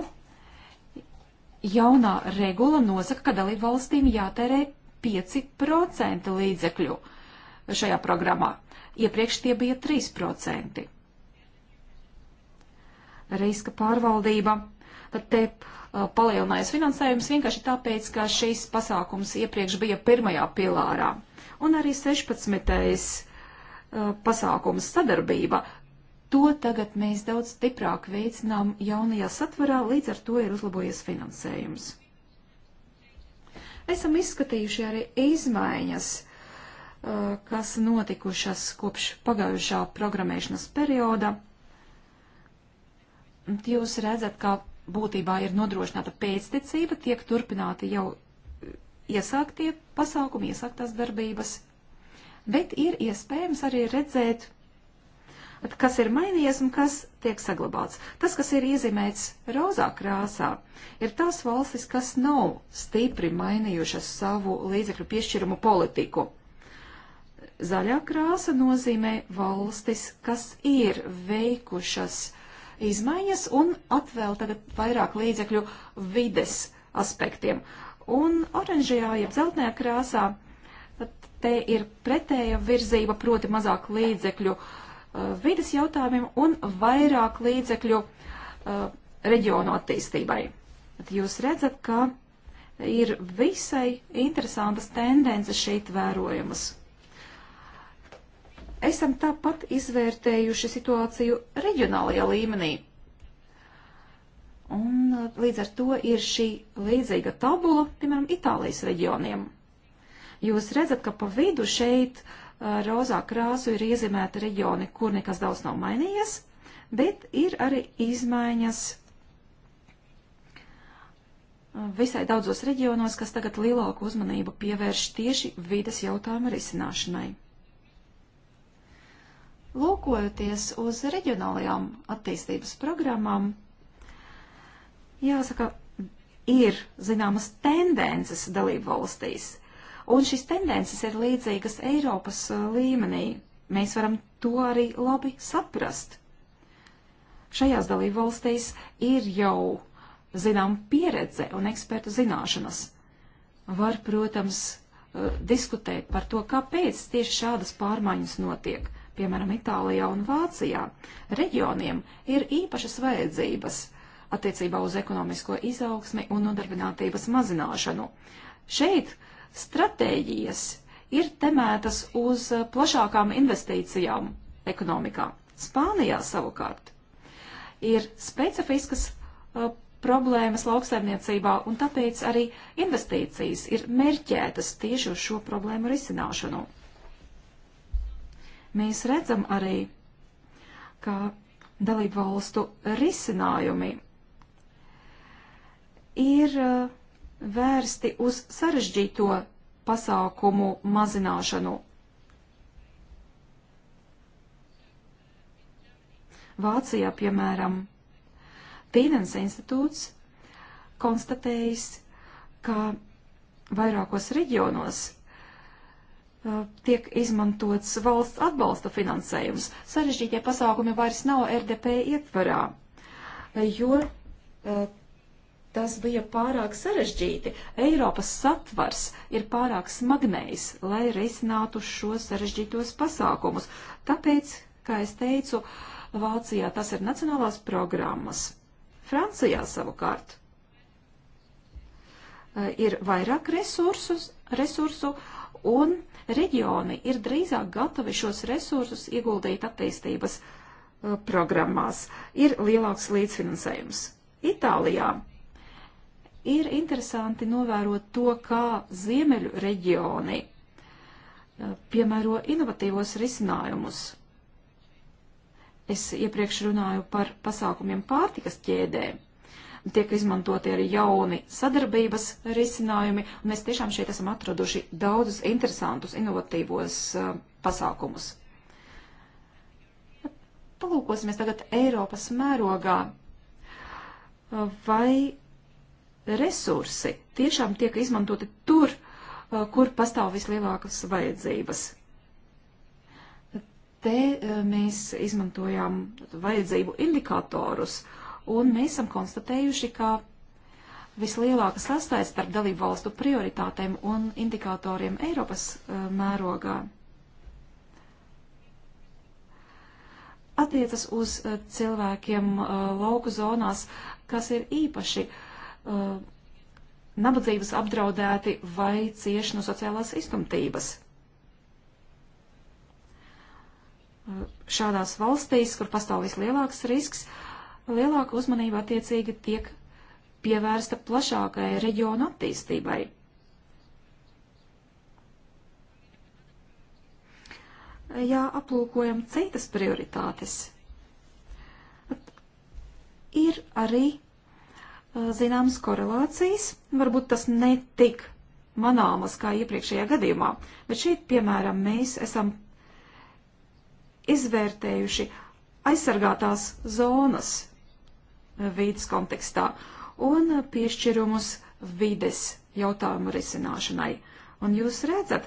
jaunā regula nosaka, ka dalību valstīm jātērē 5% līdzekļu šajā programmā. Iepriekš tie bija 3% riska pārvaldība, tad te uh, palielinājās finansējums vienkārši tāpēc, ka šīs pasākums iepriekš bija pirmajā pilārā. Un arī 16. Uh, pasākums sadarbība. To tagad mēs daudz stiprāk veicinām jaunajā satvarā, līdz ar to ir uzlabojies finansējums. Esam izskatījuši arī izmaiņas, uh, kas notikušas kopš pagājušā programmēšanas perioda jūs redzat, ka būtībā ir nodrošināta pēctecība, tiek turpināti jau e, iesāktie pasākumi, iesāktās darbības, bet ir iespējams arī redzēt, kas ir mainījies un kas tiek saglabāts. Tas, kas ir iezīmēts rozā krāsā, ir tās valstis, kas nav stipri mainījušas savu līdzekļu piešķirumu politiku. Zaļā krāsa nozīmē valstis, kas ir veikušas uh, izmaiņas un atvēl tagad vairāk līdzekļu vides aspektiem. Un oranžajā, jeb zeltnējā krāsā, te ir pretēja virzība, proti mazāk līdzekļu uh, vides jautājumiem un vairāk līdzekļu uh, reģionu attīstībai. Tad jūs redzat, ka ir visai interesantas tendences šeit vērojamas esam tāpat izvērtējuši situāciju reģionālajā līmenī. Un uh, līdz ar to ir šī līdzīga tabula, piemēram, Itālijas reģioniem. Jūs redzat, ka pa vidu šeit uh, rozā krāsu ir iezīmēti reģioni, kur nekas daudz nav mainījies, bet ir arī izmaiņas uh, visai daudzos reģionos, kas tagad lielāku uzmanību pievērš tieši vides jautājumu risināšanai. Lūkojoties uz reģionālajām attīstības programmām, jāsaka, ir zināmas tendences dalību valstīs, un šīs tendences ir līdzīgas Eiropas uh, līmenī. Mēs varam to arī labi saprast. Šajās dalību valstīs ir jau zinām pieredze un ekspertu zināšanas. Var, protams, uh, diskutēt par to, kāpēc tieši šādas pārmaiņas notiek piemēram, Itālijā un Vācijā, reģioniem ir īpašas vajadzības attiecībā uz ekonomisko izaugsmi un nodarbinātības mazināšanu. Šeit stratēģijas ir temētas uz plašākām investīcijām ekonomikā. Spānijā savukārt ir specifiskas uh, problēmas lauksaimniecībā, un tāpēc arī investīcijas ir mērķētas tieši uz šo problēmu risināšanu. Mēs redzam arī, ka dalību valstu risinājumi ir uh, vērsti uz sarežģīto pasākumu mazināšanu. Vācijā, piemēram, Tīdens institūts konstatējis, ka vairākos reģionos tiek izmantots valsts atbalsta finansējums. Sarežģītie pasākumi vairs nav RDP ietvarā, jo tas bija pārāk sarežģīti. Eiropas satvars ir pārāk smagnējs, lai risinātu šo sarežģītos pasākumus. Tāpēc, kā es teicu, Vācijā tas ir nacionālās programmas. Francijā savukārt ir vairāk resursus, resursu, resursu un reģioni ir drīzāk gatavi šos resursus ieguldīt attīstības uh, programmās. Ir lielāks līdzfinansējums. Itālijā ir interesanti novērot to, kā ziemeļu reģioni uh, piemēro inovatīvos risinājumus. Es iepriekš runāju par pasākumiem pārtikas ķēdēm tiek izmantoti arī jauni sadarbības risinājumi, un mēs tiešām šeit esam atraduši daudzus interesantus, inovatīvos uh, pasākumus. Palūkosimies tagad Eiropas mērogā, vai resursi tiešām tiek izmantoti tur, uh, kur pastāv vislielākas vajadzības. Te uh, mēs izmantojām vajadzību indikatorus, uh, un mēs esam konstatējuši, ka vislielāka sastājas starp dalību valstu prioritātēm un indikatoriem Eiropas uh, mērogā attiecas uz uh, cilvēkiem uh, lauku zonās, kas ir īpaši nabadzības apdraudēti vai cieši no sociālās iztumtības. Šādās valstīs, kur pastāv vislielāks risks, uh, lielāka uzmanība attiecīgi tiek pievērsta plašākai reģionu attīstībai. Ja aplūkojam citas prioritātes, ir arī zināmas korelācijas, varbūt tas netik manāmas kā iepriekšējā gadījumā, bet šeit, piemēram, mēs esam izvērtējuši aizsargātās zonas vīdes kontekstā un piešķirumus vides jautājumu risināšanai. Un jūs redzat,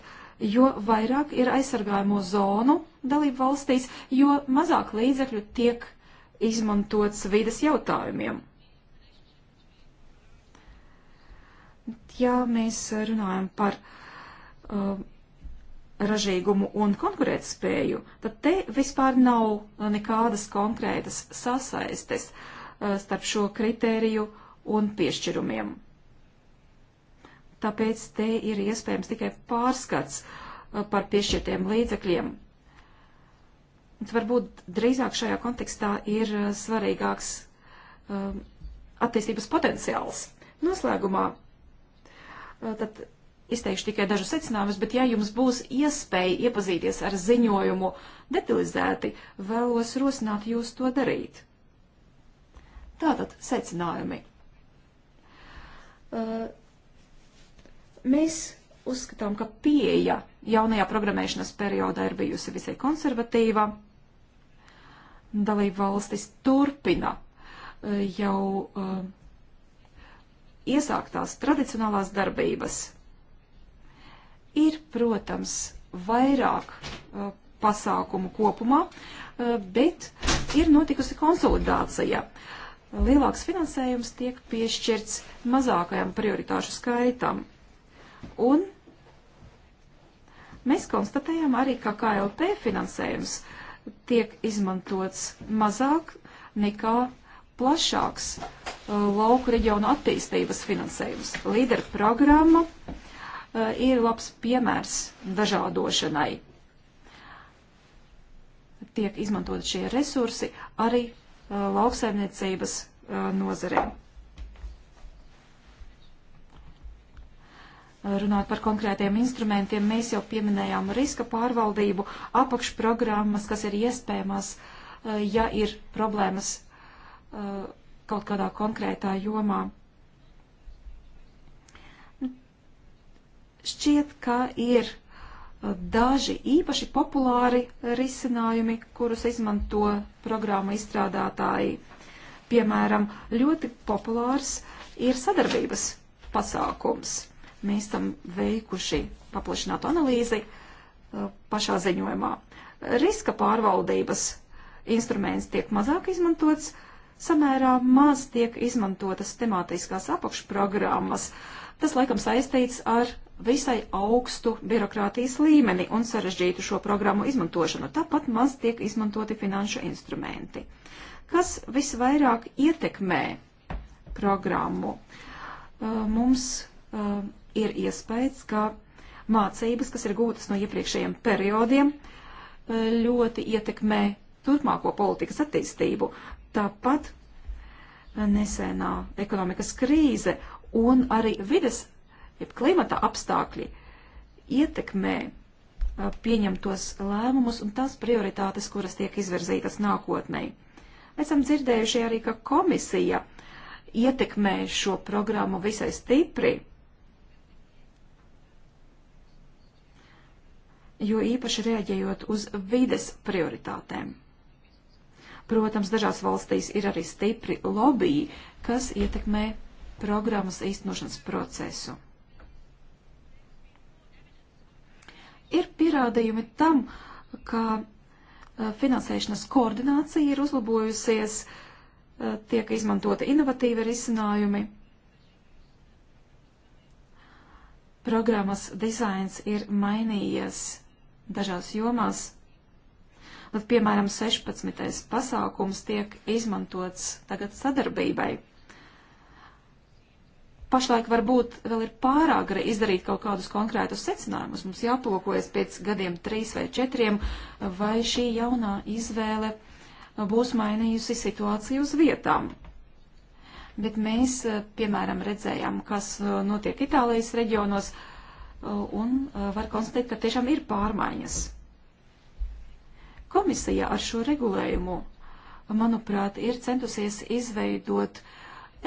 jo vairāk ir aizsargājumu zonu dalību valstīs, jo mazāk līdzekļu tiek izmantots vides jautājumiem. Ja mēs runājam par uh, ražīgumu un konkurētspēju, tad te vispār nav nekādas konkrētas sasaistes. Uh, Eh, starp šo kritēriju un piešķirumiem. Tāpēc te ir iespējams tikai pārskats eh, par piešķirtiem līdzekļiem. Varbūt drīzāk šajā kontekstā ir eh, svarīgāks attīstības potenciāls. Noslēgumā tad izteikšu tikai dažus secinājumus, bet ja jums būs iespēja iepazīties ar ziņojumu detalizēti, vēlos rosināt jūs to darīt. Tātad secinājumi. Uh, mēs uzskatām, ka pieeja jaunajā programmēšanas periodā ir bijusi visai konservatīva. Dalība valstis turpina uh, jau uh, iesāktās tradicionālās darbības. Ir, protams, vairāk pasākumu kopumā, bet ir notikusi konsolidācija. Uh, lielāks finansējums tiek piešķirts mazākajam prioritāšu skaitam. Un mēs konstatējam arī, ka KLP finansējums tiek izmantots mazāk nekā plašāks uh, lauku reģionu attīstības finansējums. Līderu programma uh, ir labs piemērs dažādošanai. Tiek izmantot šie resursi arī Uh, lauksaimniecības uh, nozarē. Uh, Runāt par konkrētiem instrumentiem, mēs jau pieminējām riska pārvaldību, apakšprogrammas, kas ir iespējamas, ja ir problēmas kaut kādā konkrētā jomā. Nu, šķiet, ka ir uh, daži īpaši populāri risinājumi, kurus izmanto programmu izstrādātāji. Piemēram, ļoti populārs ir sadarbības pasākums. Mēs tam veikuši paplašinātu analīzi uh, pašā ziņojumā. Riska pārvaldības instruments tiek mazāk izmantots, samērā maz tiek izmantotas tematiskās apakšprogrammas. Uh, Tas laikam saistīts ar visai augstu birokrātijas līmeni un sarežģītu šo programmu izmantošanu. Tāpat maz tiek izmantoti finanšu instrumenti. Kas visvairāk ietekmē programmu? Uh, mums uh, ir iespējas, ka mācības, kas ir gūtas no iepriekšējiem periodiem, uh, ļoti ietekmē turpmāko politikas attīstību. Tāpat nesenā ekonomikas krīze un arī vides, jeb klimata apstākļi ietekmē pieņemtos lēmumus un tās prioritātes, kuras tiek izvirzītas nākotnē. Esam dzirdējuši arī, ka komisija ietekmē šo programmu visai stipri, jo īpaši rēģējot uz vides prioritātēm. Protams, dažās valstīs ir arī stipri lobby, kas ietekmē programmas īstenošanas procesu. Ir pierādījumi tam, ka e, finansēšanas koordinācija ir uzlabojusies, e, tiek izmantota inovatīva risinājumi. Programmas dizains ir mainījies dažās jomās. Bet, piemēram, 16. pasākums tiek izmantots tagad sadarbībai pašlaik varbūt vēl ir pārāk arī izdarīt kaut kādus konkrētus secinājumus. Mums jāpalūkojas pēc gadiem trīs vai četriem, vai šī jaunā izvēle būs mainījusi situāciju uz vietām. Bet mēs, piemēram, redzējām, kas uh, notiek Itālijas reģionos, uh, un uh, var konstatēt, ka tiešām ir pārmaiņas. Komisija ar šo regulējumu, manuprāt, ir centusies izveidot uh,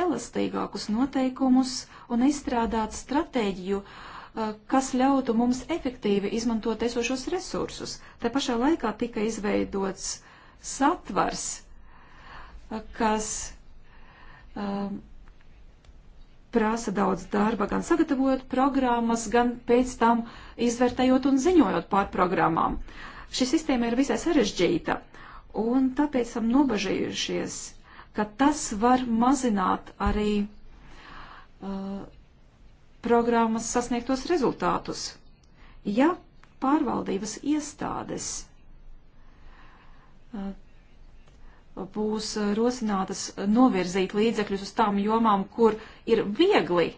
elastīgākus noteikumus un izstrādāt stratēģiju, eh, kas ļautu mums efektīvi izmantot esošos resursus. Te pašā laikā tika izveidots satvars, eh, kas um, prasa daudz darba, gan sagatavojot programmas, gan pēc tam izvērtējot un ziņojot pār programmām. Šī sistēma ir visai sarežģīta, un tāpēc esam nobažījušies ka tas var mazināt arī uh, programmas sasniegtos rezultātus. Ja pārvaldības iestādes uh, būs rosinātas novirzīt līdzekļus uz tām jomām, kur ir viegli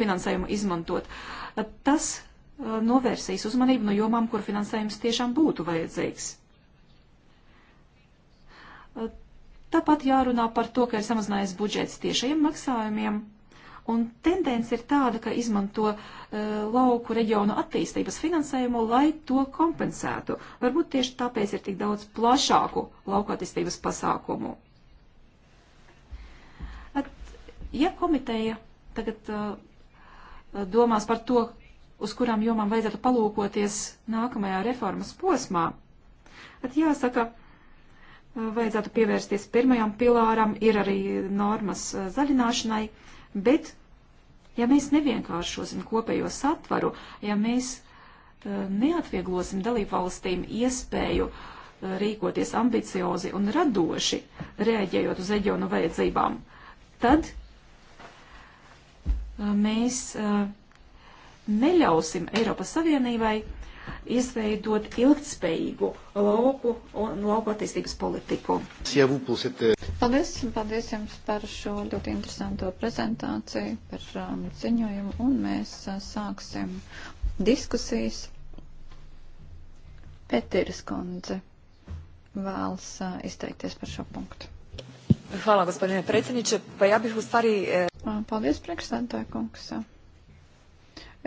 finansējumu izmantot, tas uh, novērsīs uzmanību no jomām, kur finansējums tiešām būtu vajadzīgs. Tāpat jārunā par to, ka ir samazinājies budžets tiešajiem maksājumiem. Un tendence ir tāda, ka izmanto uh, lauku reģionu attīstības finansējumu, lai to kompensētu. Varbūt tieši tāpēc ir tik daudz plašāku lauku attīstības pasākumu. At, ja komiteja tagad uh, domās par to, uz kurām jomām vajadzētu palūkoties nākamajā reformas posmā, tad jāsaka, vajadzētu pievērsties pirmajam pilāram, ir arī normas zaļināšanai, bet ja mēs nevienkāršosim kopējo satvaru, ja mēs neatvieglosim dalībvalstīm iespēju rīkoties ambiciozi un radoši, reaģējot uz reģionu vajadzībām, tad mēs neļausim Eiropas Savienībai izveidot ilgtspējīgu lauku un lauku attīstības politiku. Paldies, paldies jums par šo ļoti interesanto prezentāciju, par um, ziņojumu, un mēs uh, sāksim diskusijas. Petiras kundze vēlas uh, izteikties par šo punktu. Hvala, gospodine predsjedniče. Pa ja bih u stvari... E, uh, paldies, priekšsēdētāj kungs. Uh,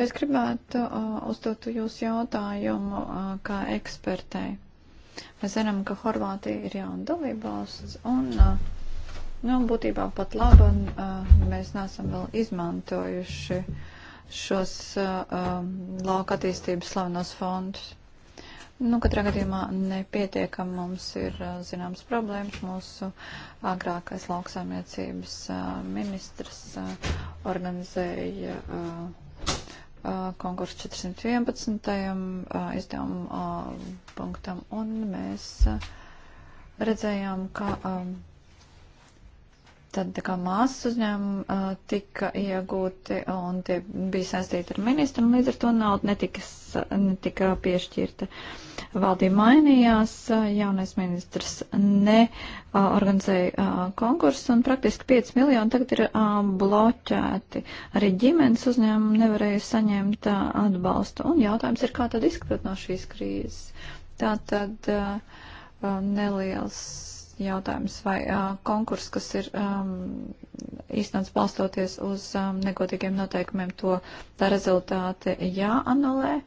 Es gribētu uh, uzdot jūs jautājumu uh, kā ekspertei. Mēs zinām, ka Horvātija ir jauna dalībvalsts un, uh, nu, būtībā pat labi, un uh, mēs neesam vēl izmantojuši šos uh, um, lauka attīstības slavenos fondus. Nu, katrā gadījumā nepietiekam mums ir zināms problēmas. Mūsu agrākais lauksaimniecības ministrs organizēja konkursu 411. izdevumu punktam, un mēs redzējām, ka Tad tā kā māsas uzņēmumi uh, tika iegūti un tie bija saistīti ar ministru, un līdz ar to nauda netika, netika piešķirta. Valdība mainījās, jaunais ministrs neorganizēja uh, uh, konkursu, un praktiski 5 miljoni tagad ir uh, bloķēti. Arī ģimenes uzņēmumi nevarēja saņemt uh, atbalstu, un jautājums ir, kā tad izkļūt no šīs krīzes. Tā tad uh, neliels jautājums, vai konkurss, kas ir um, īstenots balstoties uz um, negodīgiem noteikumiem, to tā rezultāti jāanulē,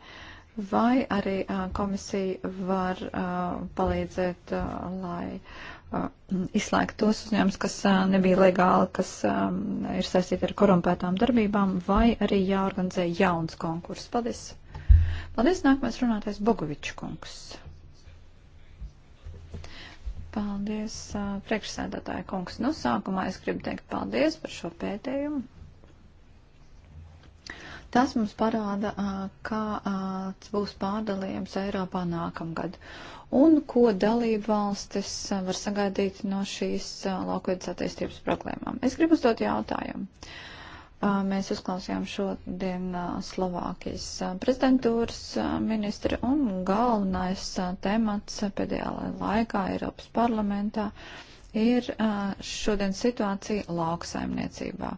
vai arī uh, komisija var uh, palīdzēt, uh, lai uh, izslēgt tos uzņēmums, kas uh, nebija legāli, kas um, ir saistīti ar korumpētām darbībām, vai arī jāorganizē jauns konkurss. Paldies! Paldies! Nākamais runātais Bogovičs kungs. Paldies, priekšsēdētāja kungs. Nu, sākumā es gribu teikt paldies par šo pētījumu. Tas mums parāda, kāds būs pārdalījums Eiropā nākamgad un ko dalību valstis var sagaidīt no šīs laukvietas attīstības problēmām. Es gribu uzdot jautājumu. Uh, Mēs uzklausījām šodien Slovākijas prezidentūras ministri un galvenais temats pēdējā laikā Eiropas parlamentā ir šodien situācija lauksaimniecībā.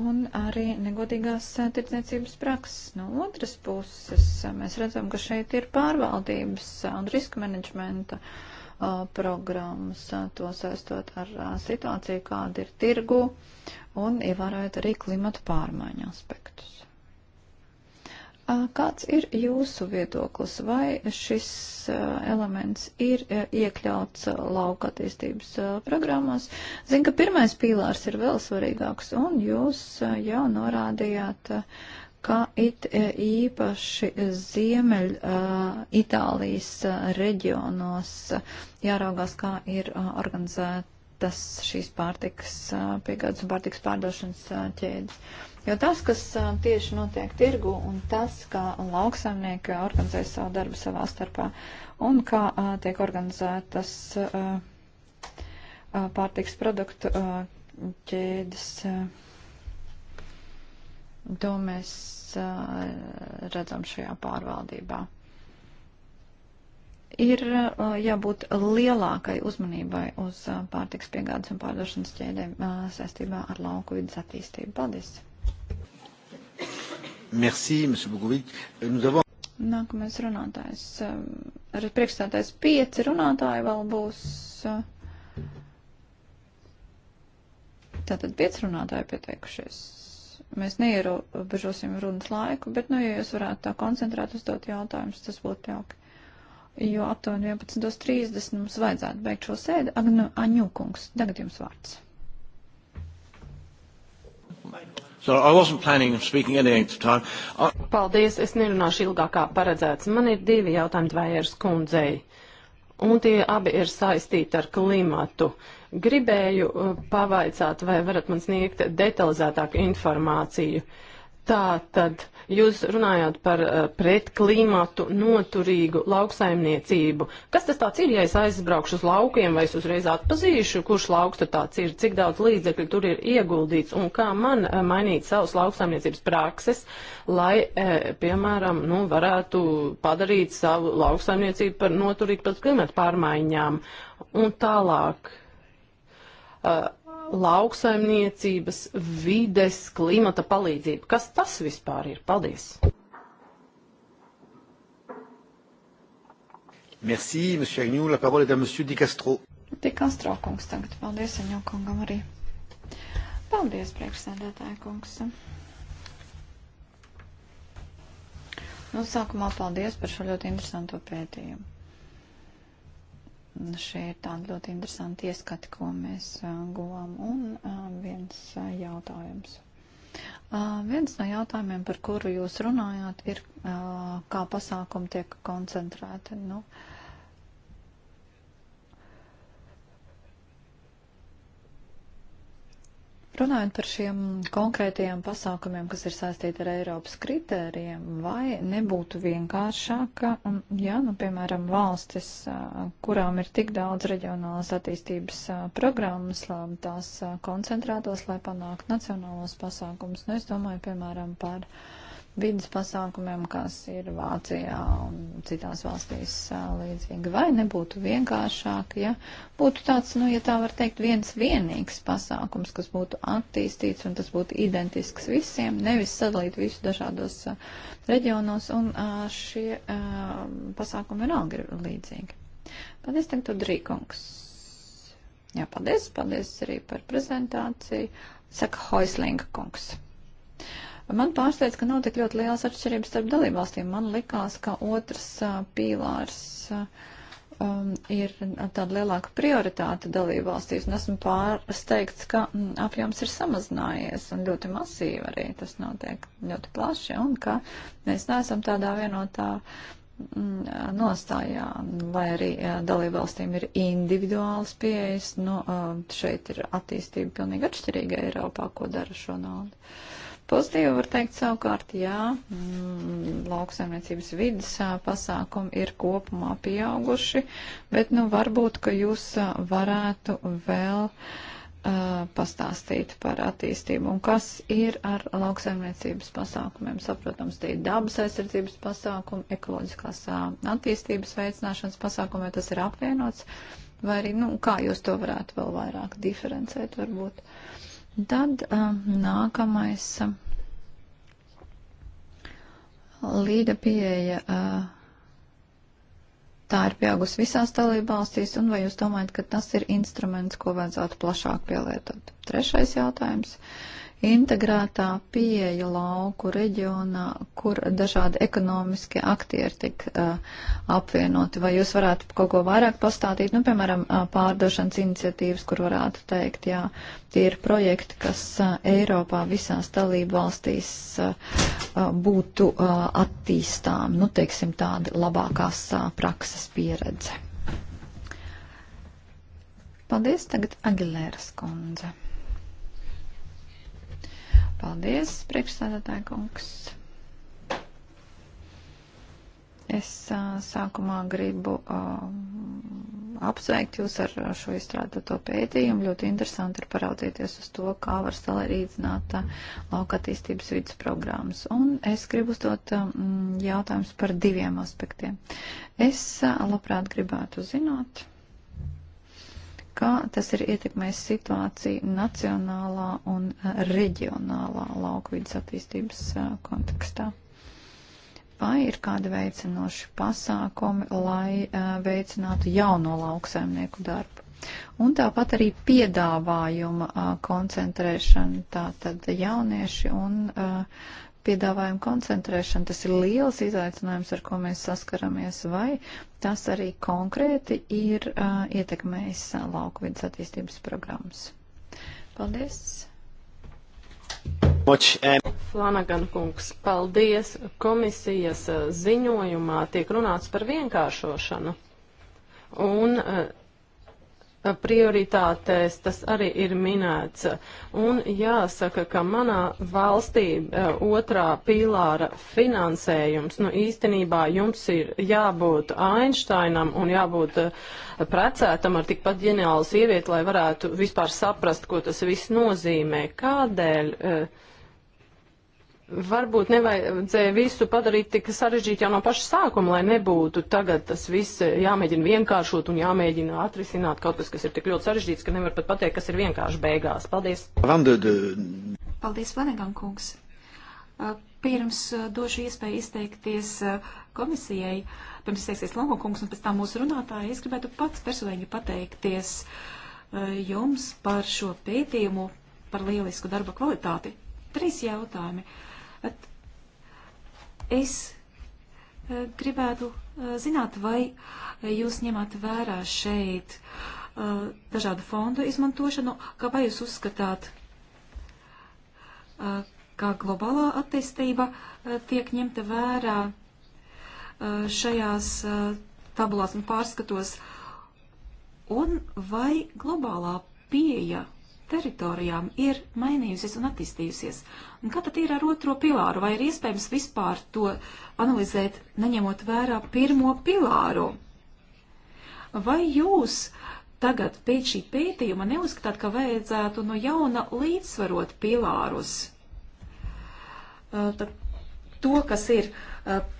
Un arī negodīgās tirdzniecības prakses. No otras puses, mēs redzam, ka šeit ir pārvaldības un riska menedžmenta uh, programmas, to saistot ar situāciju, kāda ir tirgu, un ievērojot arī klimatu pārmaiņu aspektus. Kāds ir jūsu viedoklis? Vai šis elements ir iekļauts lauka attīstības programmās? Zinu, ka pirmais pīlārs ir vēl svarīgāks, un jūs jau norādījāt, kā it e, īpaši ziemeļ uh, Itālijas uh, reģionos uh, jāraugās, kā ir uh, organizētas šīs pārtikas uh, piegādes un pārtikas pārdošanas uh, ķēdes. Jo tas, kas uh, tieši notiek tirgu un tas, kā lauksaimnieki organizē savu darbu savā starpā un kā uh, tiek organizētas uh, pārtiks produktu ķēdes. To mēs Uh, redzam šajā pārvaldībā. Ir uh, jābūt lielākai uzmanībai uz uh, pārtiks piegādes un pārdošanas ķēdēm saistībā ar lauku vidas attīstību. Paldies! Merci, monsieur Bogovic. Euh, nous avons... Nākamais runātājs. Arī um, priekšstādājs pieci runātāji vēl būs. Tātad pieci runātāji pieteikušies mēs neierobežosim runas laiku, bet, nu, ja jūs varētu tā koncentrēt uzdot jautājumus, tas būtu jauki. Jo aptuveni 11.30 mums vajadzētu beigt šo sēdi. Agnu Aņūkungs, tagad jums vārds. So I wasn't planning on speaking any extra time. I... Paldies, es nerunāšu ilgākā paredzēts. Man ir divi jautājumi Dvējeras kundzei. Un tie abi ir saistīti ar klimatu. Uh, Gribēju uh, pavaicāt, vai varat man sniegt detalizētāku informāciju. Tā tad jūs runājāt par uh, pret klimatu noturīgu lauksaimniecību. Kas tas tāds ir, ja es aizbraukšu uz laukiem, vai es uzreiz atpazīšu, kurš lauks tad tāds ir, cik daudz līdzekļu tur ir ieguldīts un kā man uh, mainīt savus lauksaimniecības prakses, lai, piemēram, nu, varētu padarīt savu lauksaimniecību par noturīgu pret klimatu pārmaiņām un tālāk uh, lauksaimniecības, vides, klimata palīdzību. Kas tas vispār ir? Paldies! Merci, monsieur Agnew. La parole est à monsieur Di Castro. Di Castro kungs tagad. Paldies, Agnew kungam arī. Paldies, priekšsēdētāja kungs. Nu, sākumā paldies par šo ļoti interesanto pētījumu. Šie ir tādi ļoti interesanti ieskati, ko mēs guvām. Un viens jautājums. Viens no jautājumiem, par kuru jūs runājāt, ir, kā pasākumi tiek koncentrēti. Nu, uh, Runājot par šiem konkrētajiem pasākumiem, kas ir saistīti ar Eiropas kritērijiem, vai nebūtu vienkāršāk, ja, nu, piemēram, valstis, kurām ir tik daudz reģionālas attīstības programmas, labi, tās koncentrētos, lai panāktu nacionālos pasākumus. Nu, es domāju, piemēram, par uh, vidas pasākumiem, kas ir Vācijā un citās valstīs līdzīgi. Vai nebūtu vienkāršāk, ja būtu tāds, nu, ja tā var teikt, viens vienīgs pasākums, kas būtu attīstīts un tas būtu identisks visiem, nevis sadalīt visu dažādos reģionos un šie pasākumi vienalga ir līdzīgi. Paldies, Tenktu Drīkungs. Jā, paldies, paldies arī par prezentāciju. Saka Hoislinga kungs. Uh, Man pārsteidz, ka nav tik ļoti liels atšķirības starp dalībvalstīm. Man likās, ka otrs pīlārs um, ir tāda lielāka prioritāte dalībvalstīs, un esmu pārsteigts, ka m, mm, apjoms ir samazinājies, un ļoti masīvi arī tas notiek ļoti plaši, un ka mēs neesam tādā vienotā mm, nostājā, vai arī dalībvalstīm ir individuāls pieejas, nu, šeit ir attīstība pilnīgi atšķirīga Eiropā, ko dara šo naudu. Pozitīvi var teikt savukārt, jā, mm, lauksaimniecības vidas pasākumi ir kopumā pieauguši, bet nu varbūt, ka jūs varētu vēl uh, pastāstīt par attīstību. Un kas ir ar lauksaimniecības pasākumiem? Saprotams, tie ir dabas aizsardzības pasākumi, ekoloģiskās uh, attīstības veicināšanas pasākumi, vai tas ir apvienots, vai arī, nu, kā jūs to varētu vēl vairāk diferencēt varbūt? Uh, Tad uh, nākamais uh, līda pieeja. Uh, tā ir pieaugusi visās dalībvalstīs, un vai jūs domājat, ka tas ir instruments, ko vajadzētu plašāk pielietot? Trešais jautājums integrētā pieeja lauku reģionā, kur dažādi ekonomiskie aktieri tik uh, apvienoti. Vai jūs varētu kaut ko vairāk pastātīt, nu, piemēram, eh, pārdošanas iniciatīvas, kur varētu teikt, jā, tie ir projekti, kas uh, Eiropā visās dalību valstīs uh, būtu uh, attīstām, nu, teiksim, tāda labākās uh, prakses pieredze. Paldies tagad Agilēras kundze. Paldies, priekšsēdētāja kungs. Es a, sākumā gribu a, apsveikt jūs ar šo izstrādāto pētījumu. Ļoti interesanti ir paraudzīties uz to, kā var salīdzināt lauka attīstības vidas programmas. Un es gribu uzdot jautājumus par diviem aspektiem. Es a, labprāt gribētu zināt kā tas ir ietekmējis situāciju nacionālā un reģionālā laukvidas attīstības kontekstā. Vai ir kādi veicinoši pasākumi, lai veicinātu jauno lauksaimnieku darbu? Un tāpat arī piedāvājuma koncentrēšana, tātad jaunieši un uh, piedāvājumu koncentrēšana. Tas ir liels izaicinājums, ar ko mēs saskaramies, vai tas arī konkrēti ir uh, ietekmējis uh, lauku vidas attīstības programmas. Paldies! Flanagan kungs, paldies! Komisijas ziņojumā tiek runāts par vienkāršošanu. Un, uh, prioritātēs tas arī ir minēts. Un jāsaka, ka manā valstī e, otrā pīlāra finansējums, nu īstenībā jums ir jābūt Einsteinam un jābūt e, precētam ar tikpat ģeniālu sievieti, lai varētu vispār saprast, ko tas viss nozīmē. Kādēļ? Uh, varbūt nevajadzēja visu padarīt tik sarežģīti jau no paša sākuma, lai nebūtu tagad tas viss jāmēģina vienkāršot un jāmēģina atrisināt kaut kas, kas ir tik ļoti sarežģīts, ka nevar pat pateikt, kas ir vienkārši beigās. Paldies! Paldies, Vanegan kungs! Pirms došu iespēju izteikties komisijai, pirms izteiksies Longo kungs un pēc tam mūsu runātāji, es gribētu pats personīgi pateikties jums par šo pētījumu, par lielisku darba kvalitāti. Trīs jautājumi. Uh, Bet es eh, gribētu eh, zināt, vai jūs ņemat vērā šeit eh, dažādu fondu izmantošanu, kā vai jūs uzskatāt, kā globālā attīstība tiek ņemta vērā šajās tabulās un pārskatos, un vai globālā pieeja teritorijām ir mainījusies un attīstījusies. Un kā tad ir ar otro pilāru? Vai ir iespējams vispār to analizēt, neņemot vērā pirmo pilāru? Vai jūs tagad pēc šī pētījuma neuzskatāt, ka vajadzētu no jauna līdzsvarot pilārus? Tad to, kas ir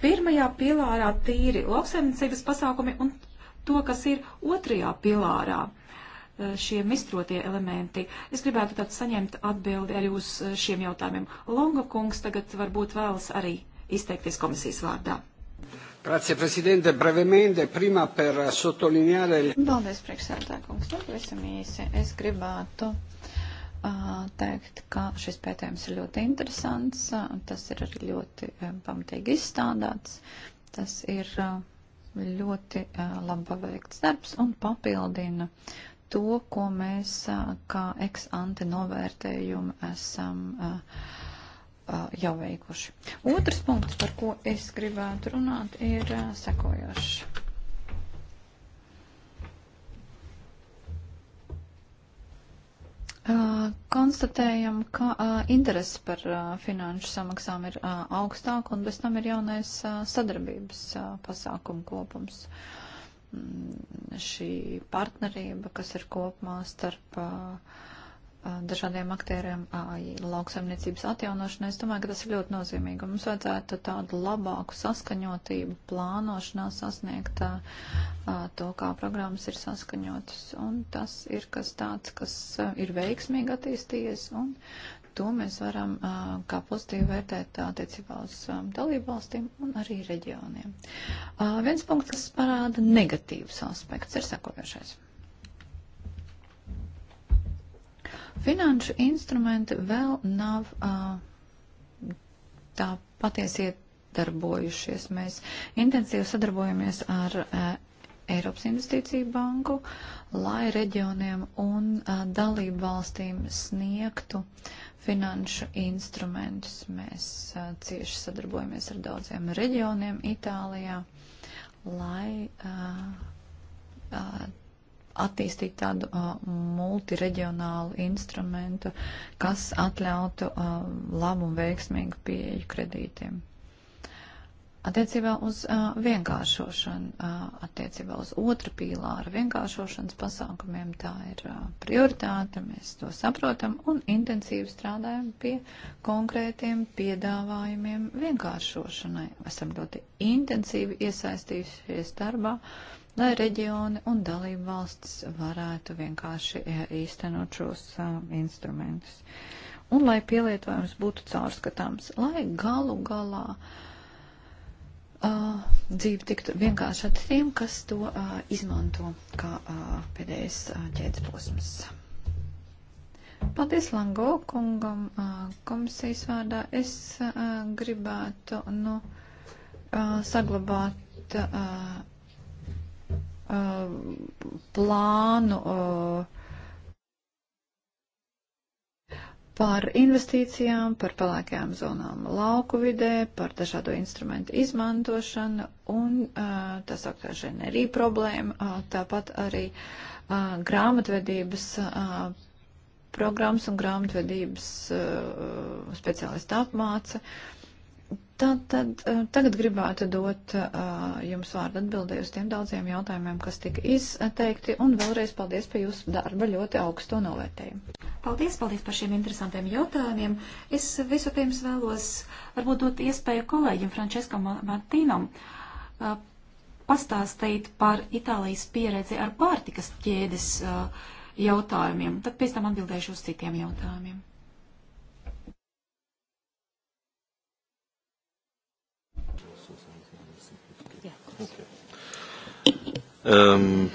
pirmajā pilārā tīri lauksaimniecības pasākumi un to, kas ir otrajā pilārā. Uh, Eh, šie mistrotie elementi. Es gribētu tad saņemt atbildi arī uz eh, šiem jautājumiem. Longa kungs tagad varbūt vēlas arī izteikties komisijas vārdā. Grazie Presidente, brevemente, prima per sottolineare... Paldies, priekšsēdā kungs, nu, pavisam īsi. Es gribētu teikt, ka šis pētījums ir ļoti interesants, tas ir arī ļoti pamatīgi izstādāts, tas ir ļoti labi paveikts darbs un papildina to, ko mēs kā ex-ante novērtējumu esam jau veikuši. Otrs punkts, par ko es gribētu runāt, ir sekojošs. Konstatējam, ka interesi par finanšu samaksām ir augstāk, un bez tam ir jaunais sadarbības pasākumu kopums. Uh, Mm, šī partnerība, kas ir kopumā starp uh, uh, dažādiem aktieriem uh, lauksaimniecības atjaunošanai, es domāju, ka tas ir ļoti nozīmīgi. Mums vajadzētu tādu labāku saskaņotību plānošanā sasniegt to, kā programmas ir saskaņotas. Un tas ir kas tāds, kas ir veiksmīgi attīstījies un to mēs varam kā pozitīvi vērtēt attiecībā uz dalību valstīm un arī reģioniem. Viens punkts, kas parāda negatīvs aspekts, ir sakojošais. Finanšu instrumenti vēl nav tā patiesi iedarbojušies. Mēs intensīvi sadarbojamies ar Eiropas Investīciju banku, lai reģioniem un a, dalību valstīm sniegtu uh, finanšu instrumentus. Mēs a, cieši sadarbojamies ar daudziem reģioniem Itālijā, lai a, a, attīstītu tādu multireģionālu instrumentu, kas atļautu labu un veiksmīgu pieeju kredītiem attiecībā uz uh, vienkāršošanu, uh, attiecībā uz otru pīlāru vienkāršošanas pasākumiem. Tā ir uh, prioritāte, mēs to saprotam un intensīvi strādājam pie konkrētiem piedāvājumiem vienkāršošanai. Esam ļoti intensīvi iesaistījušies darbā, lai reģioni un dalību valstis varētu vienkārši īstenot šos uh, instrumentus. Un lai pielietojums būtu caurskatāms, lai galu galā uh, uh, dzīve tiktu vienkāršot tiem, kas to uh, izmanto kā uh, pēdējais uh, ķēdes posms. Paldies Lango kungam uh, komisijas vārdā. Es uh, gribētu nu, uh, saglabāt uh, uh, plānu. Uh, par investīcijām, par pelēkajām zonām lauku vidē, par dažādo instrumentu izmantošanu un tā sauktā ženerī problēma, tāpat arī grāmatvedības programmas un grāmatvedības speciālistu apmāca. Tad, tad eh, tagad gribētu dot uh, jums vārdu atbildēju uz tiem daudziem jautājumiem, kas tika izteikti, un vēlreiz paldies par jūsu darba ļoti augsto novērtējumu. Paldies, paldies par šiem interesantiem jautājumiem. Es vispirms vēlos varbūt dot iespēju kolēģim Franceskam Martīnam uh, eh, pastāstīt par Itālijas pieredzi ar pārtikas ķēdes uh, jautājumiem, tad pēc tam atbildēšu uz citiem jautājumiem. Um,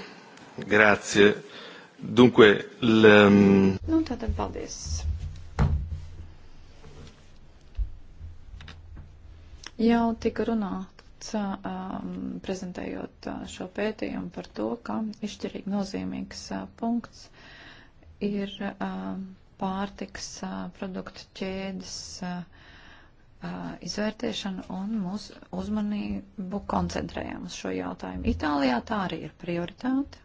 grazie. Dunque, l, um... Nu, tātad paldies. Jau tika runāts, um, prezentējot eh, šo pētījumu par to, ka izšķirīgi nozīmīgs uh, punkts ir uh, pārtiks uh, produktu ķēdes uh, Uh, izvērtēšanu un mūsu uzmanību koncentrējām uz šo jautājumu. Itālijā tā arī ir prioritāte.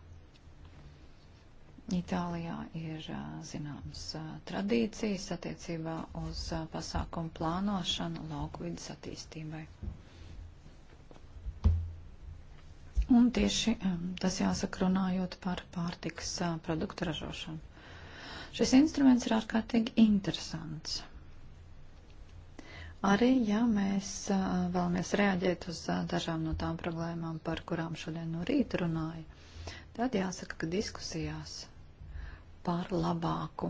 Itālijā ir uh, zināmas uh, tradīcijas attiecībā uz pasākumu plānošanu lauku vidas attīstībai. Un tieši um, tas jāsaka runājot par pārtikas produktu ražošanu. Šis instruments ir ārkārtīgi interesants. Arī, ja mēs vēlamies reaģēt uz dažām no tām problēmām, par kurām šodien no rīta runāju, tad jāsaka, ka diskusijās par labāku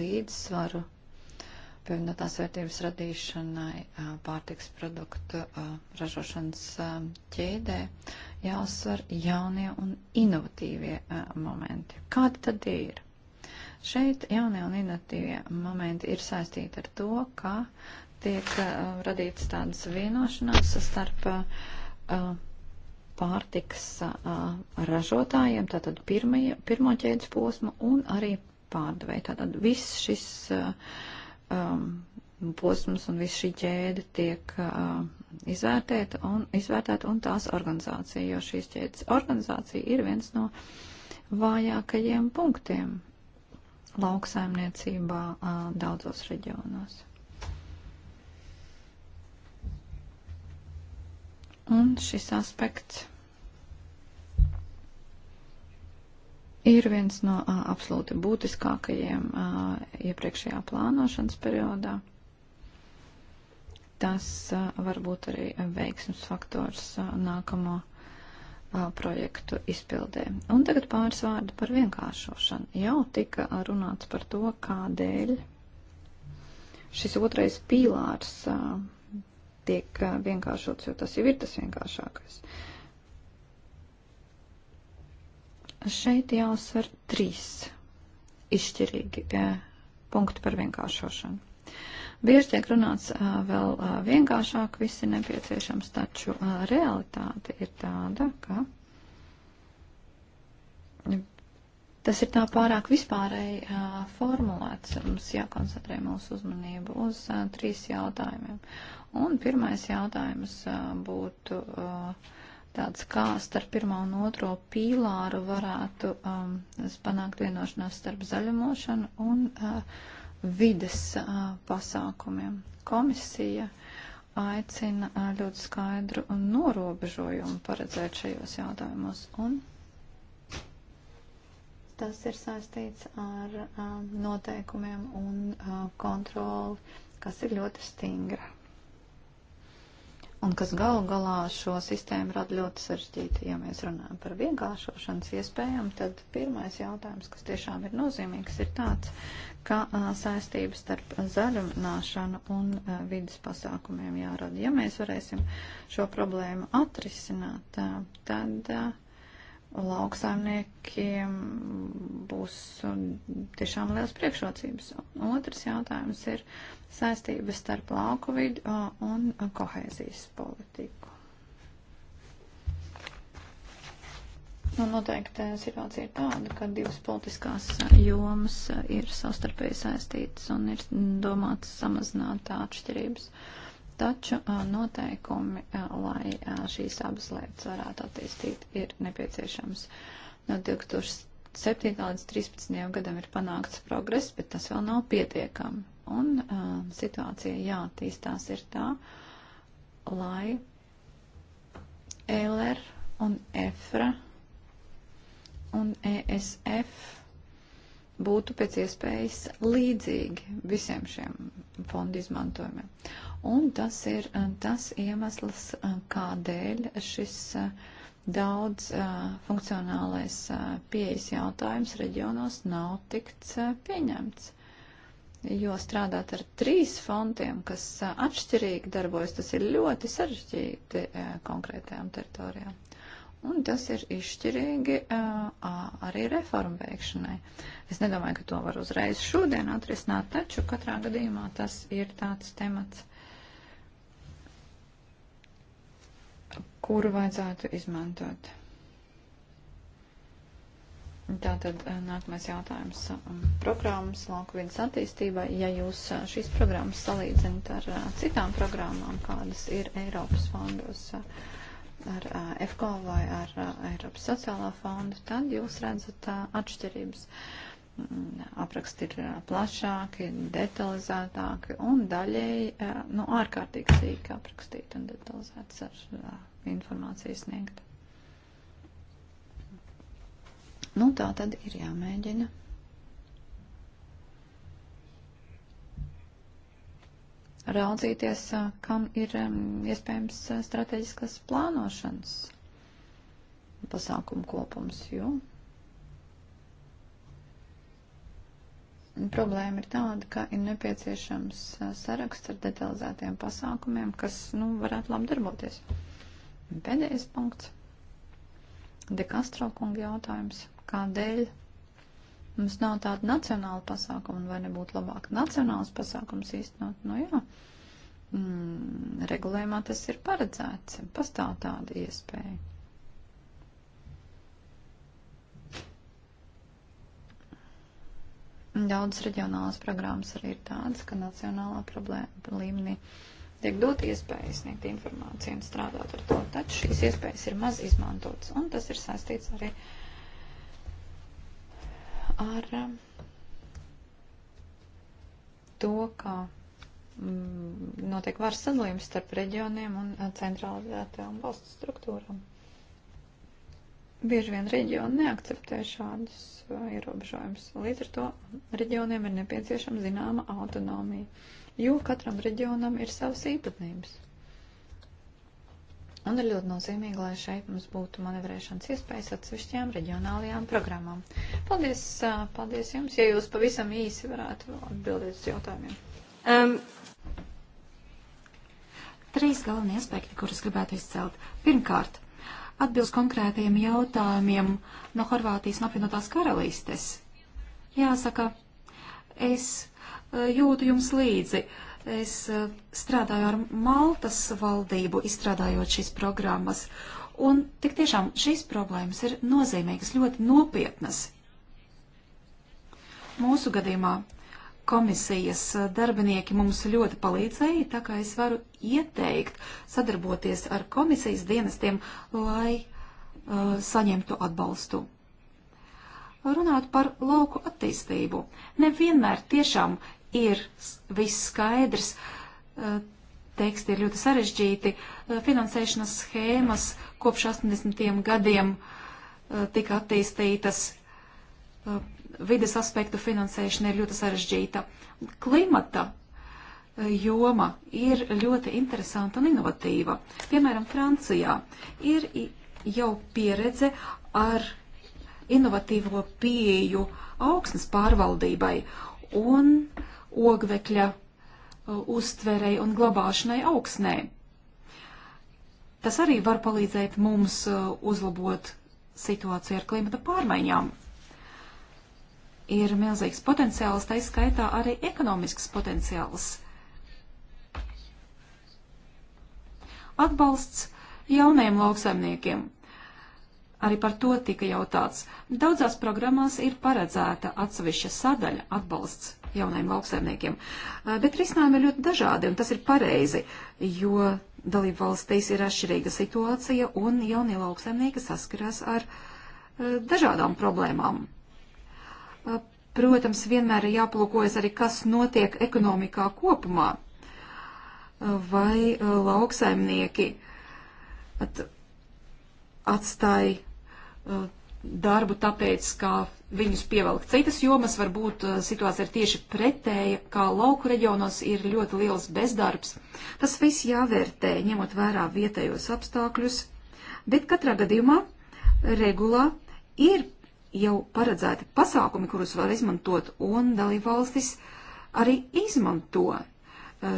līdzsvaru pievienotās vērtības radīšanai pārtiks produktu ražošanas ķēdē jāuzsver jaunie un inovatīvie momenti. Kādi tad ir? Šeit jaunie un inovatīvie momenti ir saistīti ar to, ka tiek uh, radīts tādas vienošanās starp uh, pārtiks uh, ražotājiem, tātad pirmie, pirmo ķēdes posmu un arī pārdevēju. Tātad viss šis uh, um, posms un viss šī ķēde tiek uh, izvērtēta un, izvērtēta un tās organizācija, jo šīs ķēdes organizācija ir viens no vājākajiem punktiem lauksaimniecībā uh, daudzos reģionos. Un šis aspekts ir viens no a, absolūti būtiskākajiem a, iepriekšējā plānošanas periodā. Tas a, var būt arī veiksmes faktors a, nākamo a, projektu izpildē. Un tagad pāris vārdu par vienkāršošanu. Jau tika runāts par to, kādēļ šis otrais pīlārs. A, tiek vienkāršots, jo tas jau ir tas vienkāršākais. Šeit jāuzsver trīs izšķirīgi punkti par vienkāršošanu. Bieži tiek runāts vēl vienkāršāk, visi nepieciešams, taču realitāte ir tāda, ka Tas ir tā pārāk vispārēji uh, formulēts. Mums jākoncentrē mūsu uzmanību uz uh, trīs jautājumiem. Un pirmais jautājums uh, būtu uh, tāds, kā starp pirmo un otro pīlāru varētu um, panākt vienošanās starp zaļumošanu un uh, vides uh, pasākumiem. Komisija aicina uh, ļoti skaidru norobežojumu paredzēt šajos jautājumos. Un Tas ir saistīts ar um, noteikumiem un uh, kontroli, kas ir ļoti stingra. Un kas galu galā šo sistēmu rada ļoti sarežģīti. Ja mēs runājam par vienkāršošanas iespējām, tad pirmais jautājums, kas tiešām ir nozīmīgs, ir tāds, ka a, saistības starp zaļumināšanu un a, vidas pasākumiem jārada. Ja mēs varēsim šo problēmu atrisināt, a, tad. A, lauksaimniekiem būs um, tiešām liels priekšrocības. Otrs jautājums ir saistības starp lauku vidu un kohēzijas politiku. Nu, noteikti eh, situācija ir tāda, ka divas politiskās jomas eh, ir savstarpēji saistītas un ir domāts samazināt atšķirības. Uh, Taču noteikumi, lai šīs abas lietas varētu attīstīt, ir nepieciešams. No 2007. līdz 2013. gadam ir panākts progress, bet tas vēl nav pietiekami. Un uh, situācija jātīstās ir tā, lai LR un EFRA un ESF būtu pēc iespējas līdzīgi visiem šiem fondu izmantojumiem. Un tas ir eh, tas iemesls, eh, kādēļ šis eh, daudz funkcionālais pieejas jautājums reģionos nav tikts pieņemts. Jo strādāt ar trīs fondiem, kas atšķirīgi darbojas, tas ir ļoti sarežģīti konkrētajām teritorijām. Un tas ir izšķirīgi arī reformu veikšanai. Es nedomāju, ka to var uzreiz šodien atrisināt, taču katrā gadījumā tas ir tāds temats, kuru vajadzētu izmantot. Tātad eh, nākamais jautājums um, programmas lauku vidas attīstībai. Ja jūs eh, šīs programmas salīdzinat ar eh, citām programmām, kādas ir Eiropas fondos ar EFKO vai ar Eiropas sociālā fonda, tad jūs redzat atšķirības apraksti ir eh, plašāki, detalizētāki un daļēji eh, nu, ārkārtīgi sīki aprakstīti un detalizētas ar eh, informāciju sniegt. Nu, tā tad ir jāmēģina. Raudzīties, kam ir iespējams strateģiskas plānošanas pasākumu kopums, jo problēma ir tāda, ka ir nepieciešams uh, saraksts ar detalizētiem pasākumiem, kas, nu, varētu labi darboties. Pēdējais punkts. Dekastro kunga jautājums. Kādēļ mums nav tāda nacionāla pasākuma un vai nebūtu labāk nacionāls pasākums īstenot? Nu jā, mm, regulējumā tas ir paredzēts. Pastāv tāda iespēja. Daudzas reģionālās programmas arī ir tādas, ka nacionālā problēma līmenī tiek dot iespēja sniegt informāciju un strādāt ar to. Taču šīs iespējas ir maz izmantotas, un tas ir saistīts arī ar um, to, kā mm, notiek varas sadalījums starp reģioniem un uh, centralizētām valsts struktūrām. Bieži vien reģioni neakceptē šādus uh, ierobežojumus. Līdz ar to reģioniem ir nepieciešama zināma autonomija, jo katram reģionam ir savas īpatnības. Un ir ļoti nozīmīgi, lai šeit mums būtu manevrēšanas iespējas atsevišķajām reģionālajām programmām. Paldies, uh, paldies jums, ja jūs pavisam īsi varētu atbildēt uz jautājumiem. Um, trīs galvenie aspekti, kurus gribētu izcelt. Pirmkārt, atbilst konkrētiem jautājumiem no Horvātijas un apvienotās karalistes. Jāsaka, es e, jūtu jums līdzi. Es e, strādāju ar Maltas valdību, izstrādājot šīs programmas. Un tik tiešām šīs problēmas ir nozīmīgas, ļoti nopietnas. Mūsu gadījumā komisijas darbinieki mums ļoti palīdzēja, tā kā es varu ieteikt sadarboties ar komisijas dienestiem, lai uh, saņemtu atbalstu. Runāt par lauku attīstību. Nevienmēr tiešām ir viss skaidrs, uh, teksti ir ļoti sarežģīti, uh, finansēšanas schēmas kopš 80. gadiem uh, tika attīstītas. Uh, vides aspektu finansēšana ir ļoti sarežģīta. Klimata eh, joma ir ļoti interesanta un inovatīva. Piemēram, Francijā ir jau pieredze ar inovatīvo pieju augsnes pārvaldībai un ogvekļa eh, uztverei un glabāšanai augsnē. Tas arī var palīdzēt mums eh, uzlabot situāciju ar klimata pārmaiņām ir milzīgs potenciāls, tā izskaitā arī ekonomisks potenciāls. Atbalsts jauniem lauksaimniekiem. Arī par to tika jautāts. Daudzās programmās ir paredzēta atsevišķa sadaļa atbalsts jaunajiem lauksaimniekiem, eh, bet risinājumi ir ļoti dažādi, un tas ir pareizi, jo dalību valstīs ir atšķirīga situācija, un jaunie lauksaimnieki saskarās ar eh, dažādām problēmām. Protams, vienmēr ir jāplūkojas arī, kas notiek ekonomikā kopumā. Vai uh, lauksaimnieki atstāja uh, darbu tāpēc, kā viņus pievelk citas jomas, varbūt uh, situācija ir tieši pretēja, kā lauku reģionos ir ļoti liels bezdarbs. Tas viss jāvērtē, ņemot vērā vietējos apstākļus, bet katrā gadījumā regulā ir jau paredzēti pasākumi, kurus var izmantot, un dalībvalstis arī izmanto uh,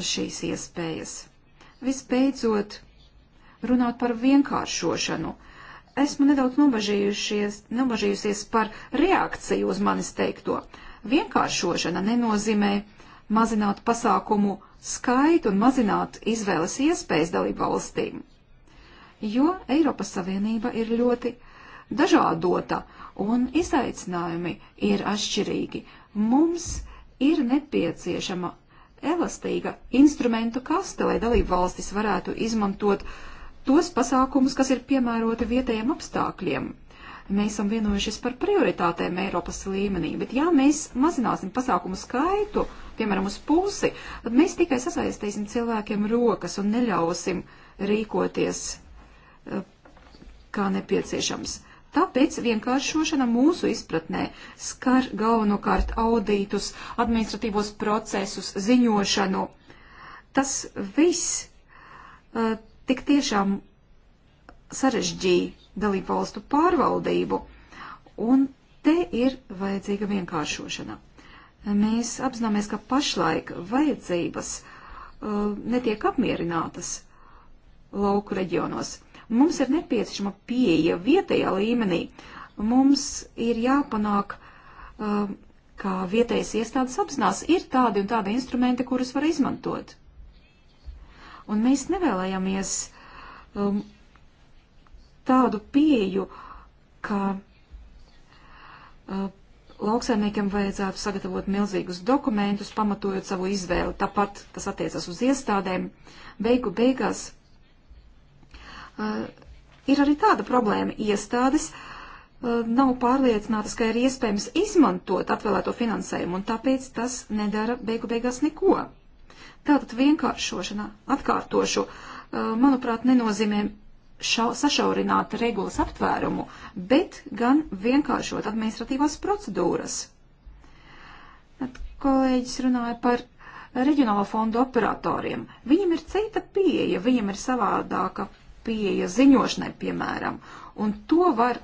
šīs iespējas. Vispēcot, runāt par vienkāršošanu. Esmu nedaudz nobažījusies par reakciju uz manis teikto. Vienkāršošana nenozīmē mazināt pasākumu skaitu un mazināt izvēles iespējas dalību valstīm. Jo Eiropas Savienība ir ļoti dažādota, un izaicinājumi ir atšķirīgi. Mums ir nepieciešama elastīga instrumentu kaste, lai dalību valstis varētu izmantot tos pasākumus, kas ir piemēroti vietējiem apstākļiem. Mēs esam vienojušies par prioritātēm Eiropas līmenī, bet ja mēs mazināsim pasākumu skaitu, piemēram, uz pusi, tad mēs tikai sasaistīsim cilvēkiem rokas un neļausim rīkoties eh, kā nepieciešams. Tāpēc vienkāršošana mūsu izpratnē skar galvenokārt auditus, administratīvos procesus, ziņošanu. Tas viss uh, tik tiešām sarežģīja dalību valstu pārvaldību, un te ir vajadzīga vienkāršošana. Mēs apzināmies, ka pašlaik vajadzības uh, netiek apmierinātas lauku reģionos Mums ir nepieciešama pieeja vietējā līmenī. Mums ir jāpanāk, um, kā vietējas iestādes apzinās, ir tādi un tādi instrumenti, kurus var izmantot. Un mēs nevēlējāmies um, tādu pieju, ka uh, lauksaimniekiem vajadzētu sagatavot milzīgus dokumentus, pamatojot savu izvēli. Tāpat tas attiecas uz iestādēm. Beigu beigās Uh, ir arī tāda problēma. Iestādes uh, nav pārliecinātas, ka ir iespējams izmantot atvēlēto finansējumu, un tāpēc tas nedara beigu beigās neko. Tātad vienkāršošana, atkārtošu, uh, manuprāt, nenozīmē šau, sašaurināt regulas aptvērumu, bet gan vienkāršot administratīvās procedūras. At kolēģis runāja par reģionālo fondu operatoriem. Viņam ir cita pieeja, viņam ir savādāka pieeja ziņošanai, piemēram, un to var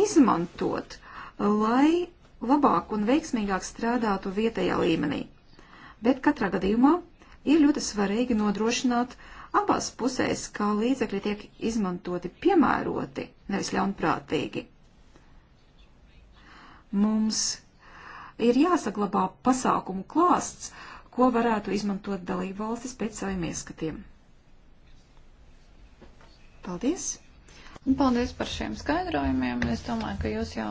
izmantot, lai labāk un veiksmīgāk strādātu vietējā līmenī. Bet katrā gadījumā ir ļoti svarīgi nodrošināt abās pusēs, kā līdzekļi tiek izmantoti piemēroti, nevis ļaunprātīgi. Mums ir jāsaglabā pasākumu klāsts, ko varētu izmantot dalību valstis pēc saviem ieskatiem. Paldies! Paldies par šiem skaidrojumiem. Es domāju, ka jūs jau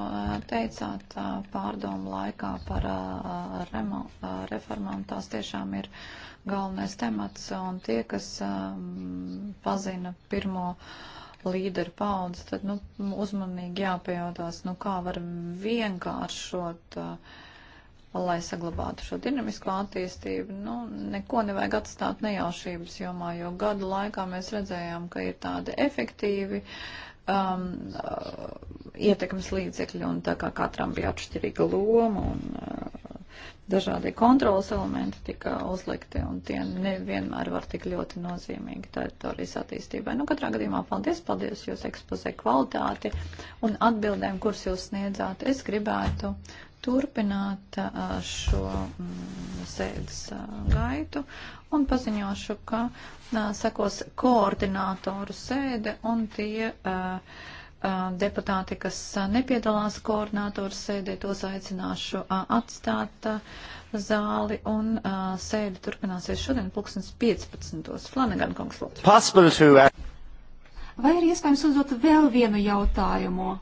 teicāt pārdomu laikā par remo, reformām. Tās tiešām ir galvenais temats. Un tie, kas pazina pirmo līderu paudzi, tad nu, uzmanīgi jāpajautās, nu, kā var vienkāršot. Uh, lai saglabātu šo dinamisko attīstību. Nu, neko nevajag atstāt nejaušības jomā, jo gadu laikā mēs redzējām, ka ir tādi efektīvi um, uh, ietekmes līdzekļi un tā kā katram bija atšķirīga loma un uh, dažādi kontrolas elementi tika uzlikti un tie nevienmēr var tik ļoti nozīmīgi teritorijas attīstībai. Nu, katrā gadījumā paldies, paldies jūs ekspozē kvalitāti un atbildēm, kuras jūs sniedzāt. Es gribētu turpināt šo mm, sēdes gaitu un paziņošu, ka sekos koordinātoru sēde un tie deputāti, kas nepiedalās koordinātoru sēdē, tos aicināšu atstāt zāli un sēde turpināsies šodien pulkstens 15. Flanagan kungs lūdzu. Vai ir iespējams uzdot vēl vienu jautājumu?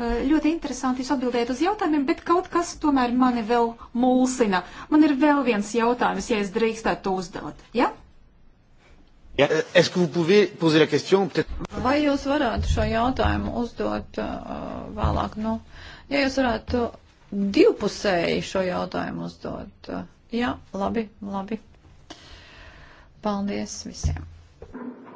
Eh, ļoti interesanti jūs atbildējat uz jautājumiem, bet kaut kas tomēr mani vēl mulsina. Man ir vēl viens jautājums, ja es drīkstētu to uzdot. Ja? Ja, eh, question, Vai jūs varētu šo jautājumu uzdot uh, vēlāk? Nu, ja jūs varētu divpusēji šo jautājumu uzdot. Uh, jā, labi, labi. Paldies visiem.